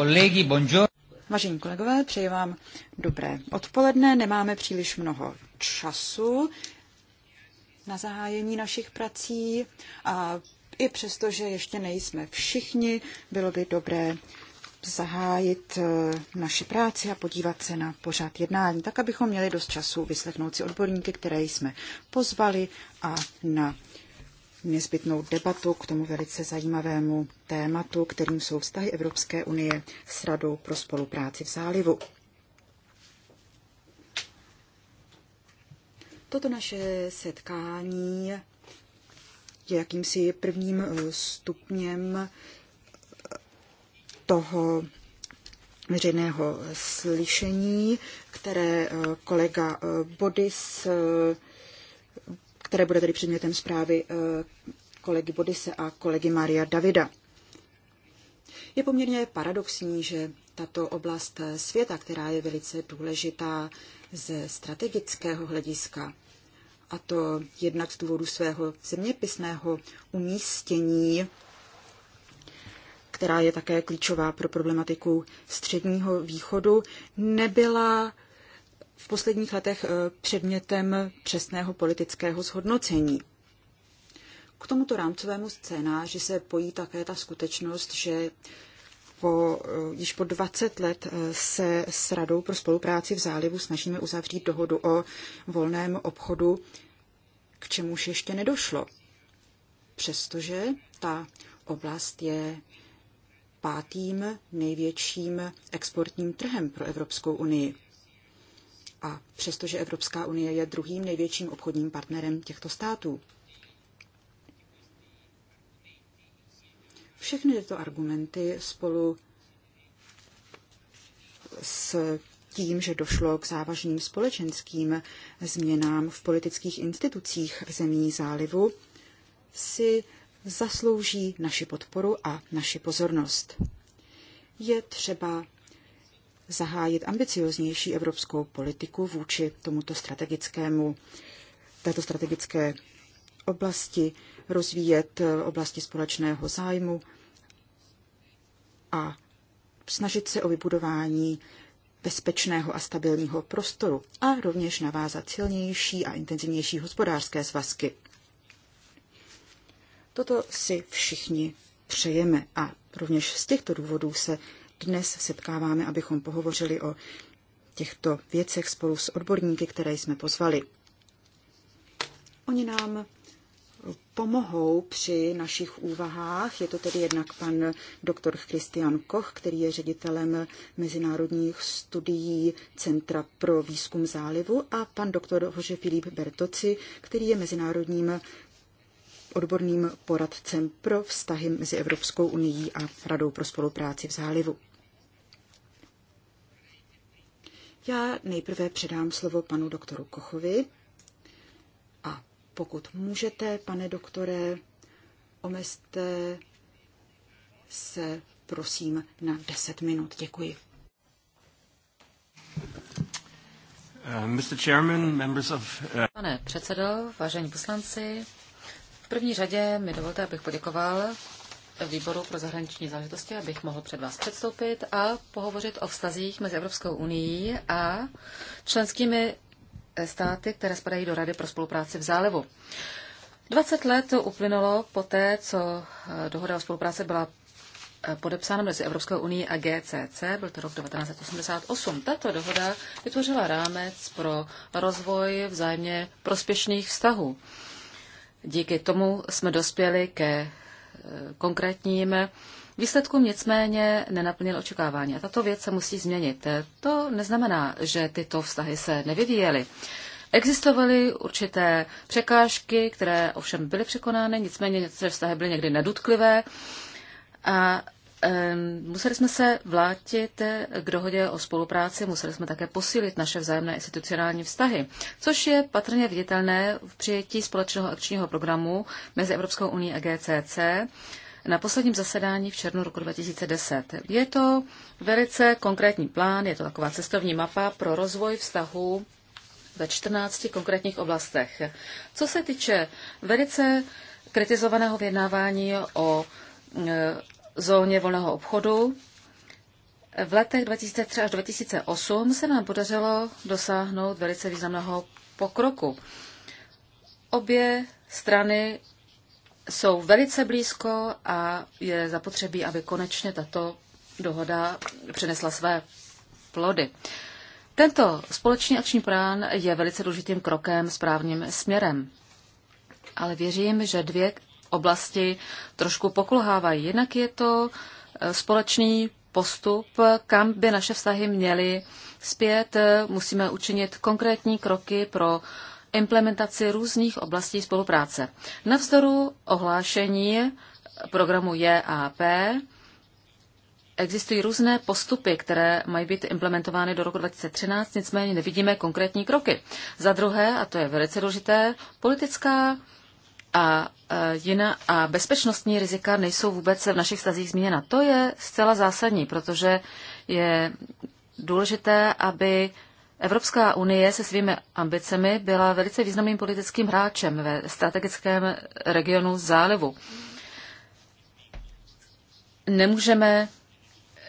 colleghi, buongiorno. Vážení kolegové, přeji vám dobré odpoledne. Nemáme příliš mnoho času na zahájení našich prací a i přesto, že ještě nejsme všichni, bylo by dobré zahájit eh, naši práci a podívat se na pořád jednání, tak abychom měli dost času vyslechnout si odborníky, které jsme pozvali a na nezbytnou debatu k tomu velice zajímavému tématu, kterým jsou vztahy Evropské unie s Radou pro spolupráci v zálivu. Toto naše setkání je jakýmsi prvním eh, stupněm eh, toho veřejného slyšení, které eh, kolega Bodis které bude tedy předmětem zprávy eh, kolegy Bodise a kolegy Maria Davida. Je poměrně paradoxní, že tato oblast eh, světa, která je velice důležitá ze strategického hlediska, a to jednak z důvodu svého zeměpisného umístění, která je také klíčová pro problematiku středního východu, nebyla v posledních letech eh, předmětem přesného politického zhodnocení. K tomuto rámcovému scénáři se pojí také ta skutečnost, že po, eh, již po 20 let eh, se s Radou pro spolupráci v zálivu snažíme uzavřít dohodu o volném obchodu, k čemuž ještě nedošlo. Přestože ta oblast je pátým největším exportním trhem pro Evropskou unii a přestože Evropská unie je druhým největším obchodním partnerem těchto států. Všechny tyto argumenty spolu s tím, že došlo k závažným společenským změnám v politických institucích zemí zálivu, si zaslouží naši podporu a naši pozornost. Je třeba zahájit ambicioznější evropskou politiku vůči tomuto strategickému, této strategické oblasti, rozvíjet eh, oblasti společného zájmu a snažit se o vybudování bezpečného a stabilního prostoru a rovněž navázat silnější a intenzivnější hospodářské svazky. Toto si všichni přejeme a rovněž z těchto důvodů se dnes setkáváme, abychom pohovořili o těchto věcech spolu s odborníky, které jsme pozvali. Oni nám pomohou při našich úvahách. Je to tedy jednak pan doktor Christian Koch, který je ředitelem mezinárodních studií Centra pro výzkum zálivu a pan doktor Hože Filip Bertoci, který je mezinárodním odborným poradcem pro vztahy mezi Evropskou unii a Radou pro spolupráci v zálivu. Já nejprve předám slovo panu doktoru Kochovi a pokud můžete, pane doktore, omezte se prosím na 10 minut. Děkuji. Uh, uh, pane předsedo, vážení poslanci, v první řadě mi dovolte, abych poděkoval výboru pro zahraniční záležitosti, abych mohl před vás předstoupit a pohovořit o vztazích mezi Evropskou unii a členskými eh, státy, které spadají do Rady pro spolupráci v zálivu. 20 let to uplynulo poté, co eh, dohoda o spolupráci byla eh, podepsána mezi Evropskou unii a GCC, byl to rok 1988. Tato dohoda vytvořila rámec pro rozvoj vzájemně prospěšných vztahů. Díky tomu jsme dospěli ke konkrétním výsledkům, nicméně nenaplnil očekávání. A tato věc se musí změnit. To neznamená, že tyto vztahy se nevyvíjely. Existovaly určité překážky, které ovšem byly překonány, nicméně některé vztahy byly někdy nedutklivé. A Museli jsme se vlátit k dohodě o spolupráci, museli jsme také posílit naše vzájemné institucionální vztahy, což je patrně viditelné v přijetí společného akčního programu mezi Evropskou unii a GCC na posledním zasedání v červnu roku 2010. Je to velice konkrétní plán, je to taková cestovní mapa pro rozvoj vztahu ve 14 konkrétních oblastech. Co se týče velice kritizovaného vyjednávání o zóně volného obchodu. V letech 2003 až 2008 se nám podařilo dosáhnout velice významného pokroku. Obě strany jsou velice blízko a je zapotřebí, aby konečně tato dohoda přinesla své plody. Tento společný akční plán je velice důležitým krokem správným směrem. Ale věřím, že dvě oblasti trošku pokulhávají. Jednak je to eh, společný postup, kam by naše vztahy měly zpět. Musíme učinit konkrétní kroky pro implementaci různých oblastí spolupráce. Navzdoru ohlášení programu JAP existují různé postupy, které mají být implementovány do roku 2013, nicméně nevidíme konkrétní kroky. Za druhé, a to je velice důležité, politická a, e, jiná, a bezpečnostní rizika nejsou vůbec v našich stazích zmíněna. To je zcela zásadní, protože je důležité, aby Evropská unie se svými ambicemi byla velice významným politickým hráčem ve strategickém regionu zálivu. Nemůžeme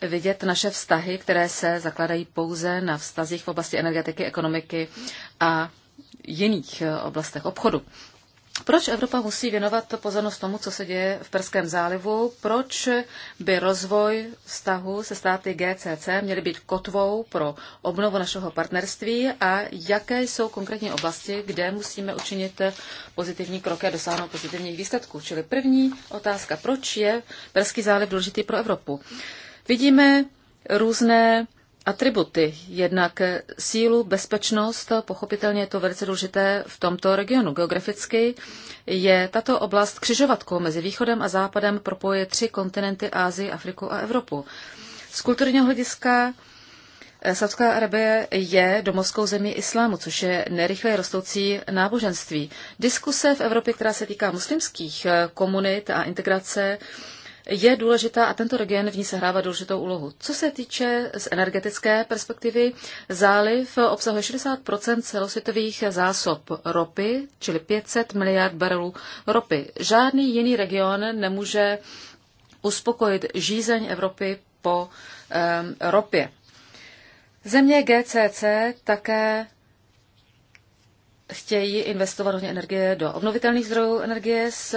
vidět naše vztahy, které se zakladají pouze na vztazích v oblasti energetiky, ekonomiky a jiných oblastech obchodu. Proč Evropa musí věnovat pozornost tomu, co se děje v Perském zálivu? Proč by rozvoj vztahu se státy GCC měly být kotvou pro obnovu našeho partnerství a jaké jsou konkrétní oblasti, kde musíme učinit pozitivní kroky a dosáhnout pozitivních výsledků? Čili první otázka, proč je Perský záliv důležitý pro Evropu? Vidíme různé atributy. Jednak sílu, bezpečnost, pochopitelně je to velice důležité v tomto regionu. Geograficky je tato oblast křižovatkou mezi východem a západem, propoje tři kontinenty Ázii, Afriku a Evropu. Z kulturního hlediska eh, Saudská Arabie je domovskou zemí islámu, což je nerychle rostoucí náboženství. Diskuse v Evropě, která se týká muslimských eh, komunit a integrace, je důležitá a tento region v ní sehrává důležitou úlohu. Co se týče z energetické perspektivy, záliv obsahuje 60 celosvětových zásob ropy, čili 500 miliard barelů ropy. Žádný jiný region nemůže uspokojit žízeň Evropy po um, ropě. Země GCC také chtějí investovat hodně energie do obnovitelných zdrojů energie z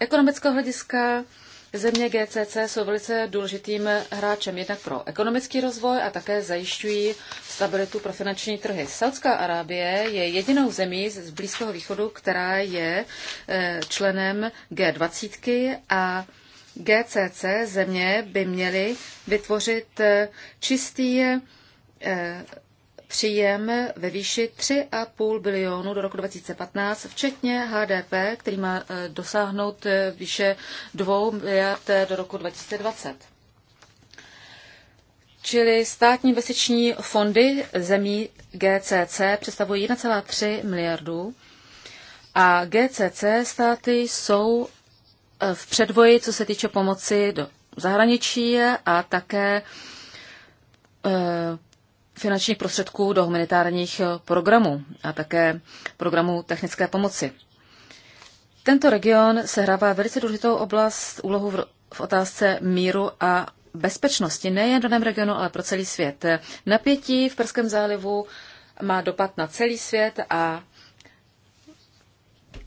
ekonomického hlediska Země GCC jsou velice důležitým hráčem jednak pro ekonomický rozvoj a také zajišťují stabilitu pro finanční trhy. Saudská Arábie je jedinou zemí z Blízkého východu, která je eh, členem G20 a GCC země by měly vytvořit eh, čistý eh, příjem ve výši 3,5 bilionu do roku 2015, včetně HDP, který má eh, dosáhnout eh, výše 2 miliard eh, do roku 2020. Čili státní investiční fondy zemí GCC představují 1,3 miliardů a GCC státy jsou v předvoji, co se týče pomoci do zahraničí a také finančních prostředků do humanitárních eh, programů a také programů technické pomoci. Tento region sehrává velice důležitou oblast úlohu v, v otázce míru a bezpečnosti nejen v daném regionu, ale pro celý svět. Napětí v Perském zálivu má dopad na celý svět a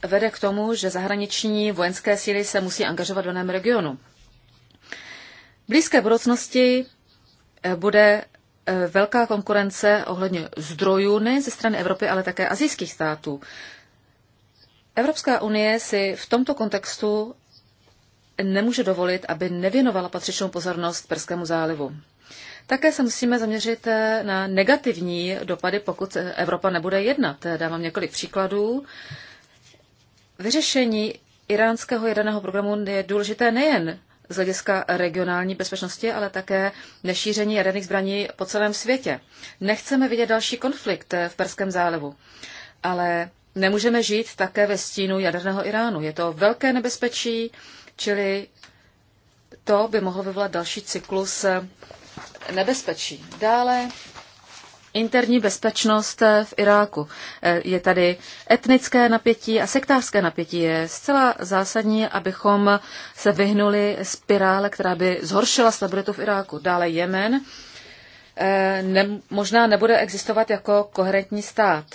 vede k tomu, že zahraniční vojenské síly se musí angažovat v daném regionu. V blízké budoucnosti eh, bude Eh, velká konkurence ohledně zdrojů ne ze strany Evropy, ale také azijských států. Evropská unie si v tomto kontextu nemůže dovolit, aby nevěnovala patřičnou pozornost Perskému zálivu. Také se musíme zaměřit eh, na negativní dopady, pokud eh, Evropa nebude jednat. Dávám několik příkladů. Vyřešení iránského jaderného programu je důležité nejen z hlediska regionální bezpečnosti, ale také nešíření jaderných zbraní po celém světě. Nechceme vidět další konflikt eh, v Perském zálevu, ale nemůžeme žít také ve stínu jaderného Iránu. Je to velké nebezpečí, čili to by mohlo vyvolat další cyklus eh, nebezpečí. Dále interní bezpečnost eh, v Iráku. Eh, je tady etnické napětí a sektářské napětí. Je zcela zásadní, abychom se vyhnuli spirále, která by zhoršila stabilitu v Iráku. Dále Jemen eh, ne, možná nebude existovat jako koherentní stát.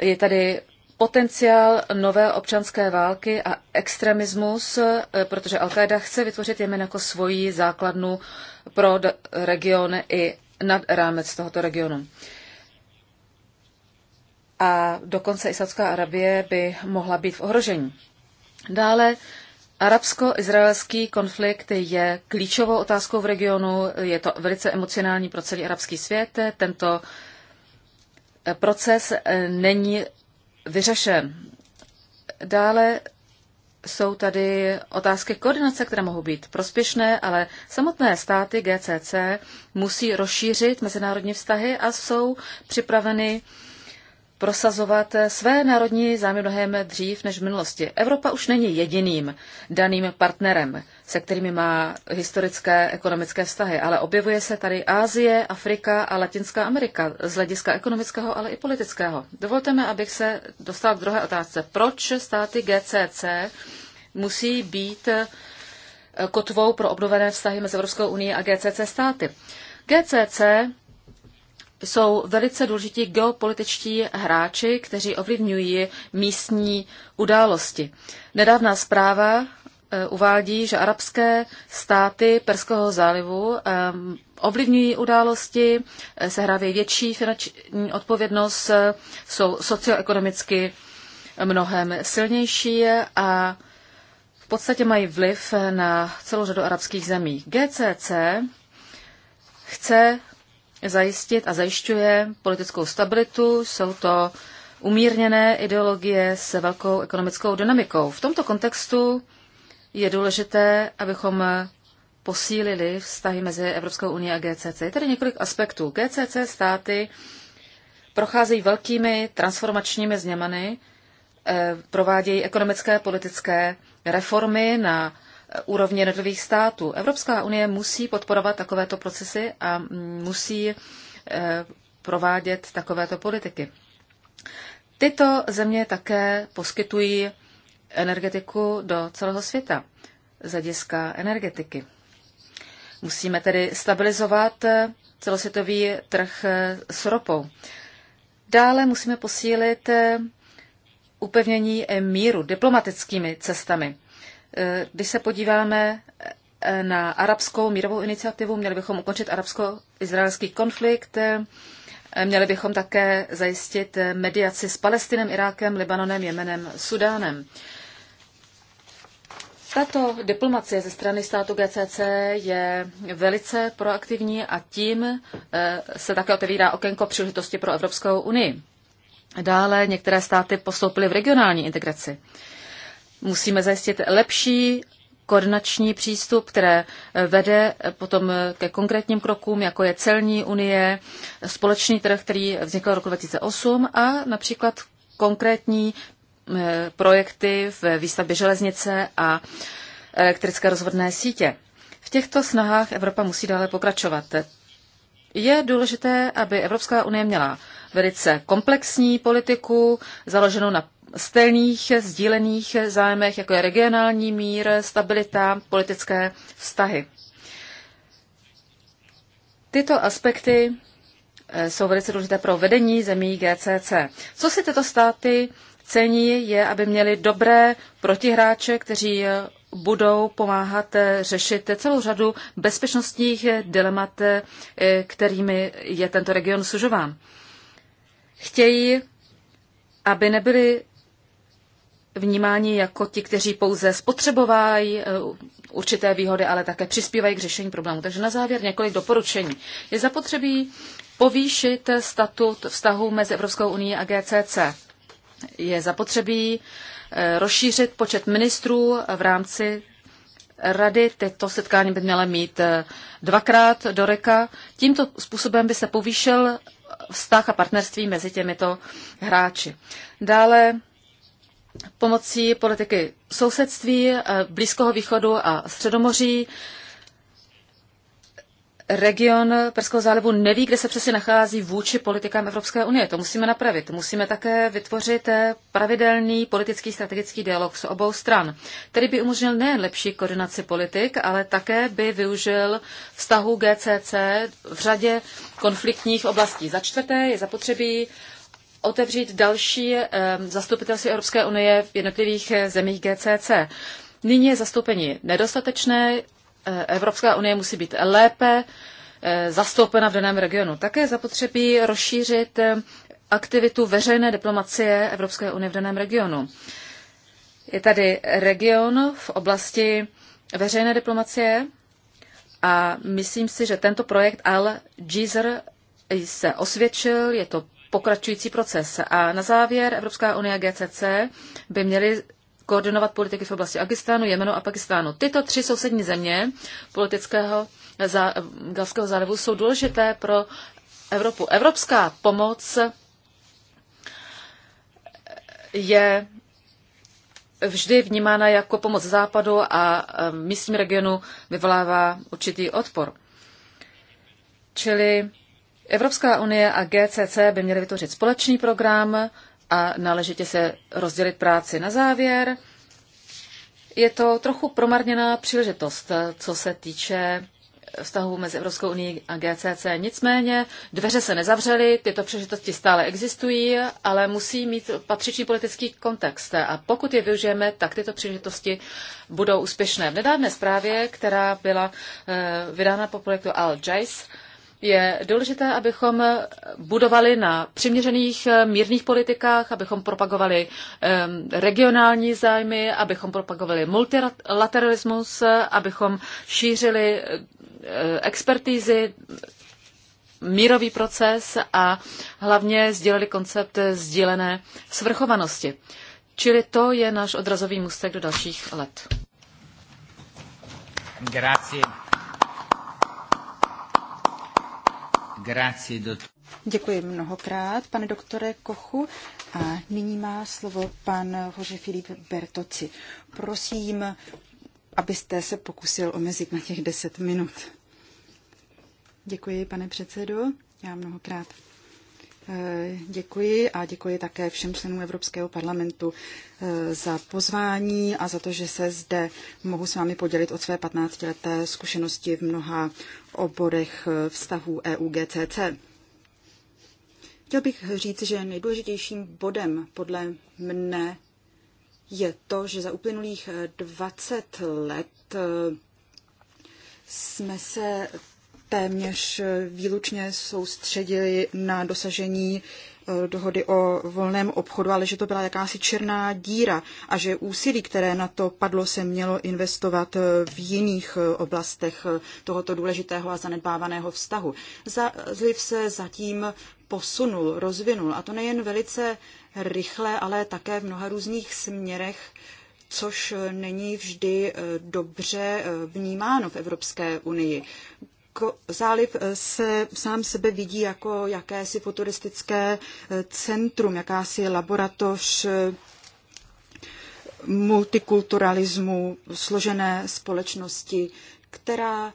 Je tady potenciál nové občanské války a extremismus, protože Al-Qaida chce vytvořit Jemen jako svoji základnu pro region i nad rámec tohoto regionu. A dokonce i Saudská Arabie by mohla být v ohrožení. Dále Arabsko-izraelský konflikt je klíčovou otázkou v regionu, je to velice emocionální pro celý arabský svět. Tento proces není vyřešen. Dále jsou tady otázky koordinace, které mohou být prospěšné, ale samotné státy GCC musí rozšířit mezinárodní vztahy a jsou připraveny uh, prosazovat své národní zájmy mnohem dřív než v minulosti. Evropa už není jediným daným partnerem, se kterými má historické ekonomické vztahy, ale objevuje se tady Ázie, Afrika a Latinská Amerika z hlediska ekonomického, ale i politického. Dovolte mi, abych se dostal k druhé otázce. Proč státy GCC musí být eh, kotvou pro obnovené vztahy mezi Evropskou unii a GCC státy? GCC jsou velice důležití geopolitičtí hráči, kteří ovlivňují místní události. Nedávná zpráva eh, uvádí, že arabské státy Perského zálivu eh, ovlivňují události, eh, sehrávají větší finanční odpovědnost, jsou socioekonomicky mnohem silnější a v podstatě mají vliv na celou řadu arabských zemí. GCC chce zajistit a zajišťuje politickou stabilitu. Jsou to umírněné ideologie s velkou ekonomickou dynamikou. V tomto kontextu je důležité, abychom posílili vztahy mezi Evropskou unii a GCC. Je tady několik aspektů. GCC státy procházejí velkými transformačními změnami, eh, provádějí ekonomické, politické reformy na úrovně jednotlivých států. Evropská unie musí podporovat takovéto procesy a musí eh, provádět takovéto politiky. Tyto země také poskytují energetiku do celého světa z hlediska energetiky. Musíme tedy stabilizovat eh, celosvětový trh eh, s ropou. Dále musíme posílit upevnění míru diplomatickými cestami. Eh, když se podíváme eh, na arabskou mírovou iniciativu, měli bychom ukončit arabsko-izraelský konflikt, eh, měli bychom také zajistit mediaci s Palestinem, Irákem, Libanonem, Jemenem, Sudánem. Tato diplomacie ze strany státu GCC je velice proaktivní a tím se také otevírá okénko příležitosti pro Evropskou unii. Dále některé státy postoupily v regionální integraci. Musíme zajistit lepší koordinační přístup, které eh, vede eh, potom eh, ke konkrétním krokům, jako je celní unie, společný trh, který vznikl v roku 2008 a například konkrétní projekty v výstavbě železnice a elektrické rozvodné sítě. V těchto snahách Evropa musí dále pokračovat. Je důležité, aby Evropská unie měla velice komplexní politiku, založenou na stejných sdílených zájmech, jako je regionální mír, stabilita, politické vztahy. Tyto aspekty eh, jsou velice důležité pro vedení zemí GCC. Co si tyto státy cení, je, aby měli dobré protihráče, kteří eh, budou pomáhat eh, řešit celou řadu bezpečnostních dilemat, kterými je tento region sužován. Chtějí, aby nebyly vnímáni jako ti, kteří pouze spotřebovají eh, určité výhody, ale také přispívají k řešení problému. Takže na závěr několik doporučení. Je zapotřebí povýšit statut vztahu mezi Evropskou unii a GCC. Je zapotřebí eh, rozšířit počet ministrů v rámci rady. Tyto setkání by měla mít eh, dvakrát do reka. Tímto způsobem by se povýšil vztah a partnerství mezi těmito hráči. Dále pomocí politiky sousedství, eh, Blízkého východu a Středomoří. Region Perského zálivu neví, kde se přesně nachází vůči politikám Evropské unie. To musíme napravit. Musíme také vytvořit eh, pravidelný politický strategický dialog s obou stran, který by umožnil nejen lepší koordinaci politik, ale také by využil vztahu GCC v řadě konfliktních oblastí. Za čtvrté je zapotřebí otevřít další ehm, zastupitelství Evropské unie v jednotlivých eh, zemích GCC. Nyní je zastoupení nedostatečné, eh, Evropská unie musí být lépe eh, zastoupena v daném regionu. Také zapotřebí rozšířit aktivitu veřejné diplomacie Evropské unie v daném regionu. Je tady region v oblasti veřejné diplomacie a myslím si, že tento projekt Al Jazeera se osvědčil, je to pokračující proces. A na závěr Evropská unie a GCC by měly koordinovat politiky v oblasti Agistánu, Jemenu a Pakistánu. Tyto tři sousední země politického za, Galského zálivu jsou důležité pro Evropu. Evropská pomoc je vždy vnímána jako pomoc západu a e, místním regionu vyvolává určitý odpor. Čili Evropská unie a GCC by měly vytvořit společný program a náležitě se rozdělit práci. Na závěr je to trochu promarněná příležitost, co se týče vztahu mezi Evropskou unii a GCC. Nicméně dveře se nezavřely, tyto příležitosti stále existují, ale musí mít patřičný politický kontext. A pokud je využijeme, tak tyto příležitosti budou úspěšné. V nedávné zprávě, která byla eh, vydána po projektu Al Jais, je důležité, abychom budovali na přiměřených eh, mírných politikách, abychom propagovali ehm, regionální zájmy, abychom propagovali multilateralismus, abychom šířili eh, expertízy, mírový proces a hlavně sdíleli koncept sdílené svrchovanosti. Čili to je náš odrazový můstek do dalších let. Grazie. Děkuji mnohokrát, pane doktore Kochu. A nyní má slovo pan Hoře Filip Bertoci. Prosím, abyste se pokusil omezit na těch deset minut. Děkuji, pane předsedo. Já mnohokrát Eh, děkuji a děkuji také všem členům Evropského parlamentu eh, za pozvání a za to, že se zde mohu s vámi podělit o své 15-leté zkušenosti v mnoha oborech eh, vztahů EU-GCC. Chtěl bych říct, že nejdůležitějším bodem podle mne je to, že za uplynulých 20 let jsme se téměř eh, výlučně soustředili na dosažení eh, dohody o volném obchodu, ale že to byla jakási černá díra a že úsilí, které na to padlo, se mělo investovat eh, v jiných oblastech tohoto důležitého a zanedbávaného vztahu. Zliv se zatím posunul, rozvinul a to nejen velice rychle, ale také v mnoha různých směrech což není vždy dobře vnímáno v Evropské unii záliv eh, se sám sebe vidí jako jakési futuristické eh, centrum, jakási laboratoř eh, multikulturalismu, složené společnosti, která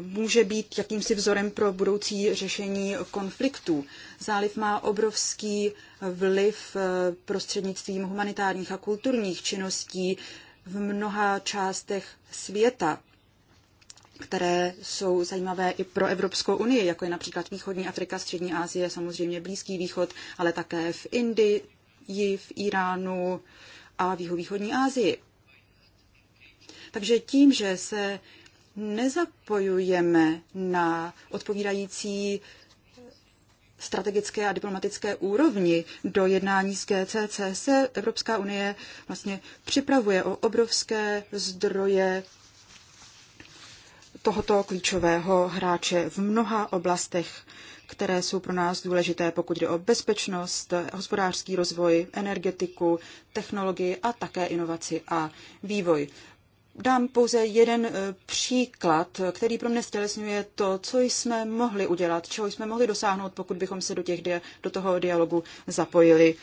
může být jakýmsi vzorem pro budoucí řešení konfliktů. Záliv má obrovský vliv prostřednictvím humanitárních a kulturních činností v mnoha částech světa které jsou zajímavé i pro Evropskou unii, jako je například Východní Afrika, Střední Asie, samozřejmě Blízký východ, ale také v Indii, v Iránu a v jihovýchodní Asii. Takže tím, že se nezapojujeme na odpovídající strategické a diplomatické úrovni do jednání s GCC se Evropská unie vlastně připravuje o obrovské zdroje tohoto klíčového hráče v mnoha oblastech, které jsou pro nás důležité, pokud jde o bezpečnost, hospodářský rozvoj, energetiku, technologii a také inovaci a vývoj. Dám pouze jeden eh, příklad, který pro mě stělesňuje to, co jsme mohli udělat, čeho jsme mohli dosáhnout, pokud bychom se do, těch, do toho dialogu zapojili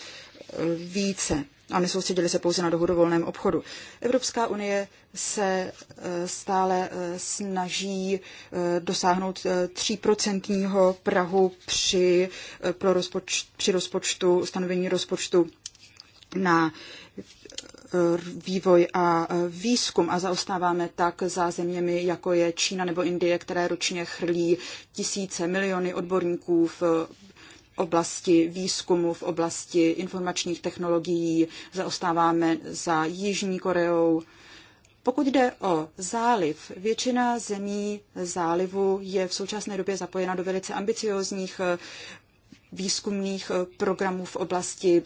eh, více a nesoustředili se pouze na dohodu o volném obchodu. Evropská unie se e, stále e, snaží e, dosáhnout 3% prahu při, pro rozpoč, při rozpočtu, stanovení rozpočtu na vývoj a výzkum a zaostáváme tak za zeměmi, jako je Čína nebo Indie, které ročně chrlí tisíce, miliony odborníků v oblasti výzkumu, v oblasti informačních technologií, zaostáváme za Jižní Koreou. Pokud jde o záliv, většina zemí zálivu je v současné době zapojena do velice ambiciózních eh, výzkumných eh, programů v oblasti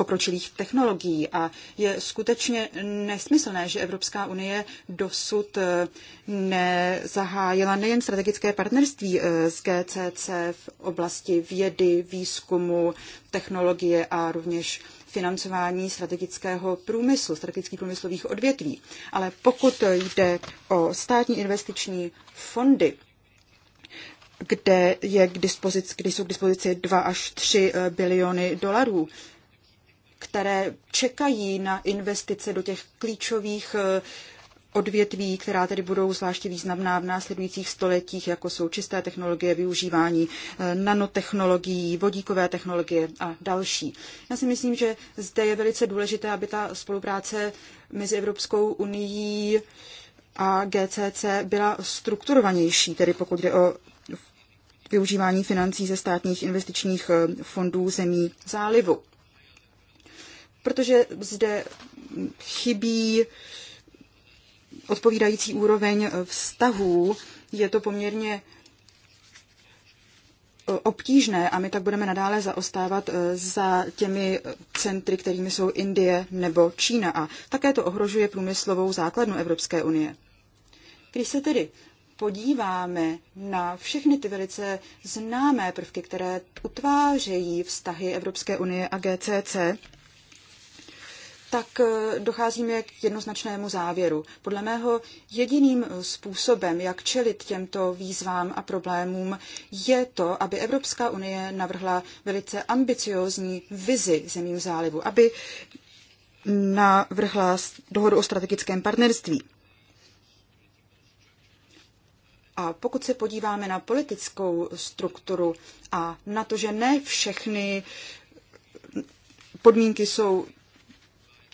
pokročilých technologií a je skutečně nesmyslné, že Evropská unie dosud eh, nezahájila nejen strategické partnerství eh, s GCC v oblasti vědy, výzkumu, technologie a rovněž financování strategického průmyslu, strategických průmyslových odvětví. Ale pokud jde o státní investiční fondy, kde, je k dispozici, kde jsou k dispozici 2 až 3 eh, biliony dolarů, které čekají na investice do těch klíčových eh, odvětví, která tedy budou zvláště významná v následujících stoletích, jako jsou čisté technologie, využívání eh, nanotechnologií, vodíkové technologie a další. Já si myslím, že zde je velice důležité, aby ta spolupráce mezi Evropskou unii a GCC byla strukturovanější, tedy pokud jde o využívání financí ze státních investičních eh, fondů zemí zálivu protože zde chybí odpovídající úroveň vztahů. Je to poměrně e, obtížné a my tak budeme nadále zaostávat e, za těmi centry, kterými jsou Indie nebo Čína. A také to ohrožuje průmyslovou základnu Evropské unie. Když se tedy podíváme na všechny ty velice známé prvky, které utvářejí vztahy Evropské unie a GCC, tak eh, docházíme k jednoznačnému závěru. Podle mého jediným eh, způsobem, jak čelit těmto výzvám a problémům, je to, aby Evropská unie navrhla velice ambiciózní vizi zemím zálivu, aby navrhla dohodu o strategickém partnerství. A pokud se podíváme na politickou strukturu a na to, že ne všechny podmínky jsou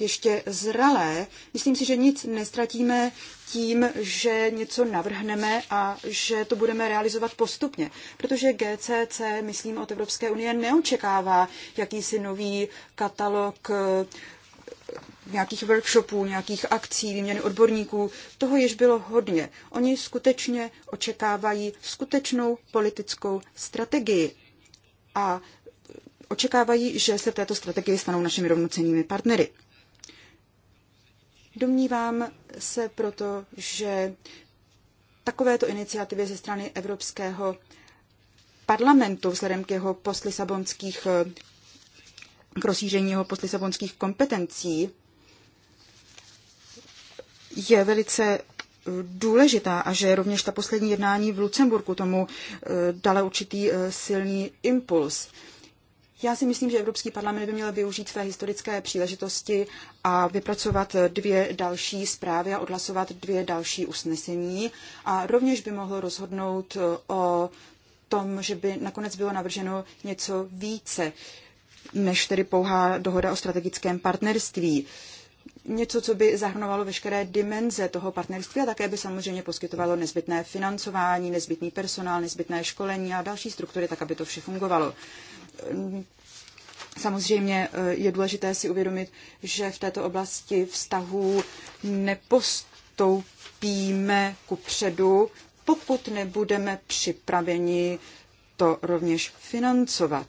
ještě zralé. Myslím si, že nic nestratíme tím, že něco navrhneme a že to budeme realizovat postupně. Protože GCC, myslím, od Evropské unie neočekává jakýsi nový katalog eh, nějakých workshopů, nějakých akcí, výměny odborníků. Toho již bylo hodně. Oni skutečně očekávají skutečnou politickou strategii. A očekávají, že se v této strategii stanou našimi rovnocennými partnery. Domnívám se proto, že takovéto iniciativy ze strany Evropského parlamentu vzhledem k jeho postlisabonských k rozšíření jeho postlisabonských kompetencí je velice důležitá a že rovněž ta poslední jednání v Lucemburku tomu eh, dala určitý eh, silný impuls. Já si myslím, že Evropský parlament by měl využít své historické příležitosti a vypracovat dvě další zprávy a odhlasovat dvě další usnesení. A rovněž by mohl rozhodnout e, o tom, že by nakonec bylo navrženo něco více než tedy pouhá dohoda o strategickém partnerství něco, co by zahrnovalo veškeré dimenze toho partnerství a také by samozřejmě poskytovalo nezbytné financování, nezbytný personál, nezbytné školení a další struktury, tak aby to vše fungovalo. Samozřejmě eh, je důležité si uvědomit, že v této oblasti vztahů nepostoupíme ku předu, pokud nebudeme připraveni to rovněž financovat.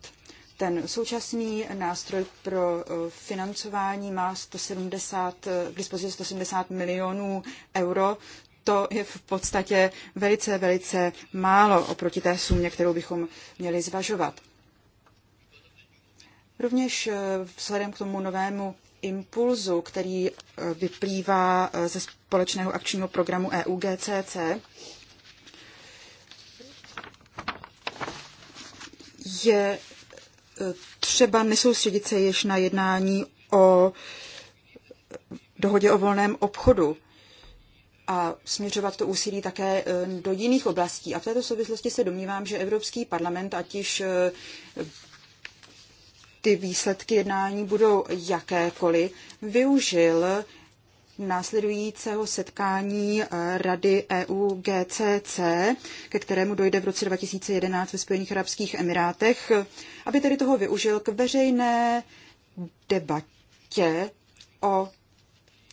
Ten současný nástroj pro eh, financování má 170, eh, k dispozici 170 milionů euro. To je v podstatě velice, velice málo oproti té sumě, kterou bychom měli zvažovat. Rovněž eh, vzhledem k tomu novému impulzu, který eh, vyplývá eh, ze společného akčního programu EUGCC, je třeba nesoustředit se již na jednání o dohodě o volném obchodu a směřovat to úsilí také do jiných oblastí. A v této souvislosti se domnívám, že Evropský parlament, ať již ty výsledky jednání budou jakékoliv, využil následujícího setkání eh, Rady EU GCC, ke kterému dojde v roce 2011 ve Spojených Arabských Emirátech, aby tedy toho využil k veřejné debatě o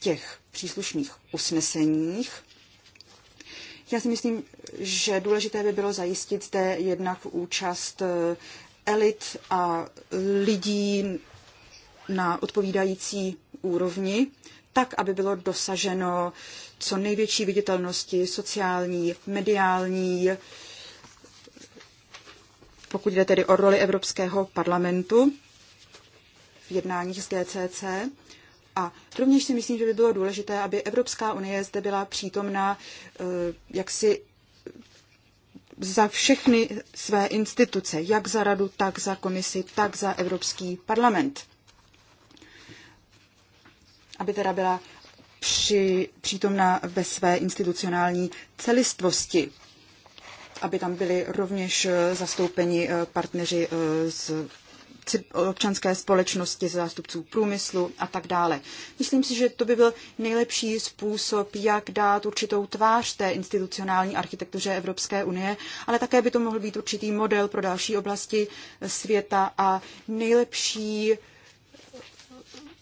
těch příslušných usneseních. Já si myslím, že důležité by bylo zajistit zde jednak účast eh, elit a lidí na odpovídající úrovni, tak, aby bylo dosaženo co největší viditelnosti sociální, mediální, pokud jde tedy o roli Evropského parlamentu v jednáních s GCC. A rovněž si myslím, že by bylo důležité, aby Evropská unie zde byla přítomna eh, jaksi za všechny své instituce, jak za radu, tak za komisi, tak za Evropský parlament. Aby teda byla při, přítomna ve své institucionální celistvosti, aby tam byli rovněž eh, zastoupeni eh, partneři eh, z občanské společnosti, zástupců průmyslu a tak dále. Myslím si, že to by byl nejlepší způsob, jak dát určitou tvář té institucionální architektuře Evropské unie, ale také by to mohl být určitý model pro další oblasti světa a nejlepší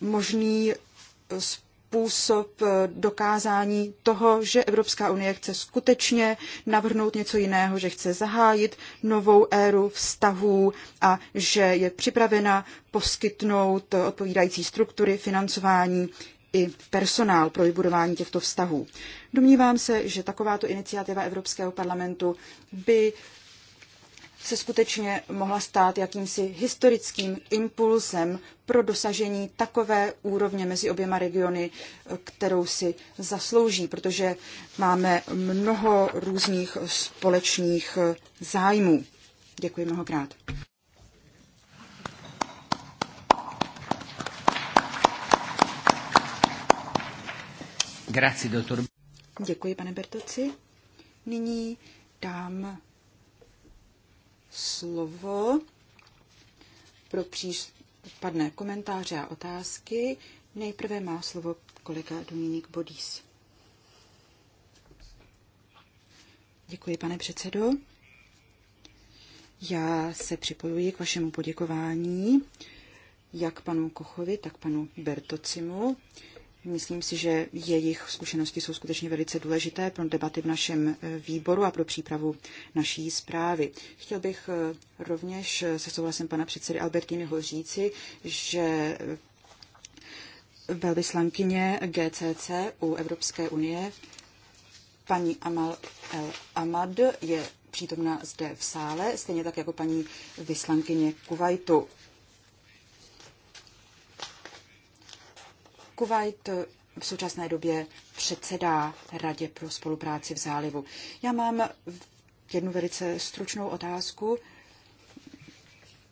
možný způsob, způsob eh, dokázání toho, že Evropská unie chce skutečně navrhnout něco jiného, že chce zahájit novou éru vztahů a že je připravena poskytnout odpovídající struktury financování i personál pro vybudování těchto vztahů. Domnívám se, že takováto iniciativa Evropského parlamentu by se skutečně mohla stát jakýmsi historickým impulsem pro dosažení takové úrovně mezi oběma regiony, eh, kterou si zaslouží, protože máme mnoho různých společných eh, zájmů. Děkuji mnohokrát. Grazie, dottor. Děkuji, pane Bertoci. Nyní dám slovo pro případné komentáře a otázky. Nejprve má slovo kolega Dominik Bodis. Děkuji, pane předsedo. Já se připojuji k vašemu poděkování, jak panu Kochovi, tak panu Bertocimu. Myslím si, že jejich zkušenosti jsou skutečně velice důležité pro debaty v našem eh, výboru a pro přípravu naší zprávy. Chtěl bych eh, rovněž eh, se souhlasem pana předsedy Albertiniho říci, že velvyslankyně GCC u Evropské unie paní Amal El Amad je přítomna zde v sále, stejně tak jako paní vyslankyně Kuwaitu. Kuwait v současné době předsedá Radě pro spolupráci v zálivu. Já mám jednu velice stručnou otázku,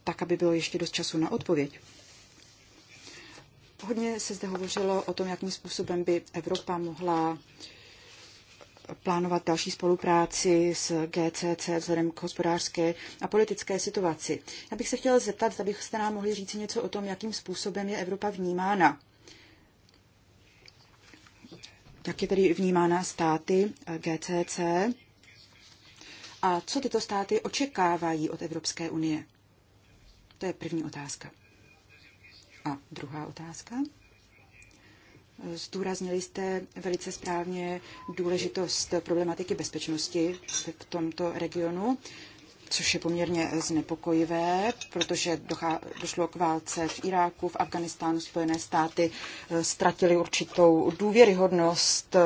tak, aby bylo ještě dost času na odpověď. Hodně se zde hovořilo o tom, jakým způsobem by Evropa mohla plánovat další spolupráci s GCC vzhledem k hospodářské a politické situaci. Já bych se chtěla zeptat, zda byste nám mohli říct něco o tom, jakým způsobem je Evropa vnímána jak je tedy vnímána státy eh, GCC a co tyto státy očekávají od Evropské unie. To je první otázka. A druhá otázka. Eh, zdůraznili jste velice správně důležitost problematiky bezpečnosti v tomto regionu což je poměrně znepokojivé, protože došlo k válce v Iráku, v Afganistánu, Spojené státy eh, ztratily určitou důvěryhodnost eh,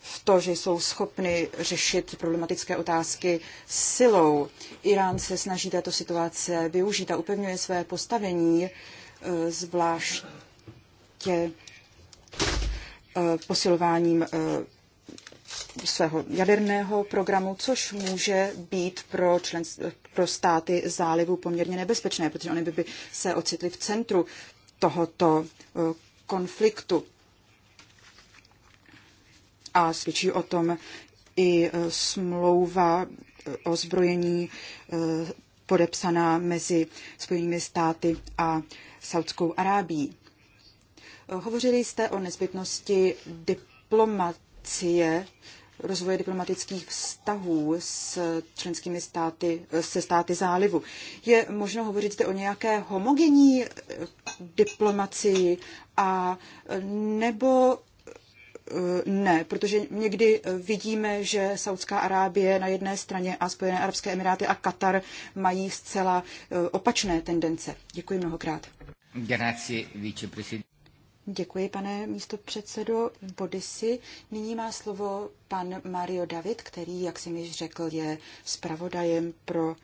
v to, že jsou schopny řešit problematické otázky silou. Irán se snaží této situace využít a upevňuje své postavení, eh, zvláště posilováním svého jaderného programu, což může být pro, člen, pro státy zálivu poměrně nebezpečné, protože oni by, by se ocitli v centru tohoto eh, konfliktu. A svědčí o tom i eh, smlouva eh, o zbrojení podepsaná mezi Spojenými státy a Saudskou Arábí. Hovořili jste o nezbytnosti diplomatů policie rozvoje diplomatických vztahů s členskými státy, se státy zálivu. Je možno hovořit zde o nějaké homogenní eh, diplomacii a eh, nebo eh, ne, protože někdy vidíme, že Saudská Arábie na jedné straně a Spojené Arabské Emiráty a Katar mají zcela opačné tendence. Děkuji mnohokrát. Grazie, Děkuji, pane místo předsedo Bodisi. Nyní má slovo pan Mario David, který, jak jsem již řekl, je zpravodajem pro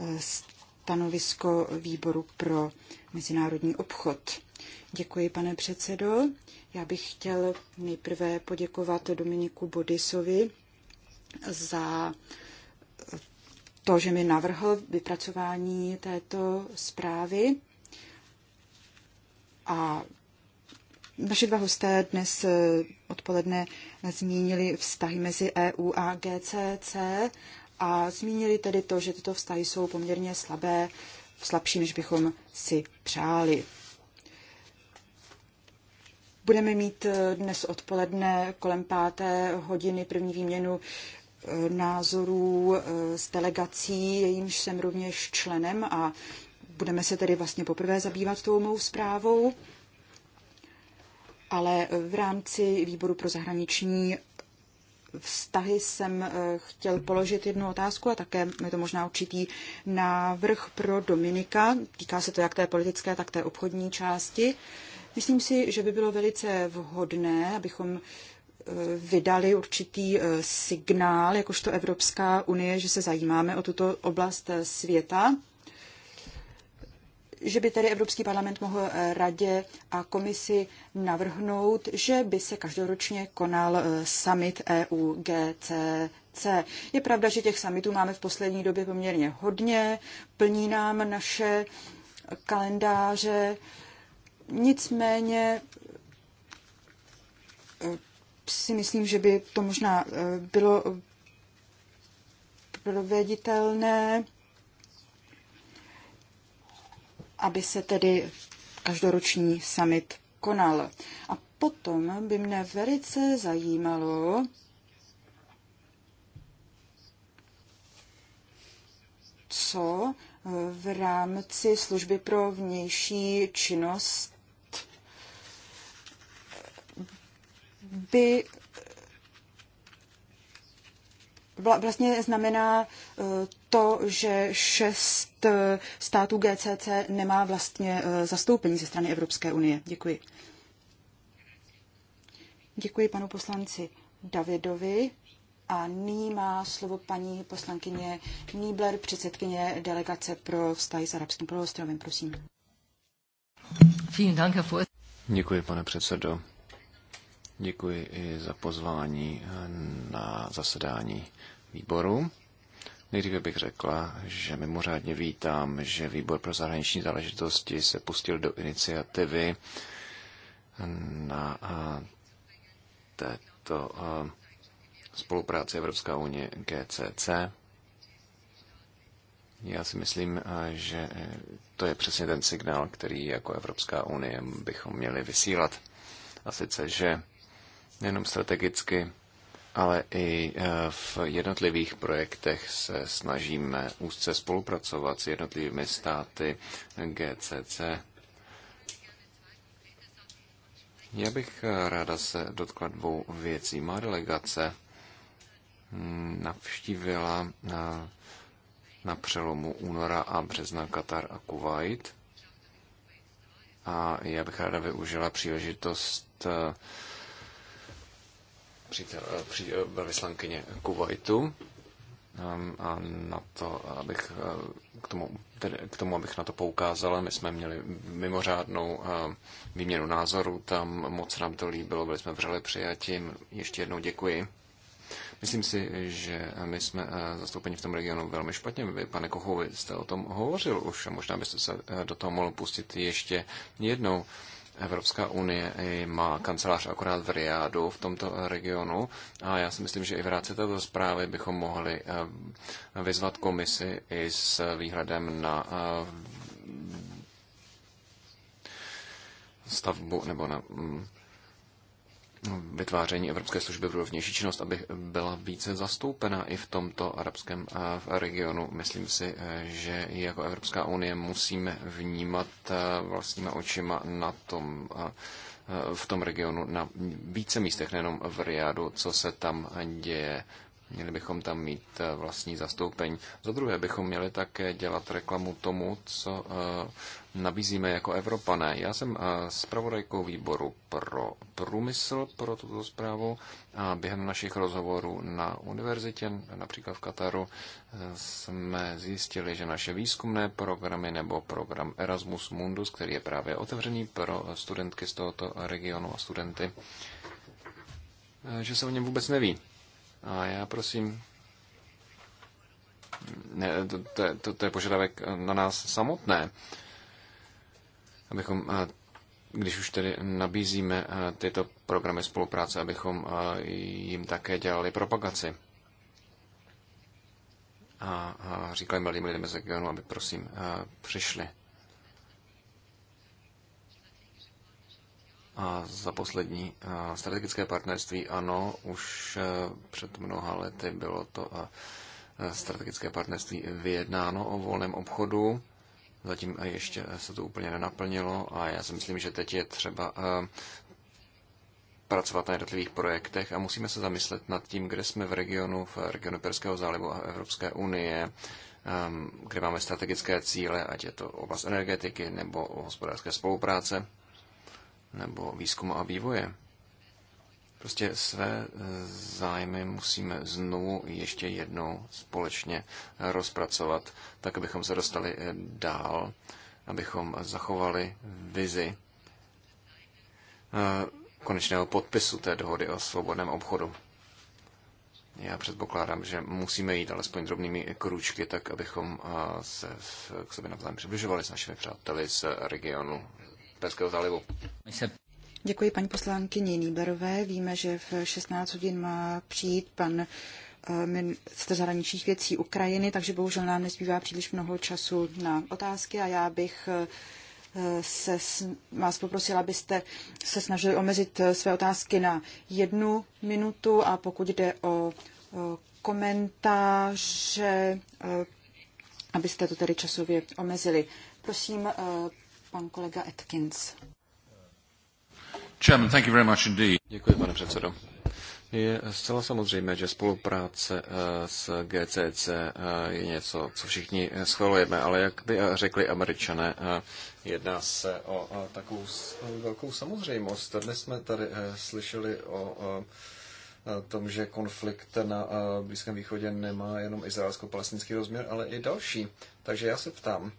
eh, stanovisko výboru pro mezinárodní obchod. Děkuji, pane předsedo. Já bych chtěl nejprve poděkovat Dominiku Bodisovi za to, že mi navrhl vypracování této zprávy. A Naši dva hosté dnes eh, odpoledne zmínili vztahy mezi EU a GCC a zmínili tedy to, že tyto vztahy jsou poměrně slabé, slabší, než bychom si přáli. Budeme mít eh, dnes odpoledne kolem páté hodiny první výměnu eh, názorů s delegací, jejímž jsem rovněž členem a budeme se tedy vlastně poprvé zabývat tou mou zprávou ale v rámci výboru pro zahraniční vztahy jsem eh, chtěl položit jednu otázku a také je to možná určitý návrh pro Dominika. Týká se to jak té politické, tak té obchodní části. Myslím si, že by bylo velice vhodné, abychom eh, vydali určitý eh, signál, jakožto Evropská unie, že se zajímáme o tuto oblast světa že by tedy Evropský parlament mohl eh, radě a komisi navrhnout, že by se každoročně konal eh, summit EU GCC. Je pravda, že těch summitů máme v poslední době poměrně hodně, plní nám naše kalendáře, nicméně eh, si myslím, že by to možná bylo proveditelné aby se tedy každoroční summit konal. A potom by mne velice zajímalo, co eh, v rámci služby pro vnější činnost by vlastně znamená eh, to, že šest eh, států GCC nemá vlastně eh, zastoupení ze strany Evropské unie. Děkuji. Děkuji panu poslanci Davidovi. A nyní má slovo paní poslankyně Niebler, předsedkyně delegace pro vztahy s arabským poloostrovem. Prosím. Děkuji, pane předsedo. Děkuji i za pozvání eh, na zasedání výboru. Nejdříve bych řekla, že mimořádně vítám, že výbor pro zahraniční záležitosti se pustil do iniciativy eh, na eh, této spolupráci Evropská unie GCC. Já si myslím, že to je přesně ten signál, který jako Evropská unie bychom měli vysílat. A sice, že nejenom strategicky, ale i eh, v jednotlivých projektech se snažíme úzce spolupracovat s jednotlivými státy GCC. Já bych eh, ráda se dotkla dvou věcí. Má delegace hm, navštívila na, eh, na přelomu února a března Katar a Kuwait. A já bych ráda využila příležitost přítel, eh, při, eh, velvyslankyně Kuwaitu ehm, a na to, abych eh, k tomu, tedy k tomu, abych na to poukázal, my jsme měli mimořádnou výměnu názorů tam, moc nám to líbilo, byli jsme vřele přijati, ještě jednou děkuji. Myslím si, že my jsme zastoupeni v tom regionu velmi špatně. Vy, pane Kochovi, jste o tom hovořil už a možná byste se do toho mohl pustit ještě jednou. Evropská unie má kancelář akorát v Riádu, v tomto regionu, a já si myslím, že i v rámci této zprávy bychom mohli eh, vyzvat komisi i s výhledem na eh, stavbu nebo na mm, vytváření Evropské služby pro vnější činnost, aby byla více zastoupena i v tomto arabském eh, regionu. Myslím si, eh, že i jako Evropská unie musíme vnímat eh, vlastníma očima na tom, v tom regionu na více místech, nejenom v Riadu, co se tam děje Měli bychom tam mít eh, vlastní zastoupení. Za druhé bychom měli také dělat reklamu tomu, co eh, nabízíme jako Evropané. Já jsem eh, zpravodajkou výboru pro průmysl pro tuto zprávu a během našich rozhovorů na univerzitě, například v Kataru, jsme zjistili, že naše výzkumné programy nebo program Erasmus Mundus, který je právě otevřený pro studentky z tohoto regionu a studenty, že se o něm vůbec neví. A já prosím, ne, to, to, to, to je požadavek na nás samotné, abychom, když už tedy nabízíme tyto programy spolupráce, abychom jim také dělali propagaci. A, a říkali mladým lidem z regionu, aby prosím přišli A za poslední, strategické partnerství, ano, už e, před mnoha lety bylo to e, strategické partnerství vyjednáno o volném obchodu. Zatím e, ještě se to úplně nenaplnilo a já si myslím, že teď je třeba pracovat na jednotlivých projektech a musíme se zamyslet nad tím, kde jsme v regionu, v regionu Perského zálivu a Evropské unie, ehm, kde máme strategické cíle, ať je to oblast energetiky nebo hospodářské spolupráce nebo výzkumu a vývoje. Prostě své e, zájmy musíme znovu ještě jednou společně rozpracovat, tak abychom se dostali e, dál, abychom zachovali vizi e, konečného podpisu té dohody o svobodném obchodu. Já předpokládám, že musíme jít alespoň drobnými kručky, tak abychom se k sobě navzájem přibližovali s našimi přáteli z regionu Perského zálivu. Děkuji paní poslankyni Níberové. Víme, že v 16 hodin má přijít pan eh, minister zahraničních věcí Ukrajiny, takže bohužel nám nezbývá příliš mnoho času na otázky a já bych eh, se, vás poprosila, abyste se snažili omezit eh, své otázky na jednu minutu a pokud jde o komentáře, abyste to tedy časově omezili. Prosím, pan kolega Atkins. Děkuji, pane předsedo. Je zcela samozřejmé, že spolupráce eh, s GCC eh, je něco, co všichni eh, schvalujeme, ale jak by řekli američané, jedná se o takovou velkou samozřejmost. Dnes jsme tady slyšeli o tom, že konflikt na Blízkém východě nemá jenom izraelsko-palestinský rozměr, ale i další. Takže já se ptám,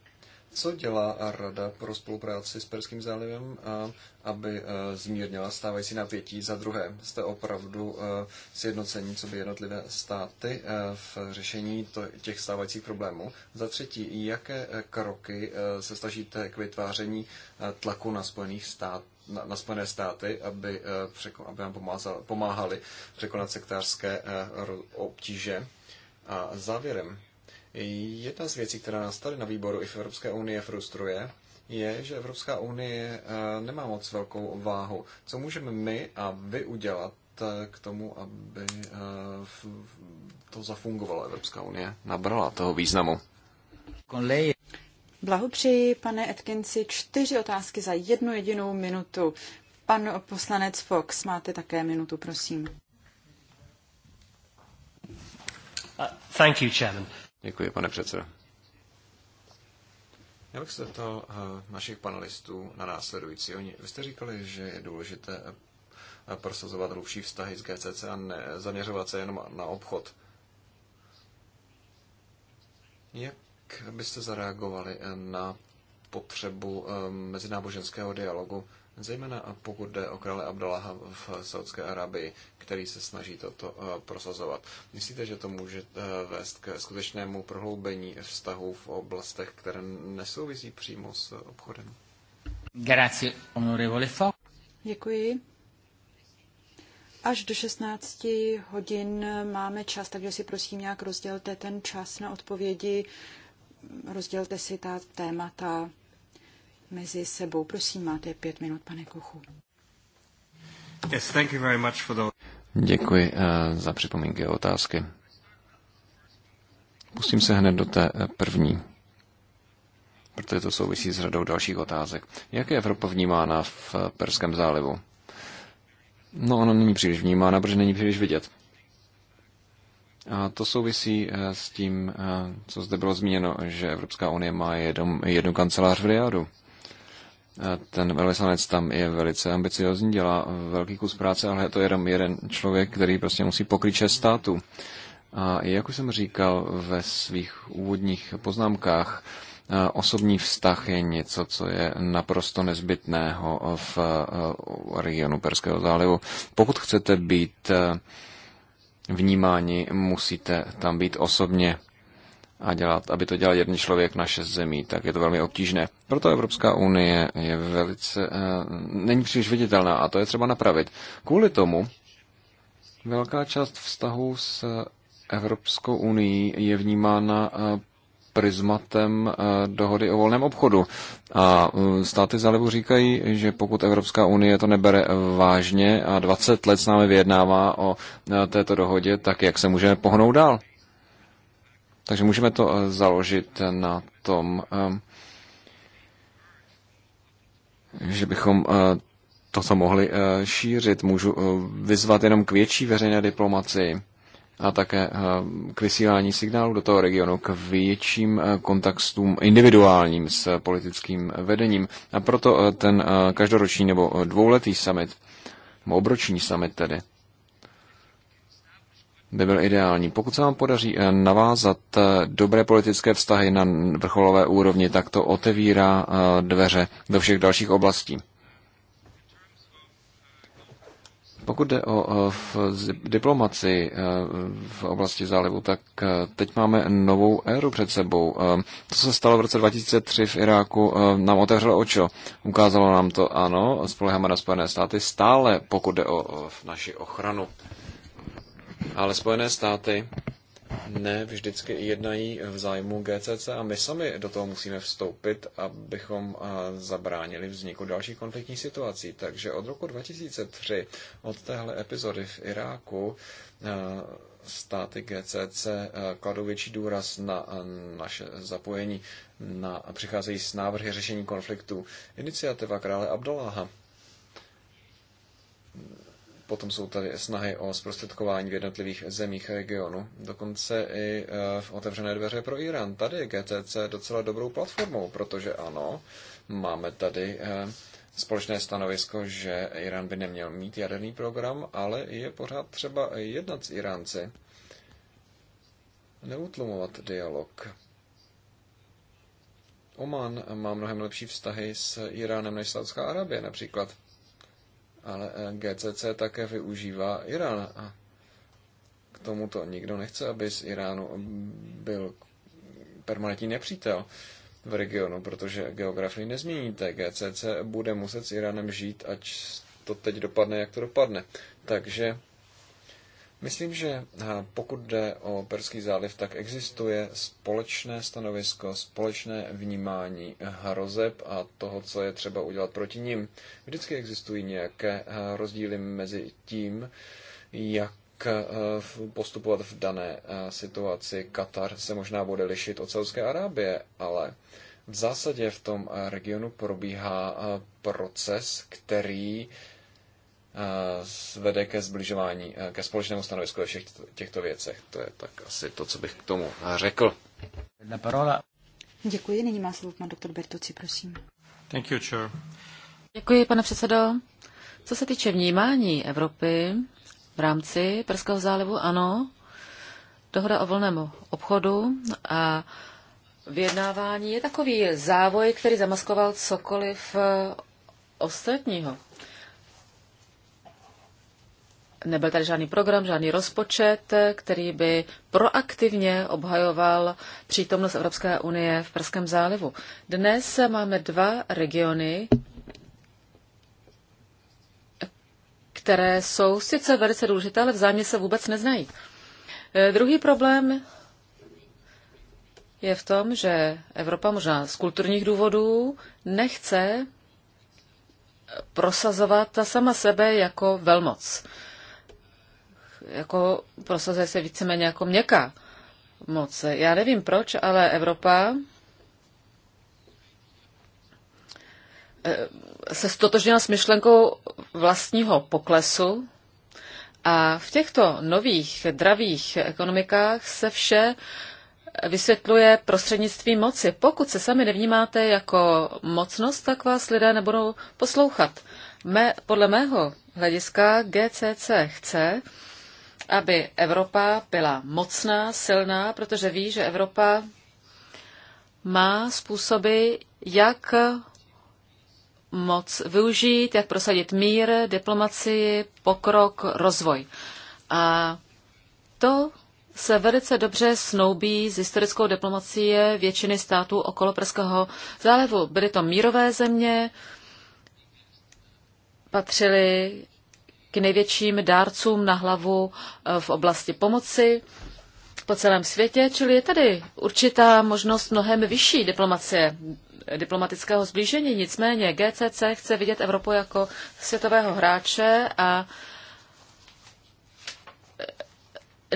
co dělá Rada pro spolupráci s Perským zálivem, aby e, zmírnila stávající napětí? Za druhé, jste opravdu e, sjednocení, co by jednotlivé státy e, v řešení těch stávajících problémů? Za třetí, jaké kroky se snažíte k vytváření tlaku na Spojených stát, Na, na Spojené státy, aby, aby nám pomáhali překonat sektářské obtíže. A závěrem, Jedna z věcí, která nás tady na výboru i v Evropské unii frustruje, je, že Evropská unie eh, nemá moc velkou váhu. Co můžeme my a vy udělat eh, k tomu, aby eh, to zafungovalo? Evropská unie nabrala toho významu. Blahopřeji, pane Etkinci. Čtyři otázky za jednu jedinou minutu. Pan poslanec Fox, máte také minutu, prosím. Uh, thank you, Chairman. Děkuji, pane předsedo. Já bych se to eh, našich panelistů na následující. Oni, vy jste říkali, že je důležité eh, prosazovat hlubší vztahy s GCC a ne, zaměřovat se jenom na obchod. Jak byste zareagovali eh, na potřebu mezináboženského dialogu Zejména pokud jde o krále Abdallaha v Saudské Arabii, který se snaží toto eh, prosazovat. Myslíte, že to může eh, vést k skutečnému prohloubení vztahů v oblastech, které nesouvisí přímo s obchodem? Děkuji. Až do 16 hodin máme čas, takže si prosím nějak rozdělte ten čas na odpovědi, rozdělte si ta témata mezi sebou. Prosím, máte pět minut, pane Kochu. Yes, thank you very much for the... Děkuji eh, za připomínky a otázky. Pustím se hned do té eh, první, protože to souvisí s řadou dalších otázek. Jak je Evropa vnímána v eh, Perském zálivu? No, ona není příliš vnímána, protože není příliš vidět. A to souvisí s tím, co zde bylo zmíněno, že Evropská unie má jednu, kancelář v Riadu. Ten velvyslanec tam je velice ambiciozní, dělá velký kus práce, ale je to jenom jeden člověk, který prostě musí pokryt šest států. A jak už jsem říkal ve svých úvodních poznámkách, osobní vztah je něco, co je naprosto nezbytného v regionu Perského zálivu. Pokud chcete být vnímáni, musíte tam být osobně a dělat, aby to dělal jeden člověk na šest zemí, tak je to velmi obtížné. Proto Evropská unie je velice, eh, není příliš viditelná a to je třeba napravit. Kvůli tomu velká část vztahů s Evropskou unii je vnímána eh, prismatem eh, dohody o volném obchodu. A státy zálivu říkají, že pokud Evropská unie to nebere vážně a 20 let s námi vyjednává o této dohodě, tak jak se můžeme pohnout dál? Takže můžeme to eh, založit eh, na tom, eh, že bychom toto mohli šířit. Můžu vyzvat jenom k větší veřejné diplomaci a také k vysílání signálu do toho regionu, k větším kontaktům individuálním s politickým vedením. A proto ten každoroční nebo dvouletý summit, nebo obroční summit tedy, by byl ideální. Pokud se vám podaří eh, navázat eh, dobré politické vztahy na vrcholové úrovni, tak to otevírá eh, dveře do všech dalších oblastí. Pokud jde o diplomaci v oblasti zálivu, tak teď máme novou éru před sebou. To se stalo v roce 2003 v Iráku, nám otevřelo očo. Ukázalo nám to, ano, spoleháme na Spojené státy stále, pokud jde o naši ochranu ale Spojené státy ne vždycky jednají v zájmu GCC a my sami do toho musíme vstoupit, abychom zabránili vzniku dalších konfliktních situací. Takže od roku 2003, od téhle epizody v Iráku, státy GCC kladou větší důraz na naše zapojení na, přicházejí s návrhy řešení konfliktů. Iniciativa krále Abdalláha Potom jsou tady snahy o zprostředkování v jednotlivých zemích regionu, dokonce i e, v otevřené dveře pro Irán. Tady je GCC docela dobrou platformou, protože ano, máme tady e, společné stanovisko, že Irán by neměl mít jaderný program, ale je pořád třeba jednat s Iránci. Neutlumovat dialog. Oman má mnohem lepší vztahy s Iránem než Saudská Arabie například ale GCC také využívá Irán a k tomuto nikdo nechce, aby z Iránu byl permanentní nepřítel v regionu, protože geografii nezměníte. GCC bude muset s Iránem žít, ať to teď dopadne, jak to dopadne. Takže Myslím, že eh, pokud jde o Perský záliv, tak existuje společné stanovisko, společné vnímání hrozeb a toho, co je třeba udělat proti ním. Vždycky existují nějaké eh, rozdíly mezi tím, jak eh, postupovat v dané situaci. Katar se možná bude lišit od Saudské Arábie, ale v zásadě v tom regionu probíhá proces, který Eh, vede ke zbližování, eh, ke společnému stanovisku ve všech těchto věcech. To je tak asi to, co bych k tomu eh, řekl. Děkuji, nyní má slovo pan doktor Bertuci, prosím. Thank you, chair. Děkuji, pane předsedo. Co se týče vnímání Evropy v rámci Perského zálivu, ano, dohoda o volném obchodu a vyjednávání je takový závoj, který zamaskoval cokoliv ostatního nebyl tady žádný program, žádný rozpočet, který by proaktivně obhajoval přítomnost Evropské unie v Perském zálivu. Dnes máme dva regiony, které jsou sice velice důležité, ale vzájemně se vůbec neznají. Eh, druhý problém je v tom, že Evropa možná z kulturních důvodů nechce prosazovat sama sebe jako velmoc jako prosazuje se víceméně jako měkká moc. Já nevím proč, ale Evropa eh, se stotožnila s myšlenkou vlastního poklesu a v těchto nových dravých ekonomikách se vše vysvětluje prostřednictvím moci. Pokud se sami nevnímáte jako mocnost, tak vás lidé nebudou poslouchat. Me podle mého hlediska GCC chce, aby Evropa byla mocná, silná, protože ví, že Evropa má způsoby, jak moc využít, jak prosadit mír, diplomacii, pokrok, rozvoj. A to se velice dobře snoubí s historickou diplomacií většiny států okolo Perského zálevu. Byly to mírové země, patřily k největším dárcům na hlavu e, v oblasti pomoci po celém světě, čili je tady určitá možnost mnohem vyšší diplomacie, diplomatického zblížení. Nicméně GCC chce vidět Evropu jako světového hráče a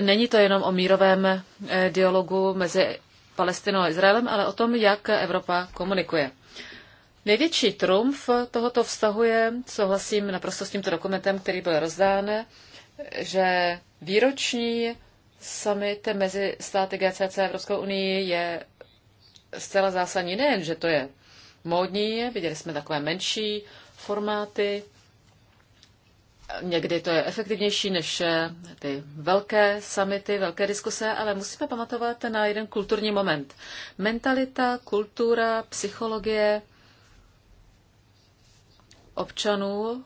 e, není to jenom o mírovém e, dialogu mezi Palestinou a Izraelem, ale o tom, jak Evropa komunikuje. Největší trumf tohoto vztahu je, souhlasím naprosto s tímto dokumentem, který byl rozdán, že výroční summit mezi státy GCC a Evropskou unii je zcela zásadní. Nejen, že to je módní, viděli jsme takové menší formáty, někdy to je efektivnější než ty velké samity, velké diskuse, ale musíme pamatovat na jeden kulturní moment. Mentalita, kultura, psychologie, občanů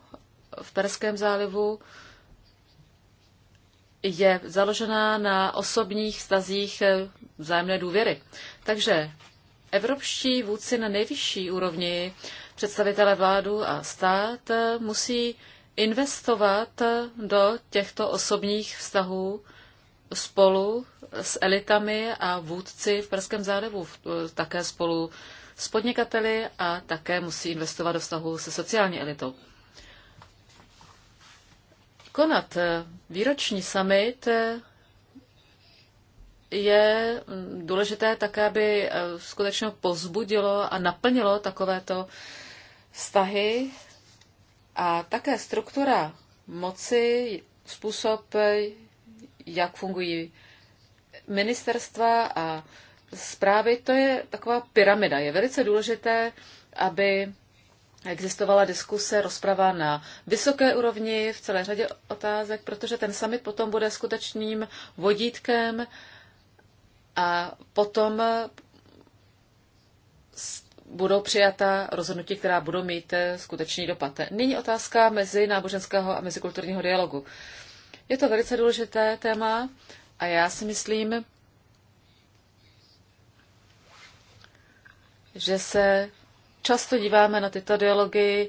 v Perském zálivu je založená na osobních stazích eh, vzájemné důvěry. Takže evropští vůdci na nejvyšší úrovni, představitelé vládu a stát, eh, musí investovat eh, do těchto osobních vztahů spolu s elitami a vůdci v Perském zálivu, také spolu s podnikateli a také musí investovat do vztahu se sociální elitou. Konat eh, výroční summit eh, je mm, důležité také, aby eh, skutečně pozbudilo a naplnilo takovéto vztahy a také struktura moci, způsob, jak fungují ministerstva a zprávy, to je taková pyramida. Je velice důležité, aby existovala diskuse, rozprava na vysoké úrovni v celé řadě otázek, protože ten summit potom bude skutečným vodítkem a potom budou přijata rozhodnutí, která budou mít eh, skutečný dopad. Nyní otázka mezi náboženského a mezikulturního dialogu. Je to velice důležité téma a já si myslím, že se často díváme na tyto dialogy eh,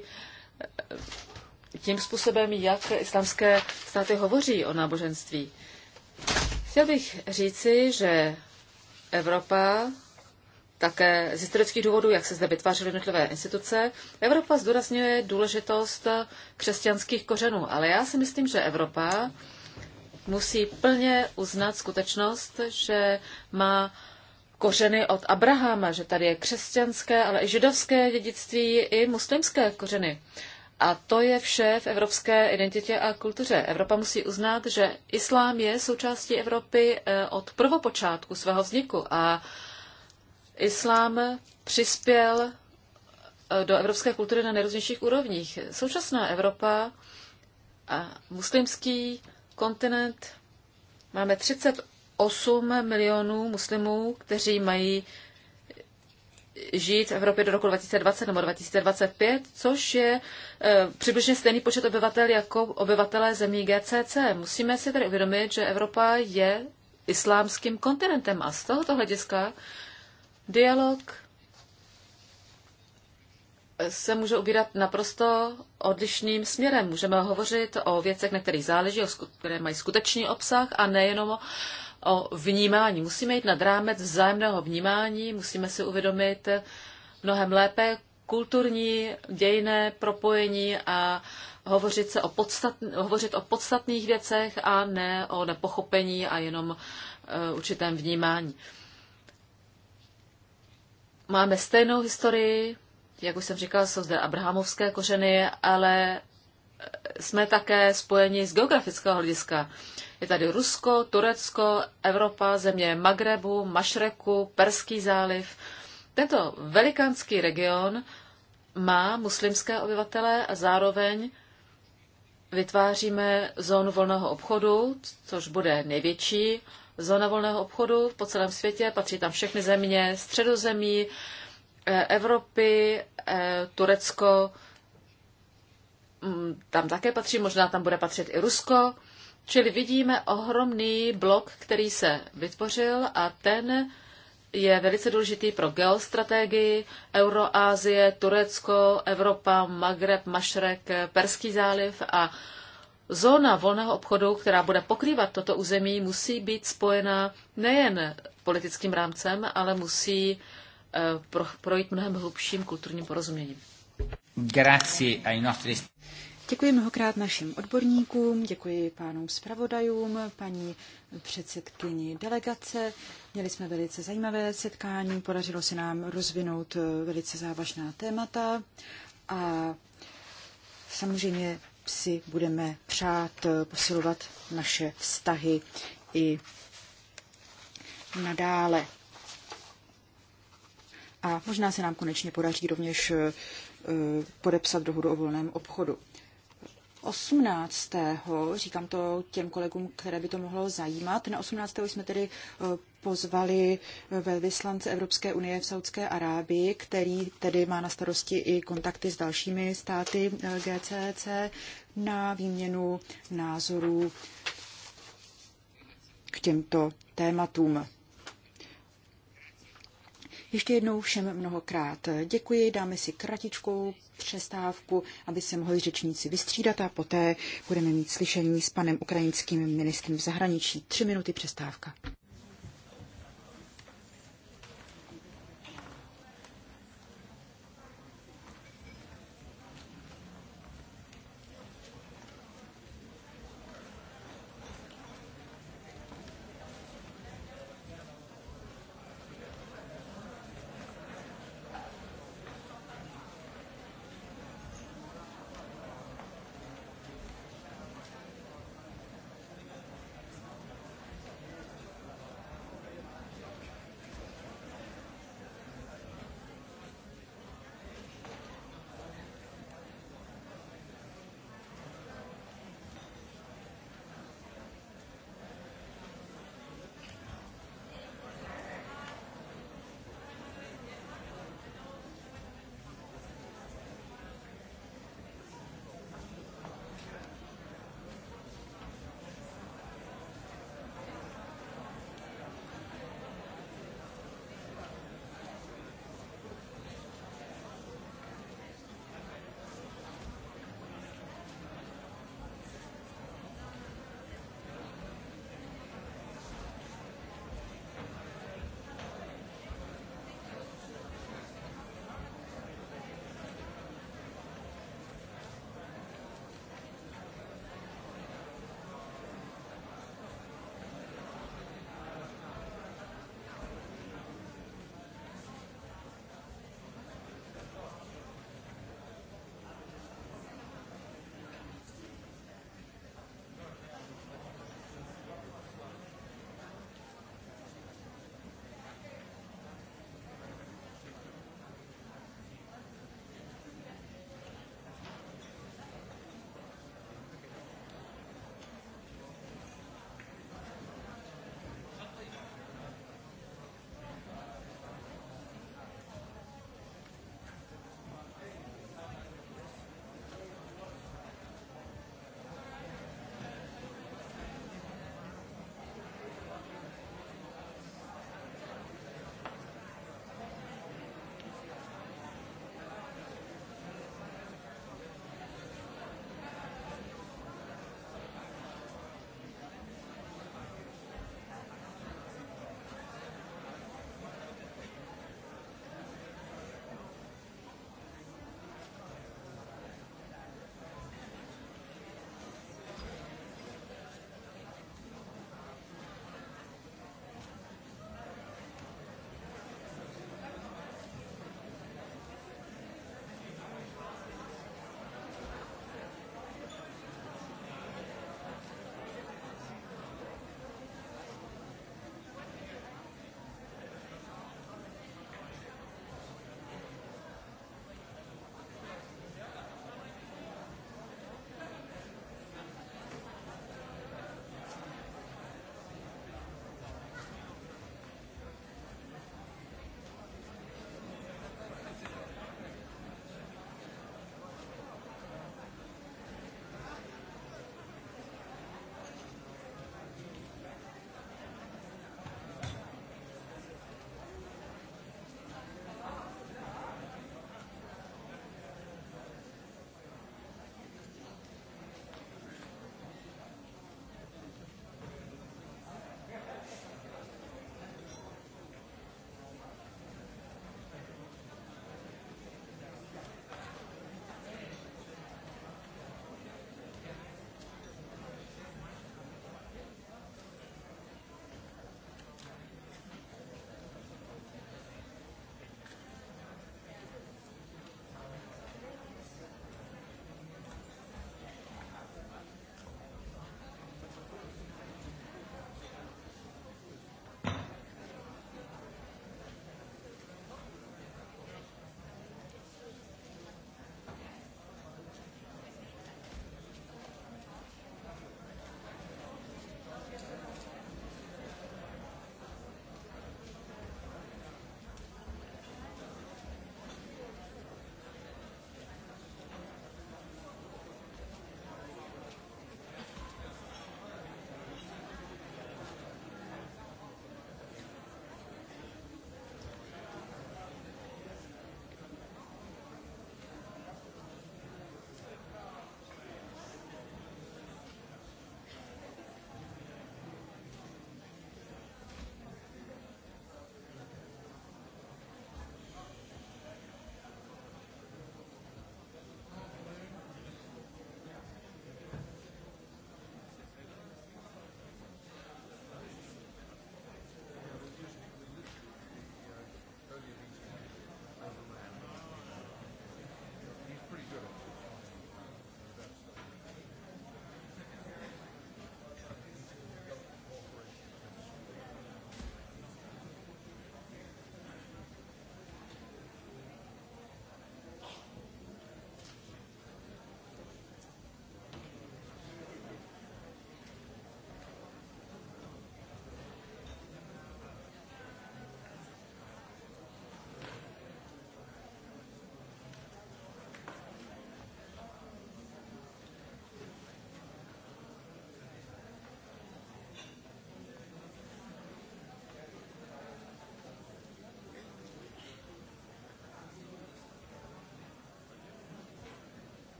tím způsobem, jak islámské státy hovoří o náboženství. Chtěl bych říci, že Evropa také z historických důvodů, jak se zde vytvářely jednotlivé instituce, Evropa zdůrazňuje důležitost křesťanských kořenů. Ale já si myslím, že Evropa musí plně uznat skutečnost, že má kořeny od Abrahama, že tady je křesťanské, ale i židovské dědictví, i muslimské kořeny. A to je vše v evropské identitě a kultuře. Evropa musí uznat, že islám je součástí Evropy eh, od prvopočátku svého vzniku a islám přispěl eh, do evropské kultury na nejrůznějších úrovních. Současná Evropa a muslimský kontinent máme 30 8 milionů muslimů, kteří mají žít v Evropě do roku 2020 nebo 2025, což je eh, přibližně stejný počet obyvatel jako obyvatelé zemí GCC. Musíme si tedy uvědomit, že Evropa je islámským kontinentem a z tohoto hlediska dialog se může ubírat naprosto odlišným směrem. Můžeme hovořit o věcech, na kterých záleží, o které mají skutečný obsah a nejenom o vnímání. Musíme jít nad rámec vzájemného vnímání, musíme si uvědomit mnohem lépe kulturní, dějné propojení a hovořit, se o podstat, hovořit o podstatných věcech a ne o nepochopení a jenom e, určitém vnímání. Máme stejnou historii, jak už jsem říkala, jsou zde abrahamovské kořeny, ale jsme také spojeni z geografického hlediska. Je tady Rusko, Turecko, Evropa, země Magrebu, Mašreku, Perský záliv. Tento velikánský region má muslimské obyvatele a zároveň vytváříme zónu volného obchodu, což bude největší zóna volného obchodu po celém světě. Patří tam všechny země středozemí, eh, Evropy, eh, Turecko, Mm, tam také patří, možná tam bude patřit i Rusko. Čili vidíme ohromný blok, který se vytvořil a ten je velice důležitý pro geostrategii Euroázie, Turecko, Evropa, Magreb, Mašrek, Perský záliv a zóna volného obchodu, která bude pokrývat toto území, musí být spojena nejen politickým rámcem, ale musí eh, projít mnohem hlubším kulturním porozuměním. Děkuji mnohokrát našim odborníkům, děkuji pánům zpravodajům, paní předsedkyni delegace. Měli jsme velice zajímavé setkání, podařilo se nám rozvinout eh, velice závažná témata a samozřejmě si budeme přát eh, posilovat naše vztahy i nadále. A možná se nám konečně podaří rovněž eh, Eh, podepsat dohodu o volném obchodu. 18. říkám to těm kolegům, které by to mohlo zajímat. Na 18. jsme tedy eh, pozvali eh, velvyslance Evropské unie v Saudské Arábii, který tedy má na starosti i kontakty s dalšími státy GCC na výměnu názorů k těmto tématům. Ještě jednou všem mnohokrát děkuji, dáme si kratičkou přestávku, aby se mohli řečníci vystřídat a poté budeme mít slyšení s panem ukrajinským ministrem v zahraničí. Tři minuty přestávka.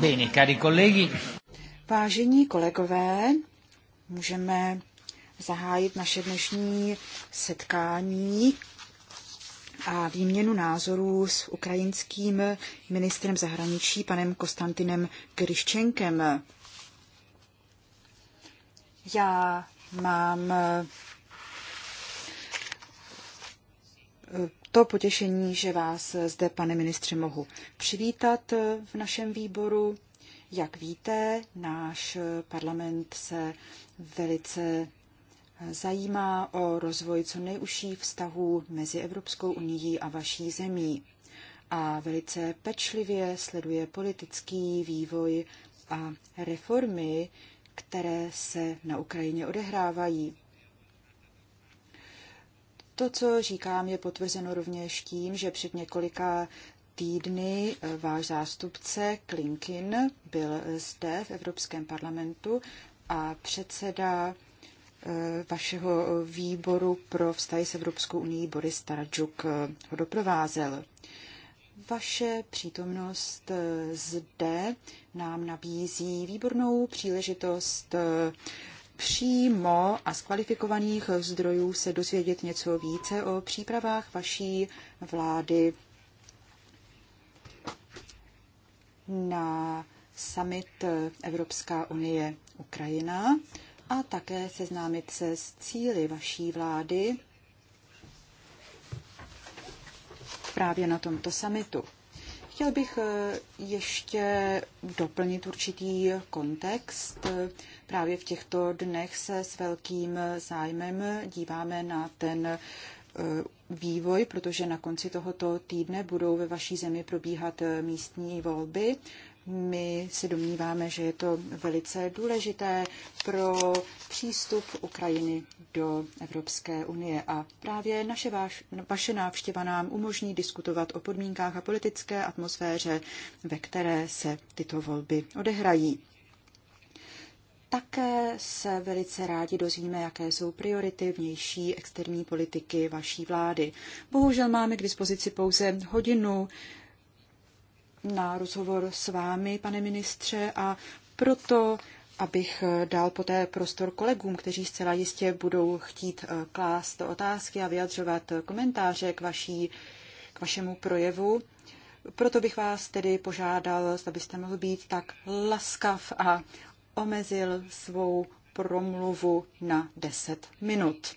Bene, cari colleghi. Vážení kolegové, můžeme zahájit naše dnešní setkání a výměnu názorů s ukrajinským ministrem zahraničí panem Konstantinem Kryščenkem. Já mám to potěšení, že vás zde, pane ministře, mohu přivítat v našem výboru. Jak víte, náš parlament se velice zajímá o rozvoj co nejužší vztahů mezi Evropskou unii a vaší zemí a velice pečlivě sleduje politický vývoj a reformy, které se na Ukrajině odehrávají. To, co říkám, je potvrzeno rovněž tím, že před několika týdny eh, váš zástupce Klinkin byl eh, zde v Evropském parlamentu a předseda eh, vašeho výboru pro vztahy s Evropskou unii Boris Tarajuk ho doprovázel. Vaše přítomnost zde nám nabízí výbornou příležitost přímo a z kvalifikovaných zdrojů se dozvědět něco více o přípravách vaší vlády na summit Evropská unie Ukrajina a také seznámit se s cíly vaší vlády právě na tomto summitu. Chtěl bych ještě doplnit určitý kontext Právě v těchto dnech se s velkým zájmem díváme na ten e, vývoj, protože na konci tohoto týdne budou ve vaší zemi probíhat e, místní volby. My se domníváme, že je to velice důležité pro přístup Ukrajiny do Evropské unie a právě naše váš, vaše návštěva nám umožní diskutovat o podmínkách a politické atmosféře, ve které se tyto volby odehrají. Také se velice rádi dozvíme, jaké jsou priority vnější externí politiky vaší vlády. Bohužel máme k dispozici pouze hodinu na rozhovor s vámi, pane ministře, a proto abych dal poté prostor kolegům, kteří zcela jistě budou chtít eh, klást otázky a vyjadřovat komentáře k, vaší, k vašemu projevu. Proto bych vás tedy požádal, abyste mohl být tak laskav a omezil svou promluvu na 10 minut.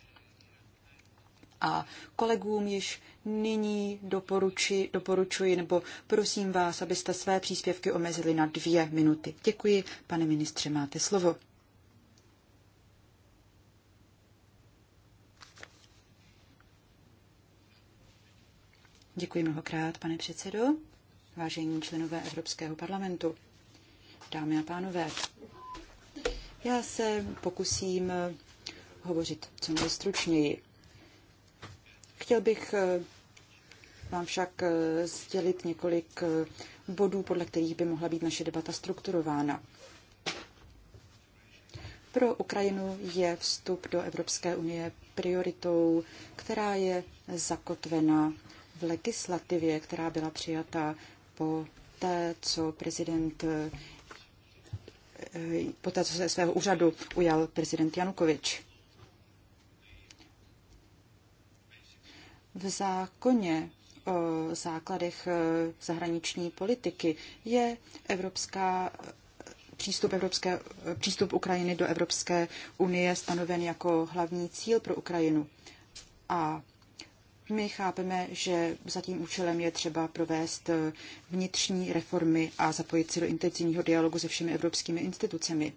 A kolegům již nyní doporuči, doporučuji nebo prosím vás, abyste své příspěvky omezili na dvě minuty. Děkuji, pane ministře, máte slovo. Děkuji mnohokrát, pane předsedo, vážení členové Evropského parlamentu, dámy a pánové. Já se pokusím eh, hovořit co nejstručněji. Chtěl bych eh, vám však eh, sdělit několik bodů, podle kterých by mohla být naše debata strukturována. Pro Ukrajinu je vstup do Evropské unie prioritou, která je zakotvena v legislativě, která byla přijata po té, co prezident poté co se svého úřadu ujal prezident Janukovič. V zákoně o základech e, zahraniční politiky je evropská přístup, evropské, přístup Ukrajiny do Evropské unie stanoven jako hlavní cíl pro Ukrajinu. A my chápeme, že za tím účelem je třeba provést eh, vnitřní reformy a zapojit se do intenzivního dialogu se všemi evropskými institucemi.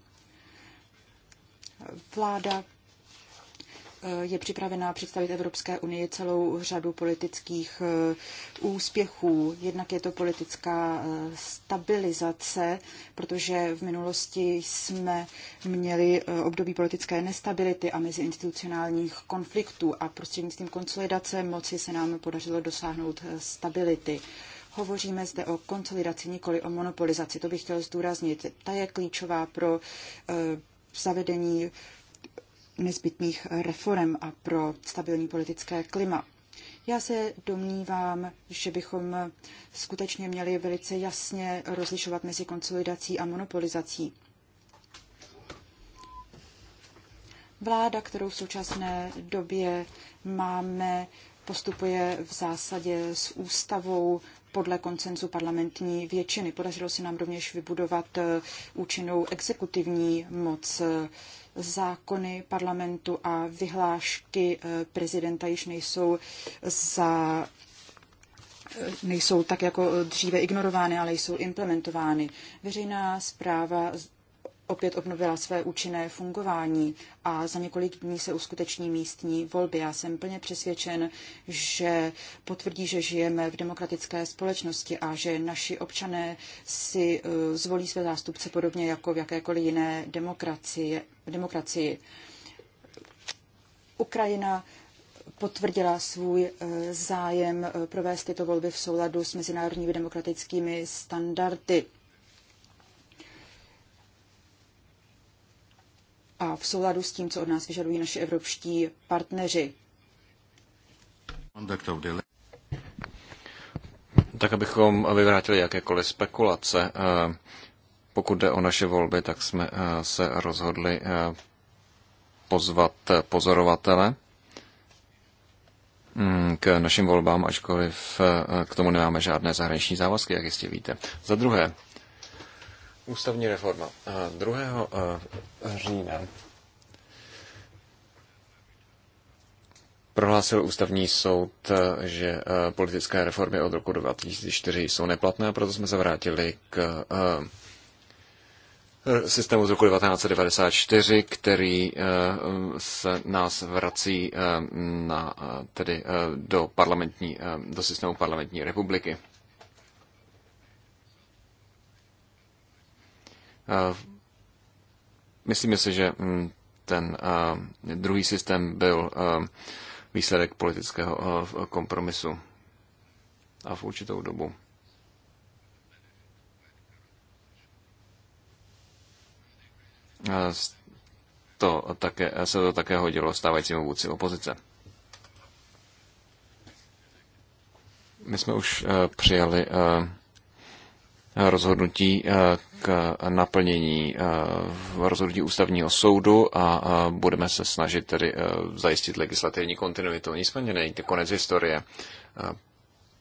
Vláda je připravená představit Evropské unii celou řadu politických eh, úspěchů. Jednak je to politická eh, stabilizace, protože v minulosti jsme měli eh, období politické nestability a meziinstitucionálních konfliktů a prostřednictvím konsolidace moci se nám podařilo dosáhnout stability. Hovoříme zde o konsolidaci, nikoli o monopolizaci. To bych chtěl zdůraznit. Ta je klíčová pro zavedení nezbytných reform a pro stabilní politické klima. Já se domnívám, že bychom skutečně měli velice jasně rozlišovat mezi konsolidací a monopolizací. Vláda, kterou v současné době máme, postupuje v zásadě s ústavou podle koncenzu parlamentní většiny. Podařilo se nám rovněž vybudovat účinnou exekutivní moc zákony parlamentu a vyhlášky eh, prezidenta již nejsou za eh, nejsou tak jako eh, dříve ignorovány, ale jsou implementovány. Veřejná zpráva opět obnovila své účinné fungování a za několik dní se uskuteční místní volby. Já jsem plně přesvědčen, že potvrdí, že žijeme v demokratické společnosti a že naši občané si eh, zvolí své zástupce podobně jako v jakékoliv jiné demokracii. demokracii. Ukrajina potvrdila svůj eh, zájem eh, provést tyto volby v souladu s mezinárodními demokratickými standardy. a v souladu s tím, co od nás vyžadují naši evropští partneři. Tak abychom vyvrátili jakékoliv spekulace, eh, pokud jde o naše volby, tak jsme eh, se rozhodli eh, pozvat pozorovatele mm, k našim volbám, ačkoliv k tomu nemáme žádné zahraniční závazky, jak jistě víte. Za druhé, ústavní reforma. 2. Eh, října prohlásil ústavní soud, eh, že eh, politické reformy od roku 2004 jsou neplatné, proto jsme se vrátili k systému z roku 1994, který se nás vrací na, tedy do, parlamentní, do systému parlamentní republiky. Eh, myslíme si, že mm, ten eh, druhý systém byl eh, výsledek politického kompromisu a v určitou dobu. To také, se to také hodilo stávajícímu vůdci opozice. My jsme už přijali rozhodnutí eh, k naplnění eh, rozhodnutí ústavního soudu a eh, budeme se snažit tedy zajistit legislativní kontinuitu. Nicméně není to konec historie.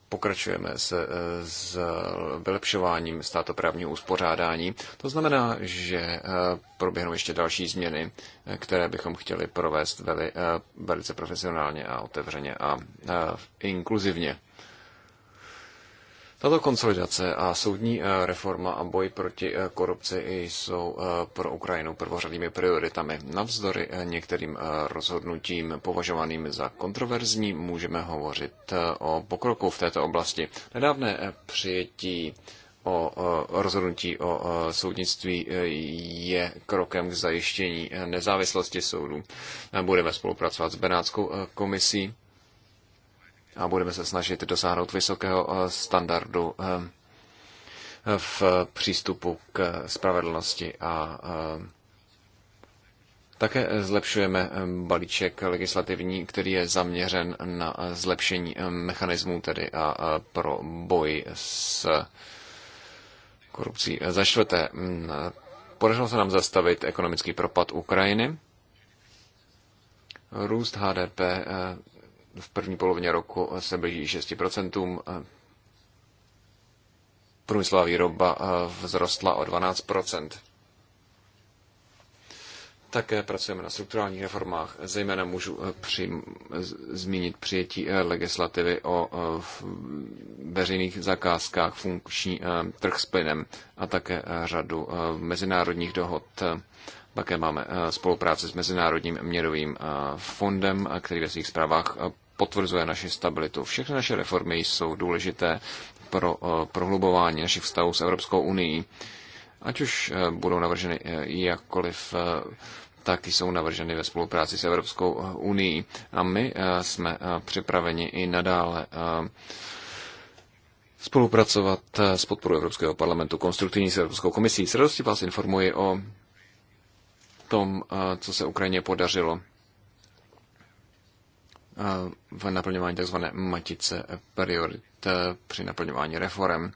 Pokračujeme se s vylepšováním státoprávního uspořádání. To znamená, že proběhnou ještě další změny, které bychom chtěli provést veli, velice profesionálně a otevřeně a inkluzivně. Tato konsolidace a soudní eh, reforma a boj proti eh, korupci jsou eh, pro Ukrajinu prvořadými prioritami. Navzdory některým rozhodnutím považovaným za kontroverzní můžeme hovořit o pokroku v této oblasti. Nedávné přijetí o rozhodnutí o soudnictví je krokem k zajištění nezávislosti soudů. Budeme spolupracovat s Benátskou komisí a budeme se snažit dosáhnout vysokého eh, standardu eh, v přístupu k spravedlnosti a eh, také zlepšujeme balíček legislativní, který je zaměřen na zlepšení mechanismů tedy a pro boj s korupcí. Za čtvrté, mm, podařilo se nám zastavit ekonomický propad Ukrajiny. Růst HDP v první polovině roku se blíží 6%. Průmyslová výroba eh, vzrostla o 12%. Také pracujeme na strukturálních reformách, zejména můžu eh, při, zmínit přijetí eh, legislativy o veřejných zakázkách, funkční trh s plynem a také řadu mezinárodních dohod. Také máme spolupráci s Mezinárodním měrovým fondem, který ve svých zprávách potvrzuje naši stabilitu. Všechny naše reformy jsou důležité pro eh, prohlubování našich vztahů s Evropskou unii. Ať už eh, budou navrženy eh, jakkoliv taky jsou navrženy ve spolupráci s Evropskou unii. A my jsme připraveni i nadále spolupracovat s podporou Evropského parlamentu, konstruktivní s Evropskou komisí. S radostí vás informuji o tom, co se Ukrajině podařilo v naplňování tzv. matice priorit eh, při naplňování reform. Eh,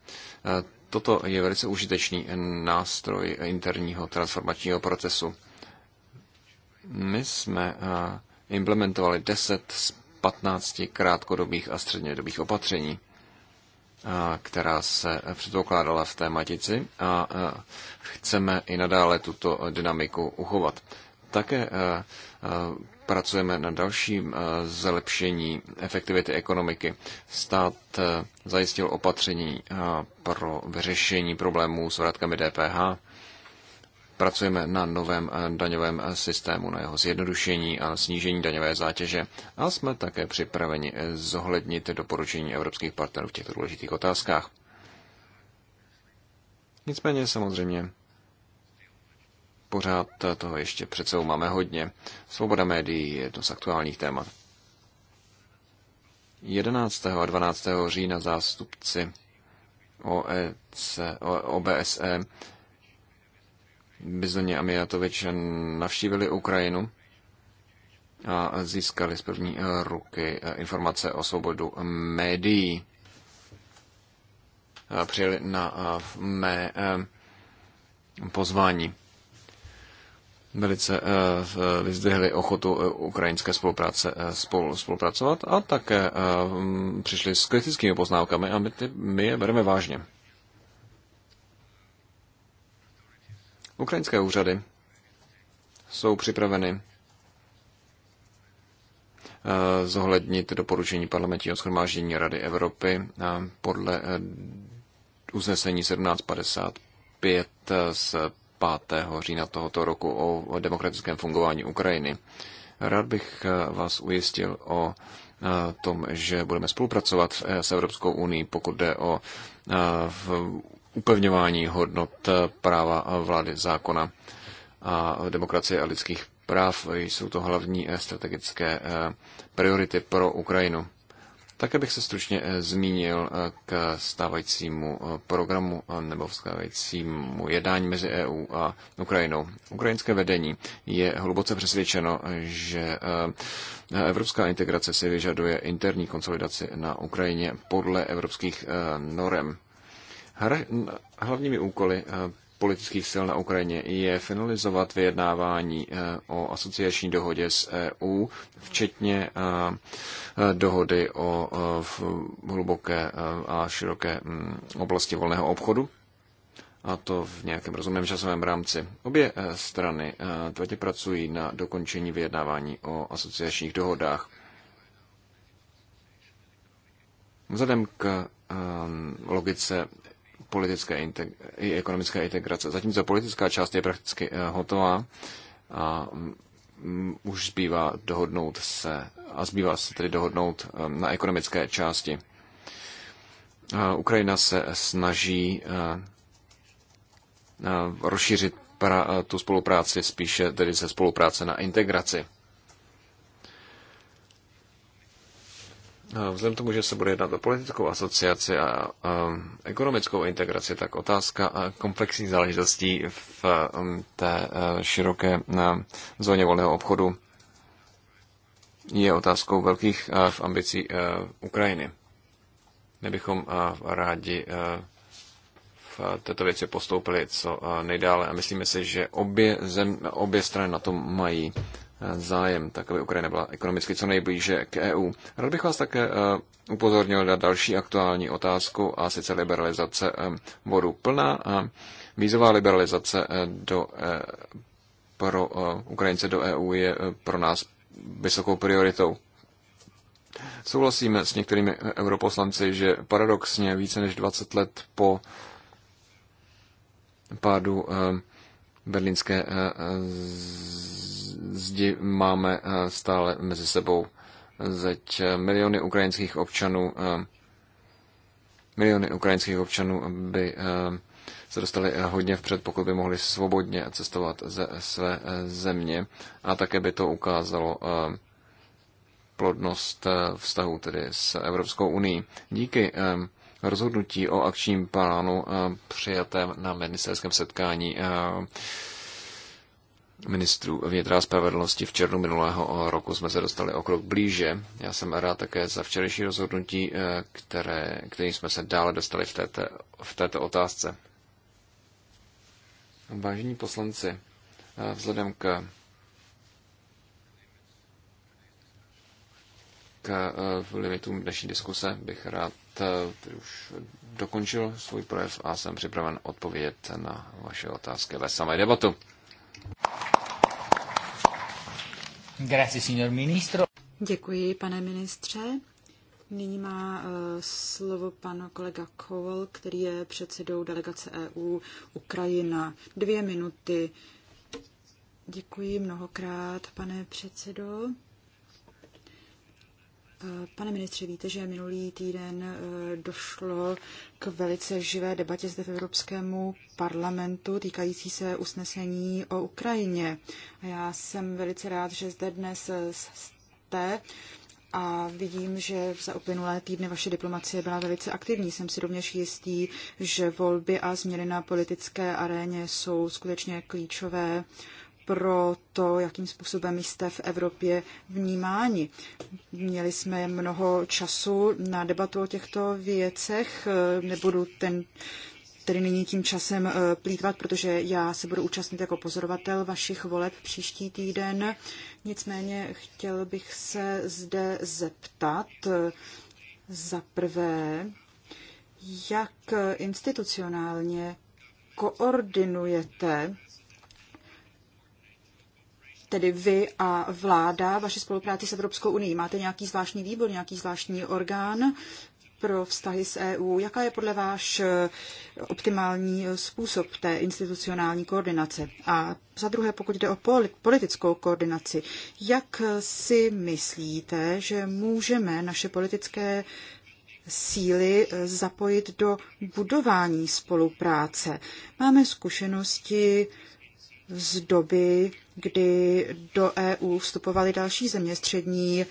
toto je velice užitečný nástroj interního transformačního procesu. My jsme eh, implementovali 10 z 15 krátkodobých a střednědobých opatření, která se předpokládala v té matici a chceme i nadále tuto dynamiku uchovat. Také pracujeme na dalším eh, zlepšení efektivity ekonomiky. Stát eh, zajistil opatření eh, pro vyřešení problémů s vratkami DPH. Pracujeme na novém daňovém systému, na jeho zjednodušení a snížení daňové zátěže a jsme také připraveni zohlednit doporučení evropských partnerů v těchto důležitých otázkách. Nicméně samozřejmě pořád toho ještě před sebou máme hodně. Svoboda médií je jedno z aktuálních témat. 11. a 12. října zástupci OEC, OBSE Bizoně Mijatovič navštívili Ukrajinu a získali z první ruky informace o svobodu médií. Přijeli na mé eh, pozvání velice eh, eh, vyzdvihli ochotu eh, ukrajinské spolupráce spolu, spolupracovat a také přišli s kritickými poznámkami a my, ty, my je bereme vážně. Ukrajinské úřady jsou připraveny zohlednit doporučení parlamentního schromáždění Rady Evropy podle usnesení 1755 z 5. října tohoto roku o demokratickém fungování Ukrajiny. Rád bych eh, vás ujistil o eh, tom, že budeme spolupracovat eh, s Evropskou unii, pokud jde o upevňování hodnot práva vlády zákona a demokracie a lidských práv. Jsou to hlavní strategické priority pro Ukrajinu. Také bych se stručně eh, zmínil eh, k stávajícímu eh, programu nebo stávajícímu jednání mezi EU a Ukrajinou. Ukrajinské vedení je hluboce přesvědčeno, že evropská integrace si vyžaduje interní konsolidaci na Ukrajině podle evropských norem. Hlavními úkoly politických sil na Ukrajině je finalizovat vyjednávání eh, o asociační dohodě s EU, včetně eh, dohody o eh, hluboké a široké mm, oblasti volného obchodu a to v nějakém rozumném časovém rámci. Obě strany tvrdě pracují na dokončení vyjednávání o asociačních dohodách. Vzhledem k logice politické i ekonomické integrace. Zatímco politická část je prakticky eh, hotová a mm, mm, už zbývá dohodnout se a zbývá se tedy dohodnout eh, na ekonomické části. Eh, Ukrajina se snaží rozšířit tu spolupráci spíše tedy ze spolupráce na integraci. Vzhledem tomu, že se bude jednat o politickou asociaci a ekonomickou integraci, tak otázka komplexních záležitostí v um, té e, široké zóně volného obchodu je otázkou velkých e, v ambicí e, Ukrajiny. My bychom rádi v této věci postoupili co nejdále a myslíme si, že obě, zem, obě strany na tom mají zájem, tak aby Ukrajina byla ekonomicky co nejblíže k EU. Rád bych vás také eh, upozornil na další aktuální otázku, a sice liberalizace vodu eh, plná a eh, vízová liberalizace do, pro Ukrajince do EU je pro nás vysokou prioritou. Souhlasíme s některými europoslanci, že paradoxně více než 20 let po pádu eh, berlínské eh, eh, zdi máme eh, stále mezi sebou. Zeď miliony ukrajinských občanů, miliony ukrajinských občanů by se dostali hodně vpřed, pokud by mohli svobodně cestovat ze své země. A také by to ukázalo plodnost vztahu tedy s Evropskou unii. Díky rozhodnutí o akčním plánu eh, přijatém na ministerském setkání eh, ministrů vnitra a spravedlnosti v červnu minulého roku jsme se dostali o krok blíže. Já jsem rád také za včerejší rozhodnutí, eh, které, kterým jsme se dále dostali v této, v této otázce. Vážení poslanci, vzhledem k k eh, limitům dnešní diskuse bych rád eh, už dokončil svůj projev a jsem připraven odpovědět na vaše otázky ve samé debatu. Grazie, signor ministro. Děkuji, pane ministře. Nyní má eh, slovo pan kolega Koval, který je předsedou delegace EU Ukrajina. Dvě minuty. Děkuji mnohokrát, pane předsedo. Pane ministře, víte, že minulý týden eh, došlo k velice živé debatě zde v Evropskému parlamentu týkající se usnesení o Ukrajině. A já jsem velice rád, že zde dnes eh, jste a vidím, že za uplynulé týdny vaše diplomacie byla velice aktivní. Jsem si rovněž jistý, že volby a změny na politické aréně jsou skutečně klíčové pro to, jakým způsobem jste v Evropě vnímáni. Měli jsme mnoho času na debatu o těchto věcech. Nebudu ten tedy nyní tím časem eh, plítvat, protože já se budu účastnit jako pozorovatel vašich voleb příští týden. Nicméně chtěl bych se zde zeptat eh, za prvé, jak institucionálně koordinujete tedy vy a vláda, vaši spolupráci s Evropskou unii? Máte nějaký zvláštní výbor, nějaký zvláštní orgán pro vztahy s EU? Jaká je podle váš eh, optimální eh, způsob té institucionální koordinace? A za druhé, pokud jde o politickou koordinaci, jak eh, si myslíte, že můžeme naše politické síly zapojit do budování spolupráce. Máme zkušenosti z doby, kdy do EU vstupovaly další země střední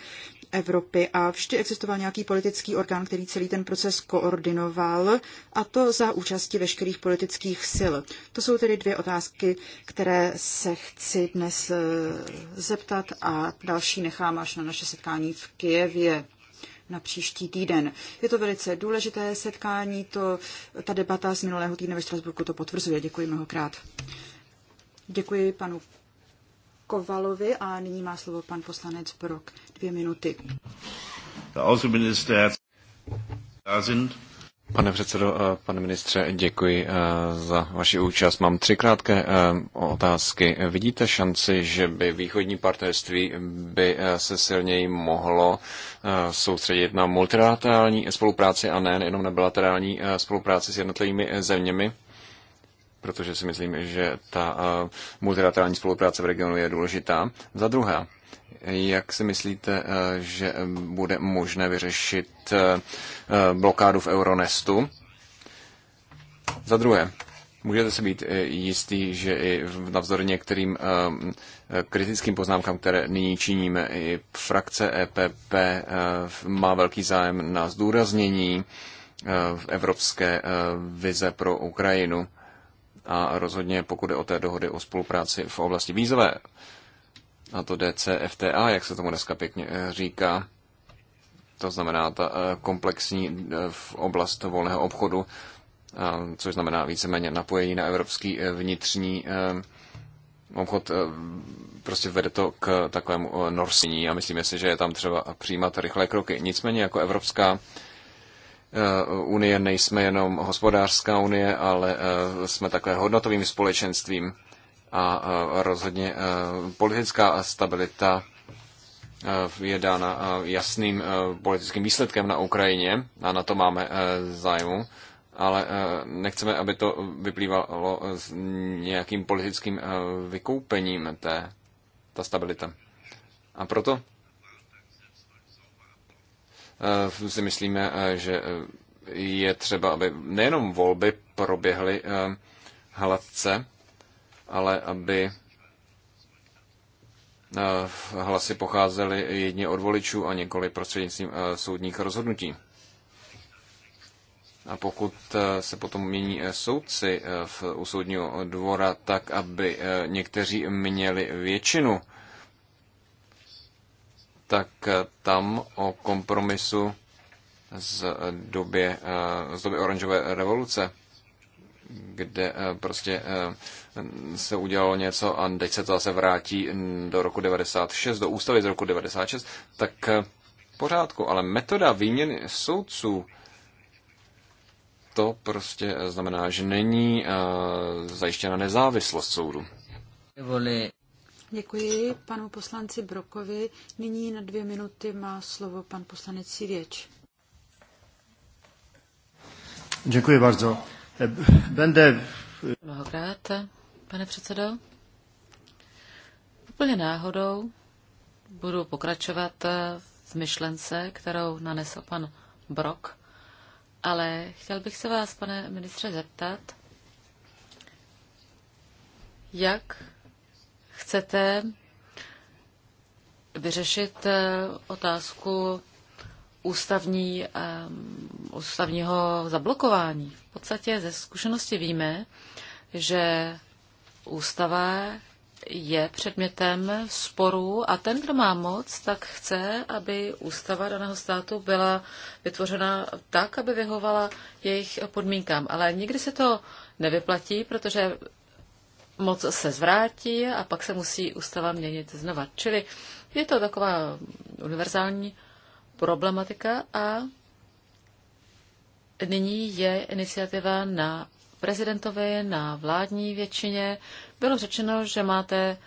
Evropy a vždy existoval nějaký politický orgán, který celý ten proces koordinoval a to za účasti veškerých politických sil. To jsou tedy dvě otázky, které se chci dnes eh, zeptat a další nechám až na naše setkání v Kijevě na příští týden. Je to velice důležité setkání, to, ta debata z minulého týdne ve Štrasburku to potvrzuje. Děkuji mnohokrát. Děkuji panu Kovalovi a nyní má slovo pan poslanec Brok. Dvě minuty. Pane předsedo, eh, pane ministře, děkuji eh, za vaši účast. Mám tři krátké eh, otázky. Vidíte šanci, že by východní partnerství by se silněji mohlo soustředit na multilaterální spolupráci a ne jenom na bilaterální spolupráci s jednotlivými zeměmi? protože si myslím, že ta eh, multilaterální spolupráce v regionu je důležitá. Za druhé, jak si myslíte, eh, že bude možné vyřešit eh, blokádu v Euronestu? Za druhé, můžete si být jistý, že i navzdory některým kritickým poznámkám, které nyní činíme, i frakce EPP má velký zájem na zdůraznění v evropské vize pro Ukrajinu a rozhodně pokud je o té dohody o spolupráci v oblasti vízové, a to DCFTA, jak se tomu dneska pěkně eh, říká, to znamená ta eh, komplexní eh, v oblast volného obchodu, což znamená víceméně napojení na evropský vnitřní obchod, prostě vede to k takovému norsení a myslíme si, že je tam třeba přijímat rychlé kroky. Nicméně jako Evropská Eh, unie nejsme jenom hospodářská unie, ale eh, jsme také hodnotovým společenstvím a eh, rozhodně politická stabilita je dána jasným politickým výsledkem na Ukrajině a na to máme zájmu, ale nechceme, aby to vyplývalo s nějakým politickým vykoupením té, ta stabilita. A proto Eh, si myslíme, eh, že eh, je třeba, aby nejenom volby proběhly hladce, ale aby hlasy pocházely jedně od voličů a několik prostřednictvím soudních rozhodnutí. A pokud se potom mění soudci v, u soudního dvora tak, aby někteří měli většinu tak tam o kompromisu z, době, eh, z doby oranžové revoluce, kde eh, prostě eh, se udělalo něco a teď se to zase vrátí do roku 96, do ústavy z roku 96, tak pořádku, ale metoda výměny soudců to prostě znamená, že není zajištěna nezávislost soudu. Děkuji panu poslanci Brokovi. Nyní na dvě minuty má slovo pan poslanec Sivěč. Děkuji bardzo. Bende... Mnohokrát, pane předsedo. Úplně náhodou budu pokračovat v myšlence, kterou nanesl pan Brok, ale chtěl bych se vás, pane ministře, zeptat, jak chcete vyřešit eh, otázku ústavní, eh, ústavního zablokování. V podstatě ze zkušenosti víme, že ústava je předmětem sporů a ten, kdo má moc, tak chce, aby ústava daného státu byla vytvořena tak, aby vyhovala jejich podmínkám. Ale nikdy se to nevyplatí, protože moc se zvrátí a pak se musí ústava měnit znova. Čili je to taková univerzální problematika a nyní je iniciativa na prezidentovi, na vládní většině. Bylo řečeno, že máte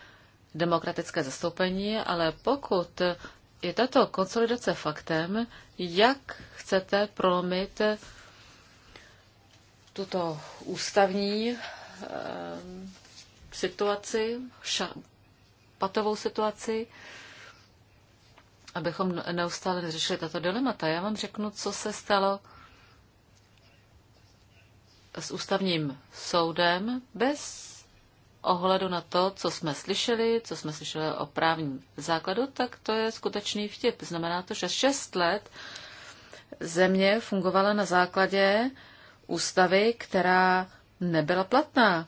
demokratické zastoupení, ale pokud je tato konsolidace faktem, jak chcete prolomit tuto ústavní eh, k situaci, patovou situaci, abychom neustále neřešili tato dilemata. Já vám řeknu, co se stalo s ústavním soudem bez ohledu na to, co jsme slyšeli, co jsme slyšeli o právním základu, tak to je skutečný vtip. Znamená to, že šest let země fungovala na základě ústavy, která nebyla platná.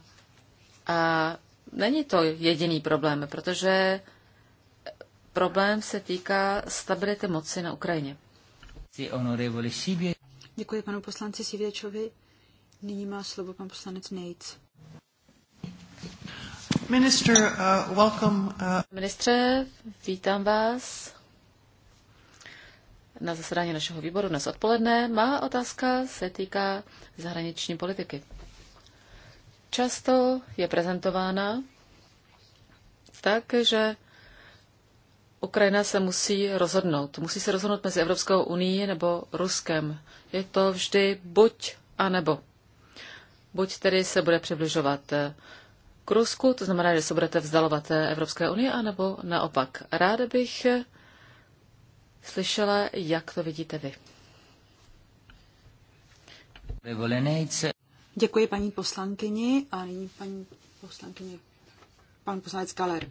A není to jediný problém, protože problém se týká stability moci na Ukrajině. Děkuji panu poslanci Sivěčovi. Nyní má slovo pan poslanec Nejc. Minister, uh, welcome, uh... Ministře, vítám vás na zasedání našeho výboru dnes odpoledne. Má otázka se týká zahraniční politiky často je prezentována tak, že Ukrajina se musí rozhodnout. Musí se rozhodnout mezi Evropskou unii nebo Ruskem. Je to vždy buď a nebo. Buď tedy se bude přibližovat k Rusku, to znamená, že se budete vzdalovat Evropské unii, anebo naopak. Ráda bych slyšela, jak to vidíte vy. Děkuji paní poslankyni a nyní paní poslankyně, pan poslanec Kaler.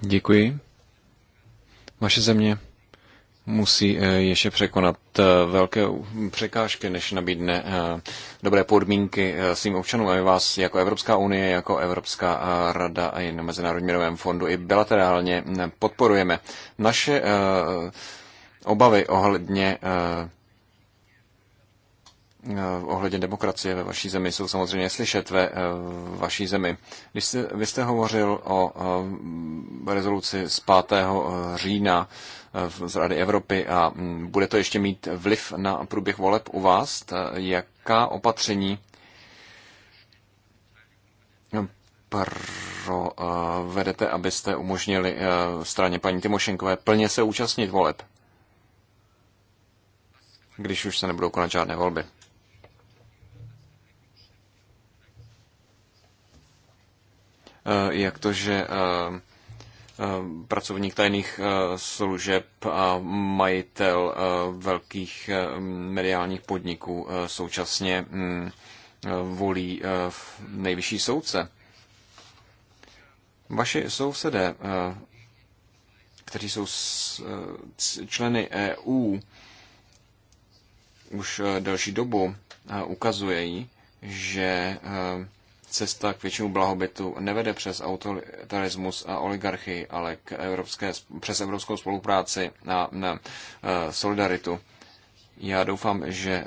Děkuji. Vaše země musí eh, ještě překonat eh, velké překážky, než nabídne eh, dobré podmínky svým občanům. A my vás jako Evropská unie, jako Evropská rada a i na Mezinárodním měnovém fondu i bilaterálně podporujeme. Naše obavy ohledně Eh, ohledně demokracie ve vaší zemi jsou samozřejmě slyšet ve eh, vaší zemi. Když jste, vy jste hovořil o eh, rezoluci z 5. října z Rady Evropy a hm, bude to ještě mít vliv na průběh voleb u vás, jaká opatření hm, pro, vedete, abyste umožnili straně paní Timošenkové plně se účastnit voleb, když už se nebudou konat žádné volby. Eh, jak to, že eh, eh, pracovník tajných služeb a majitel velkých mediálních podniků současně hm, volí v nejvyšší soudce. Vaši sousedé, kteří jsou členy EU už delší dobu, ukazují, že cesta k většímu blahobytu nevede přes autoritarismus a oligarchii, ale k evropské, přes evropskou spolupráci a na e, solidaritu. Já doufám, že e,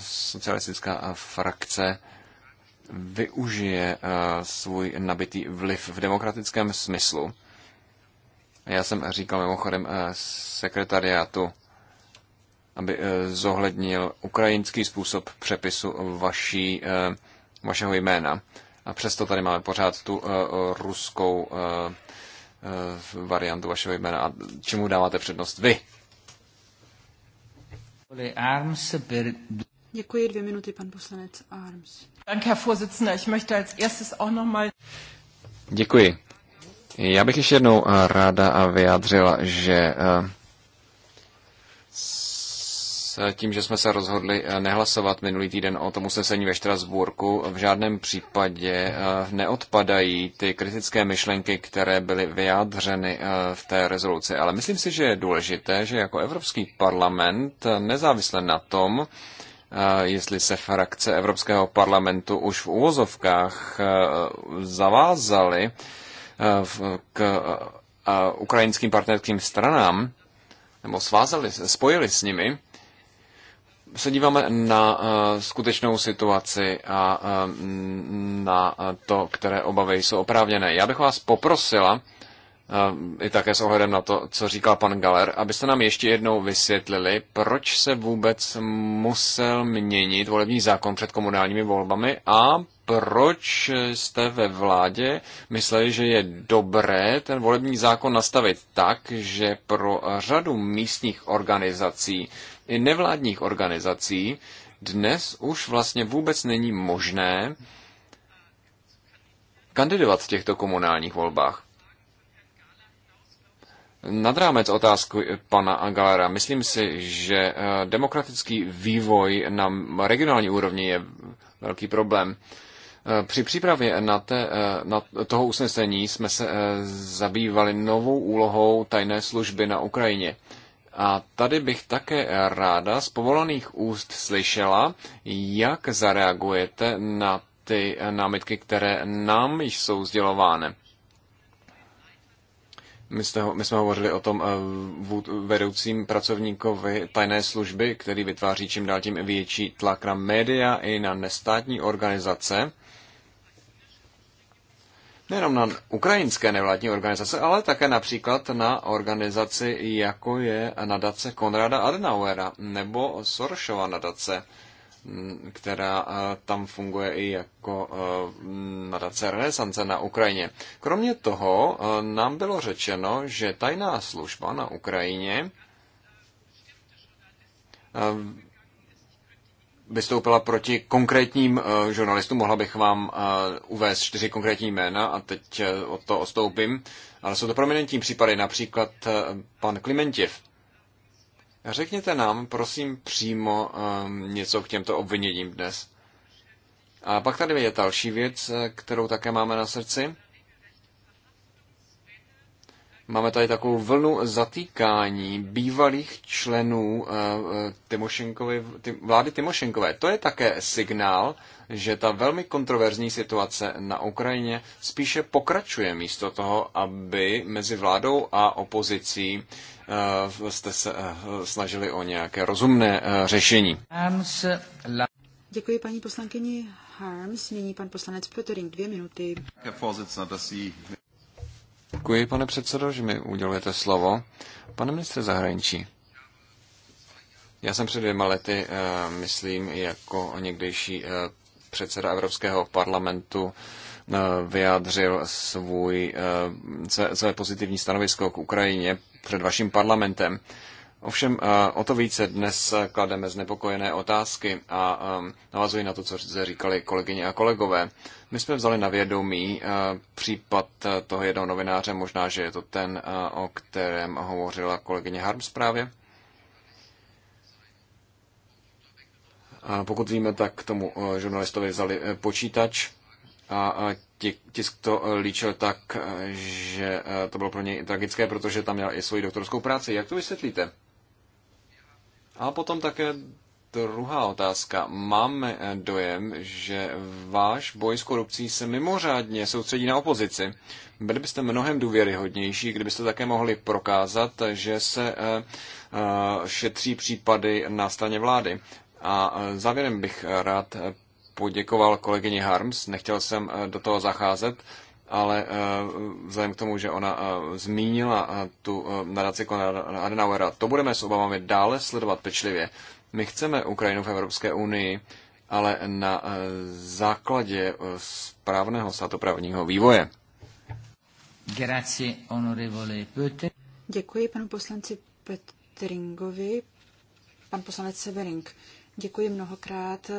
socialistická frakce využije e, svůj nabitý vliv v demokratickém smyslu. Já jsem říkal mimochodem sekretariátu, aby zohlednil ukrajinský způsob přepisu vaší vašeho jména. A přesto tady máme pořád tu uh, ruskou uh, uh, variantu vašeho jména. A čemu dáváte přednost vy? Děkuji, dvě minuty, pan poslanec Arms. Danke, Herr Vorsitzender. Ich möchte als erstes auch noch mal... Děkuji. Já bych ještě jednou ráda vyjádřila, že uh, tím, že jsme se rozhodli eh, nehlasovat minulý týden o tom usnesení ve Štrasburku, v žádném případě eh, neodpadají ty kritické myšlenky, které byly vyjádřeny eh, v té rezoluci. Ale myslím si, že je důležité, že jako Evropský parlament, nezávisle na tom, jestli se frakce Evropského parlamentu už v úvozovkách zavázaly k ukrajinským partnerským stranám, nebo svázali, spojili s nimi, se díváme na eh, skutečnou situaci a eh, na to, které obavy jsou oprávněné. Já bych vás poprosila, eh, i také s ohledem na to, co říkal pan Galer, abyste nám ještě jednou vysvětlili, proč se vůbec musel měnit volební zákon před komunálními volbami a proč jste ve vládě mysleli, že je dobré ten volební zákon nastavit tak, že pro řadu místních organizací i nevládních organizací, dnes už vlastně vůbec není možné kandidovat v těchto komunálních volbách. Nad rámec otázku pana Agalera, myslím si, že eh, demokratický vývoj na regionální úrovni je velký problém. Eh, při přípravě na, te, eh, na toho usnesení jsme se zabývali novou úlohou tajné služby na Ukrajině. A tady bych také ráda z povolaných úst slyšela, jak zareagujete na ty námitky, které nám jsou sdělovány. My, jste, my jsme hovořili o tom eh, vedoucím pracovníkovi tajné služby, který vytváří čím dál tím větší tlak na média i na nestátní organizace nejenom na ukrajinské nevládní organizace, ale také například na organizaci, jako je nadace Konrada Adenauera nebo Sorosova nadace, mm, která eh, tam funguje i jako eh, mm, nadace renesance na Ukrajině. Kromě toho eh, nám bylo řečeno, že tajná služba na Ukrajině vystoupila proti konkrétním eh, žurnalistům. Mohla bych vám eh, uvést čtyři konkrétní jména a teď eh, od to ostoupím. Ale jsou to prominentní případy, například pan Klimentěv. Řekněte nám, prosím, přímo něco k těmto obviněním dnes. A pak tady je další věc, kterou také máme na srdci. Máme tady takovou vlnu zatýkání bývalých členů eh, eh, Timošenkovi, vlády Timošenkové. To je také signál, že ta velmi kontroverzní situace na Ukrajině spíše pokračuje místo toho, aby mezi vládou a opozicí eh, jste se snažili o nějaké rozumné řešení. Děkuji paní poslankyni Harms. Nyní pan poslanec Petering, dvě minuty. Děkuji, pane předsedo, že mi udělujete slovo. Pane ministře zahraničí, já jsem před dvěma lety, eh, myslím, jako někdejší eh, předseda Evropského parlamentu eh, vyjádřil svůj, své pozitivní stanovisko k Ukrajině před vaším parlamentem. Ovšem o to více dnes klademe znepokojené otázky a navazuji na to, co říkali kolegyně a kolegové. My jsme vzali na vědomí případ toho jednoho novináře, možná, že je to ten, o kterém hovořila kolegyně Harms právě. A pokud víme, tak k tomu žurnalistovi vzali e, počítač a tisk to e, líčil tak, e, že to bylo pro něj tragické, protože tam měl i svoji doktorskou práci. Jak to vysvětlíte? A potom také druhá otázka. Máme eh, dojem, že váš boj s korupcí se mimořádně soustředí na opozici. Byli byste mnohem důvěryhodnější, kdybyste také mohli prokázat, že se eh, eh, šetří případy na straně vlády. A závěrem bych rád poděkoval kolegyni Harms, nechtěl jsem do toho zacházet, ale eh, vzhledem k tomu, že ona eh, zmínila eh, tu nadaci Konrada Adenauera, to budeme s obavami dále sledovat pečlivě. My chceme Ukrajinu v Evropské unii, ale na základě správného státoprávního vývoje. Děkuji panu poslanci Petringovi. Pan poslanec Severing, děkuji mnohokrát,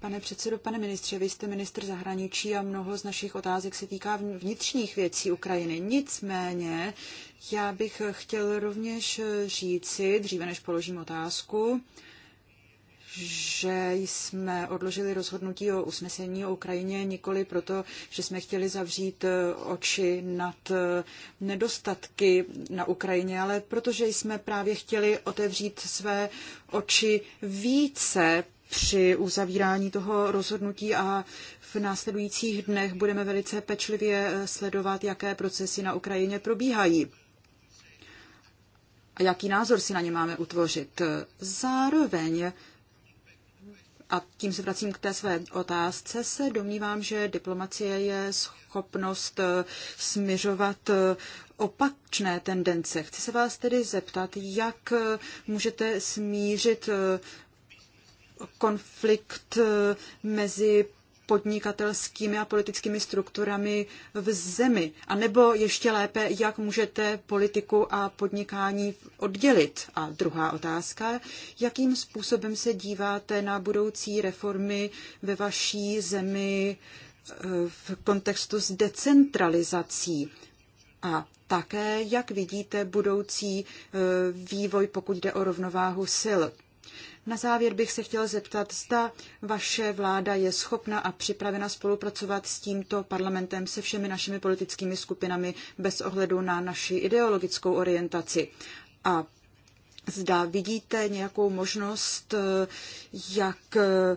Pane předsedo, pane ministře, vy jste ministr zahraničí a mnoho z našich otázek se týká vnitřních věcí Ukrajiny. Nicméně, já bych chtěl rovněž říci, dříve než položím otázku, že jsme odložili rozhodnutí o usnesení o Ukrajině nikoli proto, že jsme chtěli zavřít eh, oči nad eh, nedostatky na Ukrajině, ale protože jsme právě chtěli otevřít své oči více při uzavírání toho rozhodnutí a v následujících dnech budeme velice pečlivě eh, sledovat, jaké procesy na Ukrajině probíhají a jaký názor si na ně máme utvořit. Zároveň, a tím se vracím k té své otázce, se domnívám, že diplomacie je schopnost eh, směřovat eh, opačné tendence. Chci se vás tedy zeptat, jak můžete smířit konflikt eh, mezi podnikatelskými a politickými strukturami v zemi? A nebo ještě lépe, jak můžete politiku a podnikání oddělit? A druhá otázka, jakým způsobem se díváte na budoucí reformy ve vaší zemi eh, v kontextu s decentralizací? A také, jak vidíte budoucí eh, vývoj, pokud jde o rovnováhu sil? Na závěr bych se chtěl zeptat, zda vaše vláda je schopna a připravena spolupracovat s tímto parlamentem, se všemi našimi politickými skupinami, bez ohledu na naši ideologickou orientaci. A zda vidíte nějakou možnost, eh, jak eh,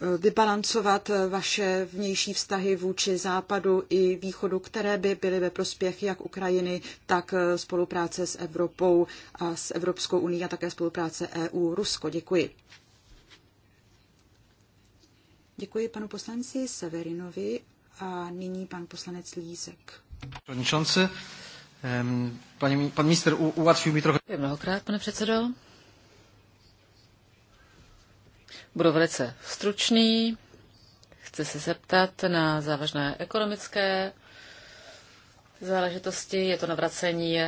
Eh, vybalancovat eh, vaše vnější vztahy vůči západu i východu, které by byly ve prospěch jak Ukrajiny, tak eh, spolupráce s Evropou a s Evropskou uní a také spolupráce EU-Rusko. Děkuji. Děkuji panu poslanci Severinovi a nyní pan poslanec Lízek. Pan minister ułatwił mi trochę. Mnohokrát, pane předsedo. Budu velice stručný. Chci se zeptat na závažné ekonomické záležitosti. Je to navracení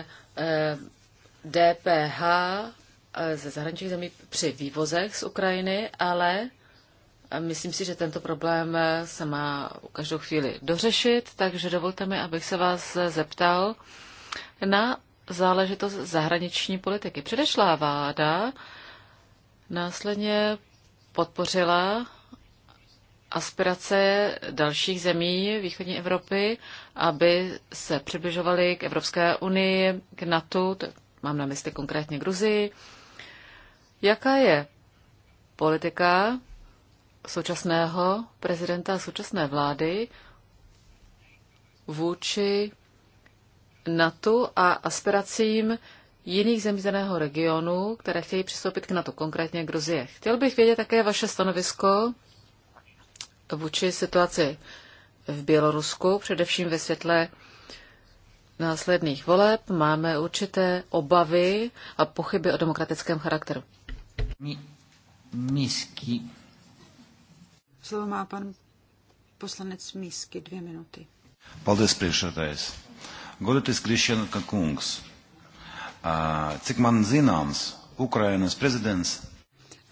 DPH eh, eh, ze zahraničních zemí při vývozech z Ukrajiny, ale eh, myslím si, že tento problém se má u každou chvíli dořešit, takže dovolte mi, abych se vás zeptal na záležitost zahraniční politiky. Předešlá vláda následně podpořila aspirace dalších zemí východní Evropy, aby se přibližovaly k Evropské unii, k NATO, mám na mysli konkrétně Gruzii. Jaká je politika současného prezidenta a současné vlády vůči NATO a aspiracím jiných zemí daného regionu, které chtějí přistoupit k NATO, konkrétně Gruzie. Chtěl bych vědět také vaše stanovisko vůči situaci v Bělorusku, především ve světle následných voleb. Máme určité obavy a pochyby o demokratickém charakteru. Mísky. Slovo má pan poslanec Mísky, dvě minuty. Paldies, je Godoties jako Kakungs. Cik man zināms, Ukrainas prezidents...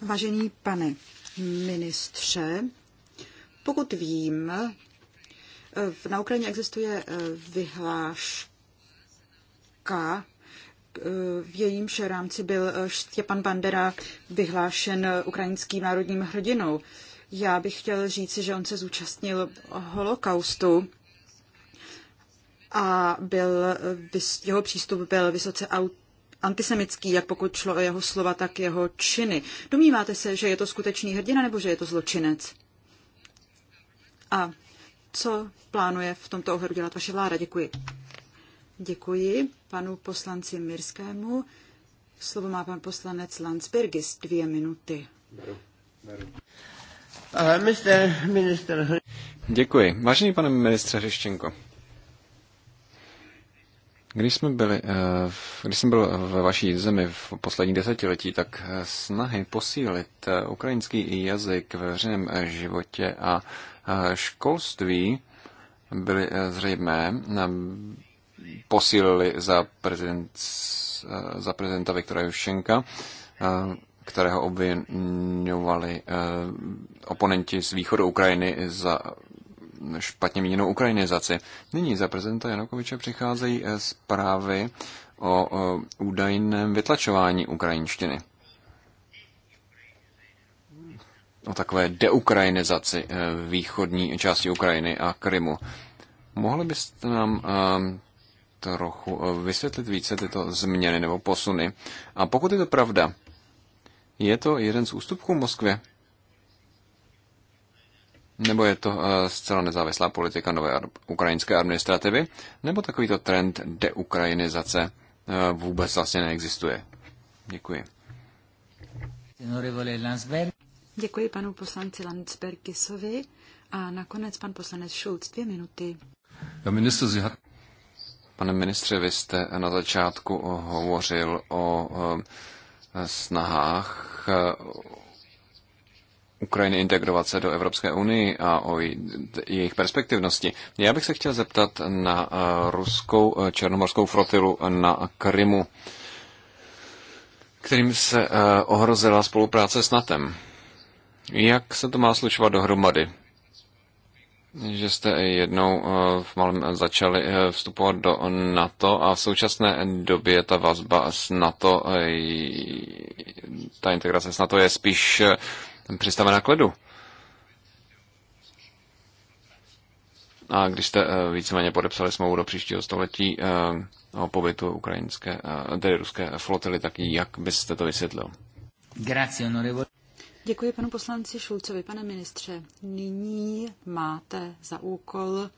Vážený pane ministře, pokud vím, na Ukrajině existuje eh, vyhláška, eh, v jejímž rámci byl eh, Štěpan Bandera vyhlášen ukrajinským národním hrdinou. Já bych chtěl říci, že on se zúčastnil holokaustu a byl, jeho přístup byl vysoce antisemický, jak pokud šlo o jeho slova, tak jeho činy. Domníváte se, že je to skutečný hrdina nebo že je to zločinec? A co plánuje v tomto ohledu dělat vaše vláda? Děkuji. Děkuji panu poslanci Mirskému. Slovo má pan poslanec Landsbergis, dvě minuty. Eh, Děkuji. Vážený pane ministře Řeščenko, když, jsme byli, eh, když jsem byl ve vaší zemi v poslední desetiletí, tak eh, snahy posílit eh, ukrajinský jazyk ve veřejném životě a školství byly zřejmé, posílili za, prezident, za prezidenta Viktora Jušenka, kterého obvinovali oponenti z východu Ukrajiny za špatně míněnou ukrajinizaci. Nyní za prezidenta Janukoviče přicházejí eh, zprávy o údajném vytlačování ukrajinštiny. O takové deukrajinizaci eh, východní části Ukrajiny a Krymu. Mohli byste nám ehm, trochu eh, vysvětlit více tyto změny nebo posuny? A pokud je to pravda, je to jeden z ústupků Moskvy? Nebo je to eh, zcela nezávislá politika nové ukrajinské administrativy? Nebo takovýto trend deukrajinizace eh, vůbec vlastně neexistuje? Děkuji. Děkuji panu poslanci Landsbergisovi a nakonec pan poslanec Schulz dvě minuty. Pane ministře, vy jste na začátku hovořil o eh, snahách Ukrajiny integrovat se do Evropské unii a o jejich perspektivnosti. Já bych se chtěl zeptat na eh, ruskou eh, černomorskou flotilu na Krymu, kterým se eh, ohrozila spolupráce s NATEM. Jak se to má slučovat dohromady? Že jste jednou v malém začali vstupovat do NATO a v současné době ta vazba s NATO, ta integrace s NATO je spíš ten na kledu. A když jste eh, víceméně podepsali smlouvu do příštího století eh, o pobytu ukrajinské, eh, tedy ruské flotily, tak jak byste to vysvětlil? Děkuji panu poslanci Šulcovi. Pane ministře, nyní máte za úkol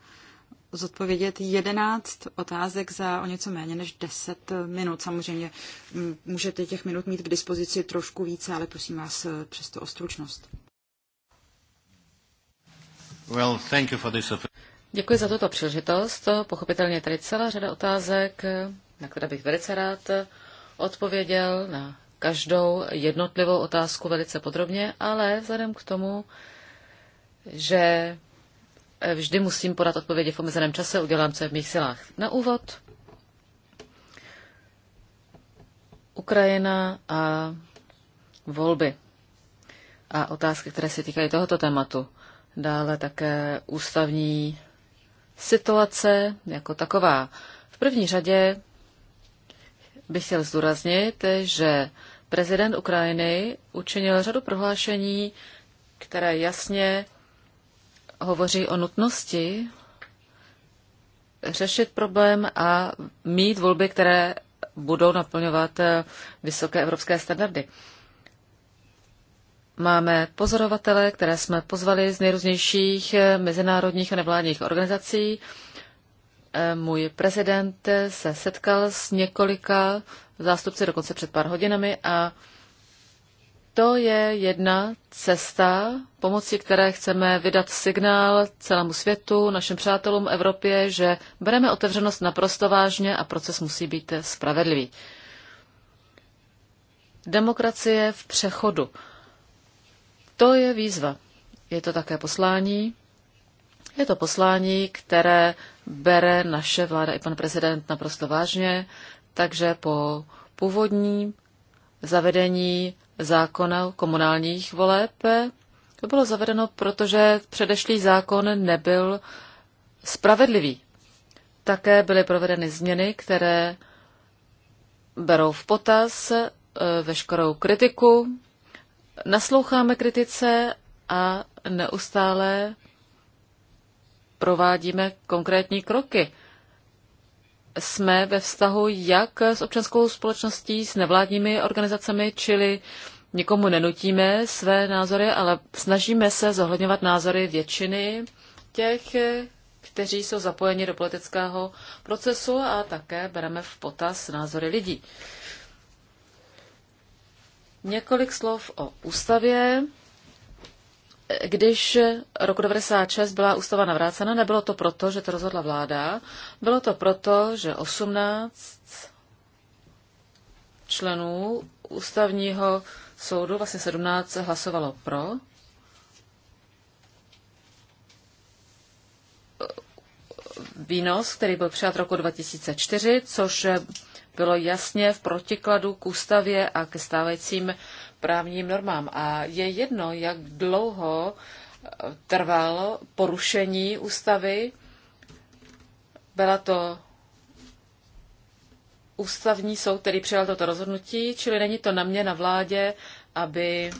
zodpovědět 11 otázek za o něco méně než 10 minut. Samozřejmě mm, můžete těch minut mít k dispozici trošku více, ale prosím vás eh, přesto o stručnost. Well, thank you for this. Děkuji za tuto příležitost. Pochopitelně tady celá řada otázek, na které bych velice rád odpověděl na každou jednotlivou otázku velice podrobně, ale vzhledem k tomu, že vždy musím podat odpovědi v omezeném čase, udělám, co je v mých silách. Na úvod Ukrajina a volby a otázky, které se týkají tohoto tématu. Dále také ústavní situace jako taková. V první řadě bych chtěl zdůraznit, že prezident Ukrajiny učinil řadu prohlášení, které jasně hovoří o nutnosti řešit problém a mít volby, které budou naplňovat eh, vysoké evropské standardy. Máme pozorovatele, které jsme pozvali z nejrůznějších eh, mezinárodních a nevládních organizací. Eh, můj prezident se setkal s několika zástupci dokonce před pár hodinami a to je jedna cesta, pomocí které chceme vydat signál celému světu, našim přátelům Evropě, že bereme otevřenost naprosto vážně a proces musí být spravedlivý. Demokracie v přechodu. To je výzva. Je to také poslání. Je to poslání, které bere naše vláda i pan prezident naprosto vážně, takže po původním zavedení zákona komunálních voleb. To bylo zavedeno, protože předešlý zákon nebyl spravedlivý. Také byly provedeny změny, které berou v potaz eh, veškerou kritiku, nasloucháme kritice a neustále provádíme konkrétní kroky jsme ve vztahu jak s občanskou společností, s nevládními organizacemi, čili nikomu nenutíme své názory, ale snažíme se zohledňovat názory většiny těch, kteří jsou zapojeni do politického procesu a také bereme v potaz názory lidí. Několik slov o ústavě když roku 1996 byla ústava navrácena, nebylo to proto, že to rozhodla vláda, bylo to proto, že 18 členů ústavního soudu, vlastně 17 hlasovalo pro. Výnos, který byl přijat roku 2004, což bylo jasně v protikladu k ústavě a ke stávajícím právním normám. A je jedno, jak dlouho eh, trvalo porušení ústavy. Byla to ústavní soud, který přijal toto rozhodnutí, čili není to na mě, na vládě, aby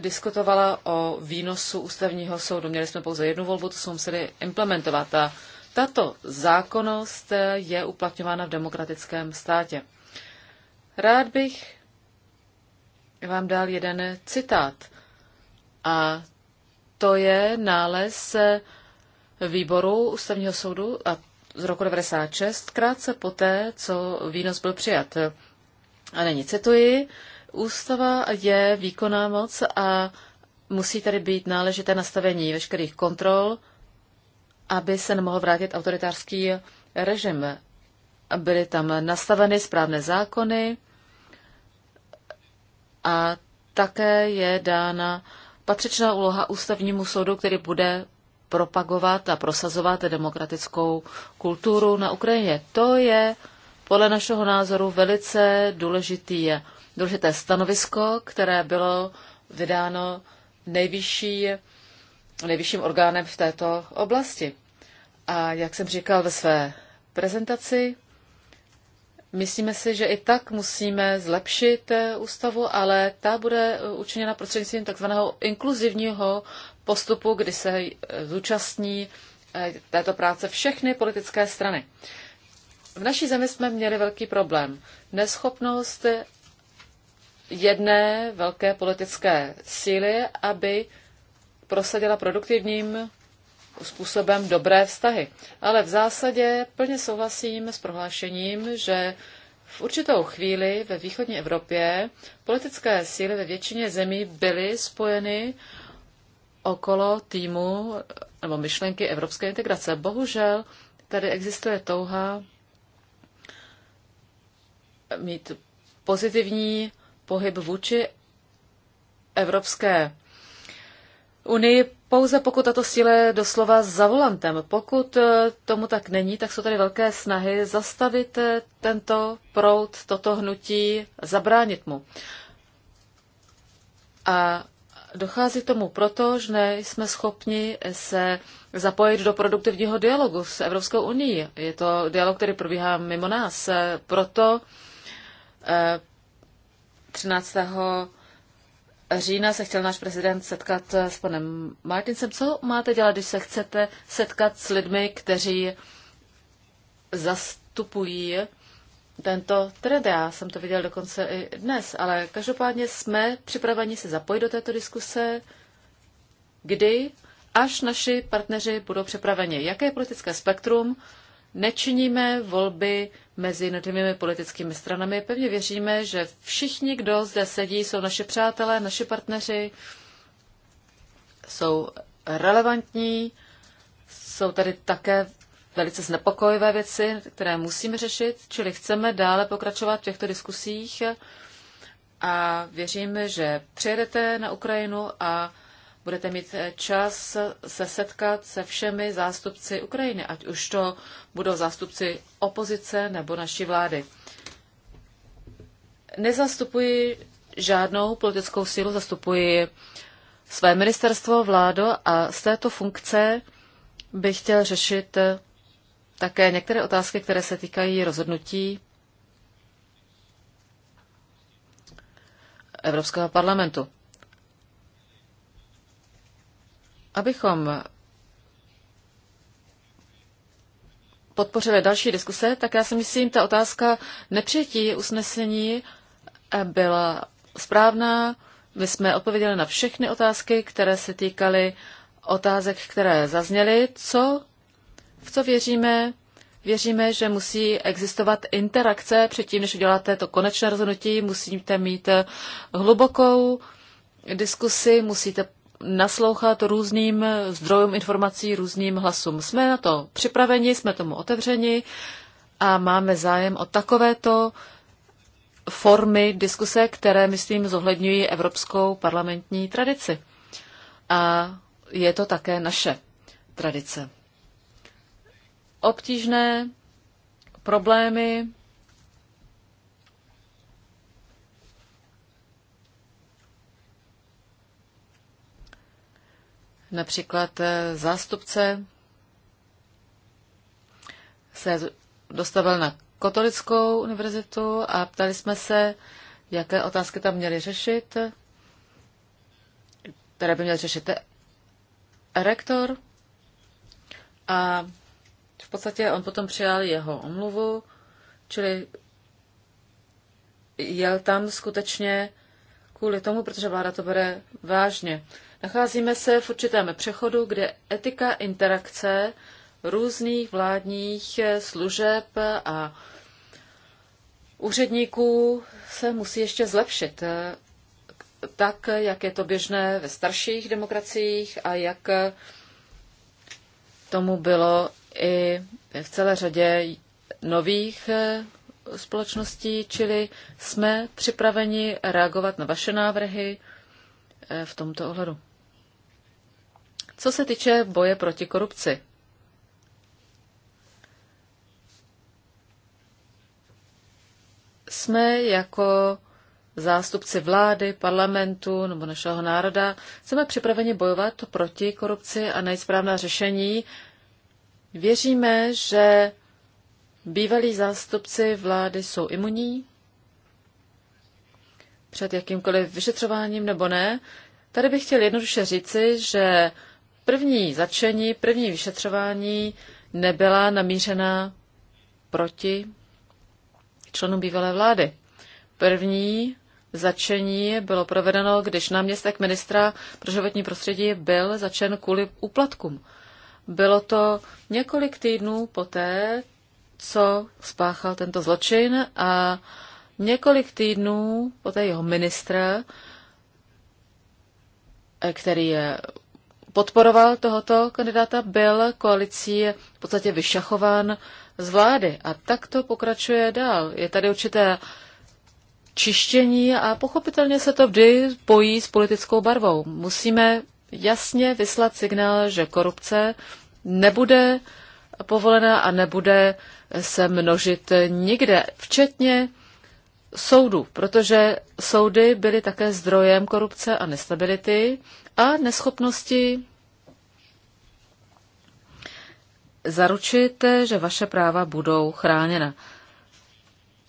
diskutovala o výnosu ústavního soudu. Měli jsme pouze jednu volbu, to jsme museli implementovat. A tato zákonnost eh, je uplatňována v demokratickém státě. Rád bych vám dal jeden citát. A to je nález výboru ústavního soudu a z roku 96, krátce poté, co výnos byl přijat. A není, cituji, ústava je výkonná moc a musí tady být náležité nastavení veškerých kontrol, aby se nemohl vrátit autoritářský režim byly tam nastaveny správné zákony a také je dána patřičná úloha ústavnímu soudu, který bude propagovat a prosazovat demokratickou kulturu na Ukrajině. To je podle našeho názoru velice důležitý, důležité stanovisko, které bylo vydáno nejvyšší, nejvyšším orgánem v této oblasti. A jak jsem říkal ve své prezentaci, Myslíme si, že i tak musíme zlepšit eh, ústavu, ale ta bude eh, učiněna prostřednictvím takzvaného inkluzivního postupu, kdy se eh, zúčastní této práce všechny politické strany. V naší zemi jsme měli velký problém. Neschopnost jedné velké politické síly, aby prosadila produktivním způsobem dobré vztahy. Ale v zásadě plně souhlasím s prohlášením, že v určitou chvíli ve východní Evropě politické síly ve většině zemí byly spojeny okolo týmu nebo myšlenky evropské integrace. Bohužel tady existuje touha mít pozitivní pohyb vůči evropské unii pouze pokud tato síla je doslova za volantem. Pokud eh, tomu tak není, tak jsou tady velké snahy zastavit eh, tento proud, toto hnutí, zabránit mu. A dochází tomu proto, že nejsme schopni se zapojit do produktivního dialogu s Evropskou unii. Je to dialog, který probíhá mimo nás. Eh, proto 13 října se chtěl náš prezident setkat eh, s panem Martincem. Co máte dělat, když se chcete setkat s lidmi, kteří zastupují tento trend? Já jsem to viděl dokonce i dnes, ale každopádně jsme připraveni se zapojit do této diskuse, kdy až naši partneři budou připraveni. Jaké je politické spektrum? nečiníme volby mezi jednotlivými politickými stranami. Pevně věříme, že všichni, kdo zde sedí, jsou naše přátelé, naši partneři, jsou relevantní, jsou tady také velice znepokojivé věci, které musíme řešit, čili chceme dále pokračovat v těchto diskusích a věříme, že přijedete na Ukrajinu a budete mít eh, čas se setkat se všemi zástupci Ukrajiny, ať už to budou zástupci opozice nebo naší vlády. Nezastupuji žádnou politickou sílu, zastupuji své ministerstvo, vládo a z této funkce bych chtěl řešit eh, také některé otázky, které se týkají rozhodnutí Evropského parlamentu. Abychom podpořili další diskuse, tak já si myslím, ta otázka nepřijetí usnesení eh, byla správná. My jsme odpověděli na všechny otázky, které se týkaly otázek, které zazněly. Co, v co věříme? Věříme, že musí existovat interakce předtím, než uděláte to konečné rozhodnutí. Musíte mít hlubokou diskusi, musíte naslouchat různým zdrojům informací, různým hlasům. Jsme na to připraveni, jsme tomu otevřeni a máme zájem o takovéto formy diskuse, které, myslím, zohledňují evropskou parlamentní tradici. A je to také naše tradice. Obtížné problémy Například eh, zástupce se dostavil na katolickou univerzitu a ptali jsme se, jaké otázky tam měli řešit, které by měl řešit rektor. A v podstatě on potom přijal jeho omluvu, čili jel tam skutečně kvůli tomu, protože vláda to bere vážně. Nacházíme se v určitém přechodu, kde etika interakce různých vládních služeb a úředníků se musí ještě zlepšit tak, jak je to běžné ve starších demokraciích a jak tomu bylo i v celé řadě nových společností, čili jsme připraveni reagovat na vaše návrhy eh, v tomto ohledu. Co se týče boje proti korupci, jsme jako zástupci vlády, parlamentu nebo našeho národa, jsme připraveni bojovat proti korupci a najít řešení. Věříme, že Bývalí zástupci vlády jsou imunní před jakýmkoliv vyšetřováním nebo ne. Tady bych chtěl jednoduše říci, že první začení, první vyšetřování nebyla namířena proti členům bývalé vlády. První začení bylo provedeno, když náměstek ministra pro životní prostředí byl začen kvůli úplatkům. Bylo to několik týdnů poté, co spáchal tento zločin a několik týdnů poté jeho ministr, eh, který je podporoval tohoto kandidáta, byl koalicí v podstatě vyšachován z vlády. A tak to pokračuje dál. Je tady určité čištění a pochopitelně se to vždy pojí s politickou barvou. Musíme jasně vyslat signál, že korupce nebude povolená a nebude se množit nikde, včetně soudů, protože soudy byly také zdrojem korupce a nestability a neschopnosti zaručit, že vaše práva budou chráněna.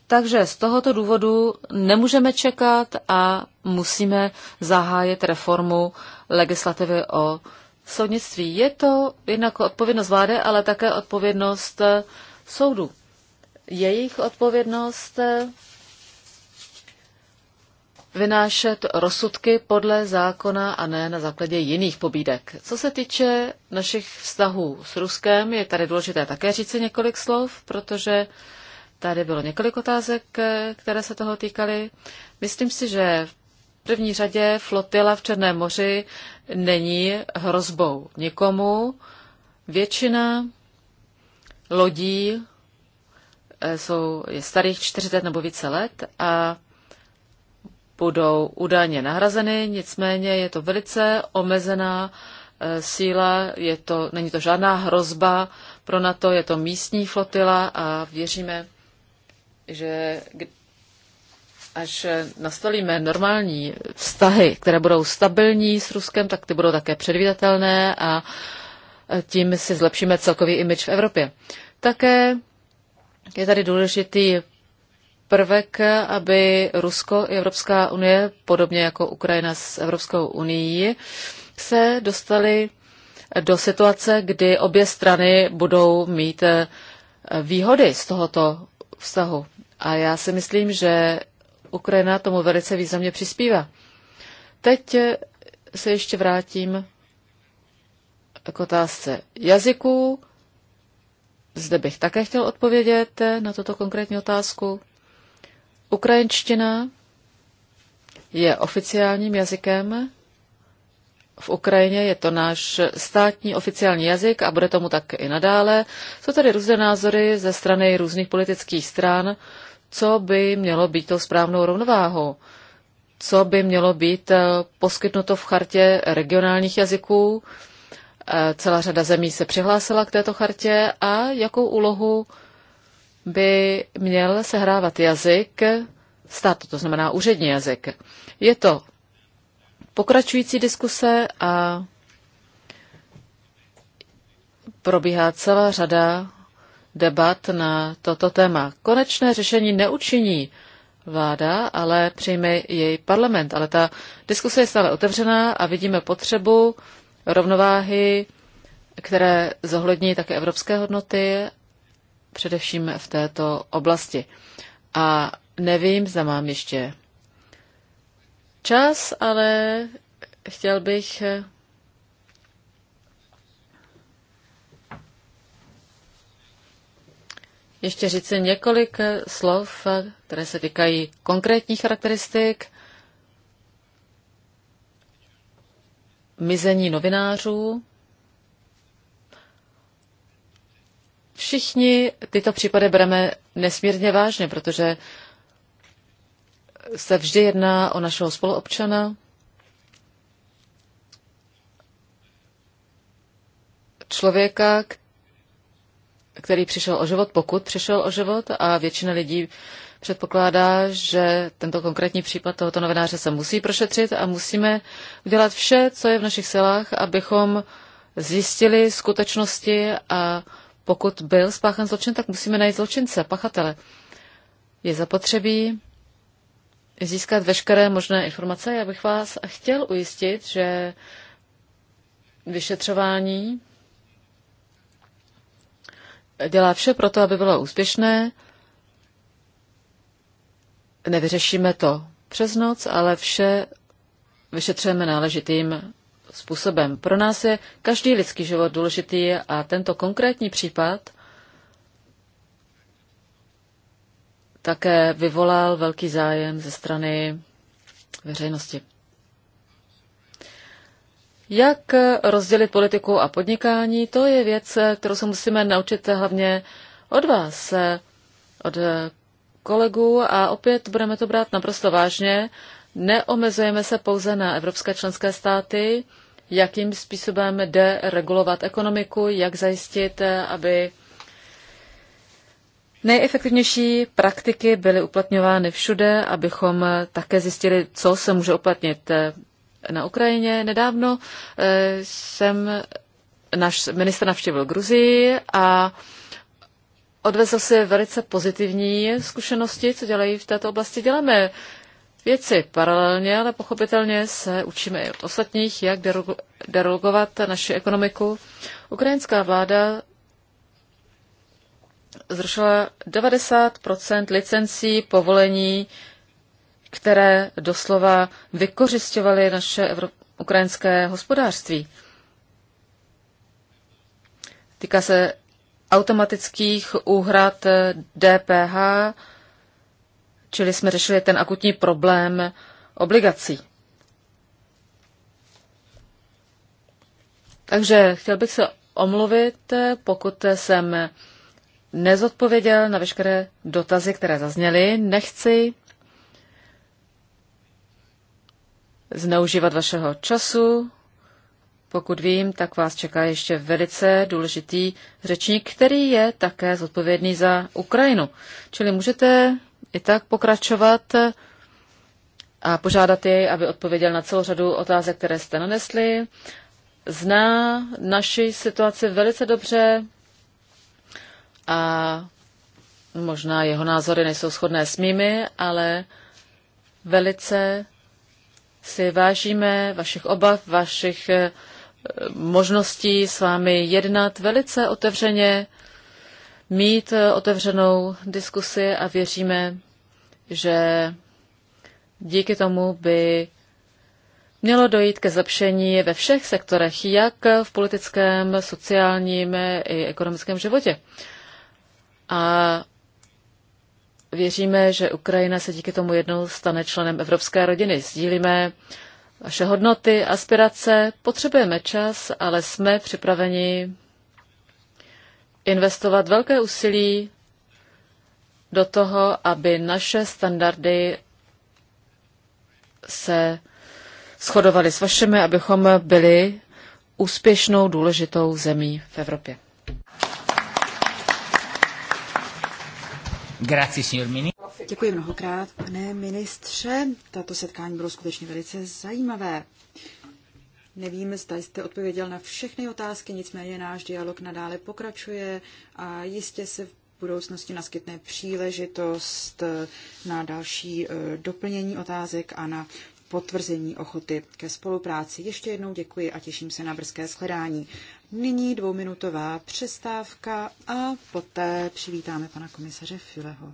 Takže z tohoto důvodu nemůžeme čekat a musíme zahájit reformu legislativy o soudnictví. Je to jednak odpovědnost vlády, ale také odpovědnost eh, soudu. Jejich odpovědnost eh, vynášet rozsudky podle zákona a ne na základě jiných pobídek. Co se týče našich vztahů s Ruskem, je tady důležité také říci několik slov, protože tady bylo několik otázek, eh, které se toho týkaly. Myslím si, že v první řadě flotila v Černém moři není hrozbou nikomu. Většina lodí eh, jsou, je starých 40 nebo více let a budou údajně nahrazeny, nicméně je to velice omezená eh, síla, je to, není to žádná hrozba pro NATO, je to místní flotila a věříme, že až eh, nastolíme normální vztahy, které budou stabilní s Ruskem, tak ty budou také předvídatelné a eh, tím si zlepšíme celkový imič v Evropě. Také je tady důležitý prvek, aby Rusko i Evropská unie, podobně jako Ukrajina s Evropskou unii, se dostali do situace, kdy obě strany budou mít eh, výhody z tohoto vztahu. A já si myslím, že Ukrajina tomu velice významně přispívá. Teď se ještě vrátím k otázce jazyků. Zde bych také chtěl odpovědět na tuto konkrétní otázku. Ukrajinština je oficiálním jazykem v Ukrajině, je to náš státní oficiální jazyk a bude tomu tak i nadále. Jsou tady různé názory ze strany různých politických stran co by mělo být tou správnou rovnováhou, co by mělo být eh, poskytnuto v chartě regionálních jazyků. Eh, celá řada zemí se přihlásila k této chartě a jakou úlohu by měl sehrávat jazyk státu, to znamená úřední jazyk. Je to pokračující diskuse a probíhá celá řada debat na toto téma. Konečné řešení neučiní vláda, ale přijme jej parlament. Ale ta diskuse je stále otevřená a vidíme potřebu rovnováhy, které zohlední také evropské hodnoty, především v této oblasti. A nevím, zda mám ještě čas, ale chtěl bych ještě říci několik eh, slov, eh, které se týkají konkrétních charakteristik, mizení novinářů. Všichni tyto případy bereme nesmírně vážně, protože se vždy jedná o našeho spoluobčana, člověka, který přišel o život, pokud přišel o život a většina lidí předpokládá, že tento konkrétní případ tohoto novináře se musí prošetřit a musíme udělat vše, co je v našich silách, abychom zjistili skutečnosti a pokud byl spáchan zločin, tak musíme najít zločince, pachatele. Je zapotřebí získat veškeré možné informace. Já bych vás chtěl ujistit, že vyšetřování dělá vše pro to, aby bylo úspěšné. Nevyřešíme to přes noc, ale vše vyšetřujeme náležitým způsobem. Pro nás je každý lidský život důležitý a tento konkrétní případ také vyvolal velký zájem ze strany veřejnosti. Jak rozdělit politiku a podnikání, to je věc, kterou se musíme naučit hlavně od vás, od kolegů a opět budeme to brát naprosto vážně. Neomezujeme se pouze na evropské členské státy, jakým způsobem jde regulovat ekonomiku, jak zajistit, aby nejefektivnější praktiky byly uplatňovány všude, abychom také zjistili, co se může uplatnit na Ukrajině. Nedávno eh, jsem náš minister navštívil Gruzii a odvezl si velice pozitivní zkušenosti, co dělají v této oblasti. Děláme věci paralelně, ale pochopitelně se učíme i od ostatních, jak derogovat naši ekonomiku. Ukrajinská vláda zrušila 90 licencí, povolení které doslova vykořišťovaly naše evro- ukrajinské hospodářství. Týká se automatických úhrad DPH, čili jsme řešili ten akutní problém obligací. Takže chtěl bych se omluvit, pokud jsem nezodpověděl na veškeré dotazy, které zazněly. Nechci zneužívat vašeho času. Pokud vím, tak vás čeká ještě velice důležitý řečník, který je také zodpovědný za Ukrajinu. Čili můžete i tak pokračovat a požádat jej, aby odpověděl na celou řadu otázek, které jste nanesli. Zná naši situaci velice dobře a možná jeho názory nejsou shodné s mými, ale velice si vážíme vašich obav, vašich eh, možností s vámi jednat velice otevřeně, mít eh, otevřenou diskusi a věříme, že díky tomu by mělo dojít ke zlepšení ve všech sektorech, jak v politickém, sociálním i ekonomickém životě. A Věříme, že Ukrajina se díky tomu jednou stane členem evropské rodiny. Sdílíme vaše hodnoty, aspirace, potřebujeme čas, ale jsme připraveni investovat velké úsilí do toho, aby naše standardy se shodovaly s vašimi, abychom byli úspěšnou, důležitou zemí v Evropě. Grazie, signor ministro. Děkuji mnohokrát, pane ministře. Tato setkání bylo skutečně velice zajímavé. Nevím, zda jste odpověděl na všechny otázky, nicméně náš dialog nadále pokračuje a jistě se v budoucnosti naskytne příležitost na další eh, doplnění otázek a na potvrzení ochoty ke spolupráci. Ještě jednou děkuji a těším se na brzké shledání. Nyní dvouminutová přestávka a poté přivítáme pana komisaře Fileho.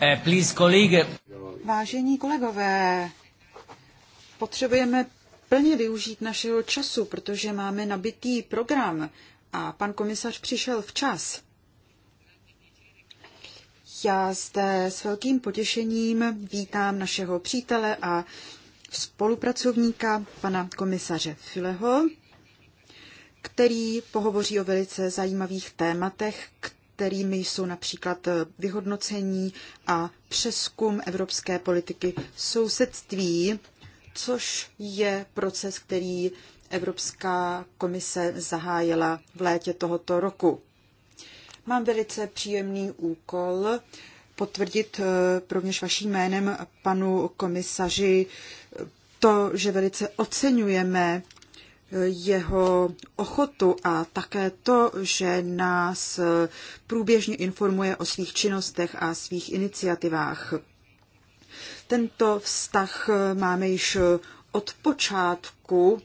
Eh, Vážení kolegové, potřebujeme plně využít našeho času, protože máme nabitý program a pan komisař přišel včas. Já zde s velkým potěšením vítám našeho přítele a spolupracovníka, pana komisaře Fileho, který pohovoří o velice zajímavých tématech, kterými jsou například vyhodnocení a přeskum evropské politiky sousedství, což je proces, který Evropská komise zahájila v létě tohoto roku. Mám velice příjemný úkol potvrdit eh, rovněž vaším jménem panu komisaři to, že velice oceňujeme jeho ochotu a také to, že nás průběžně informuje o svých činnostech a svých iniciativách. Tento vztah máme již od počátku,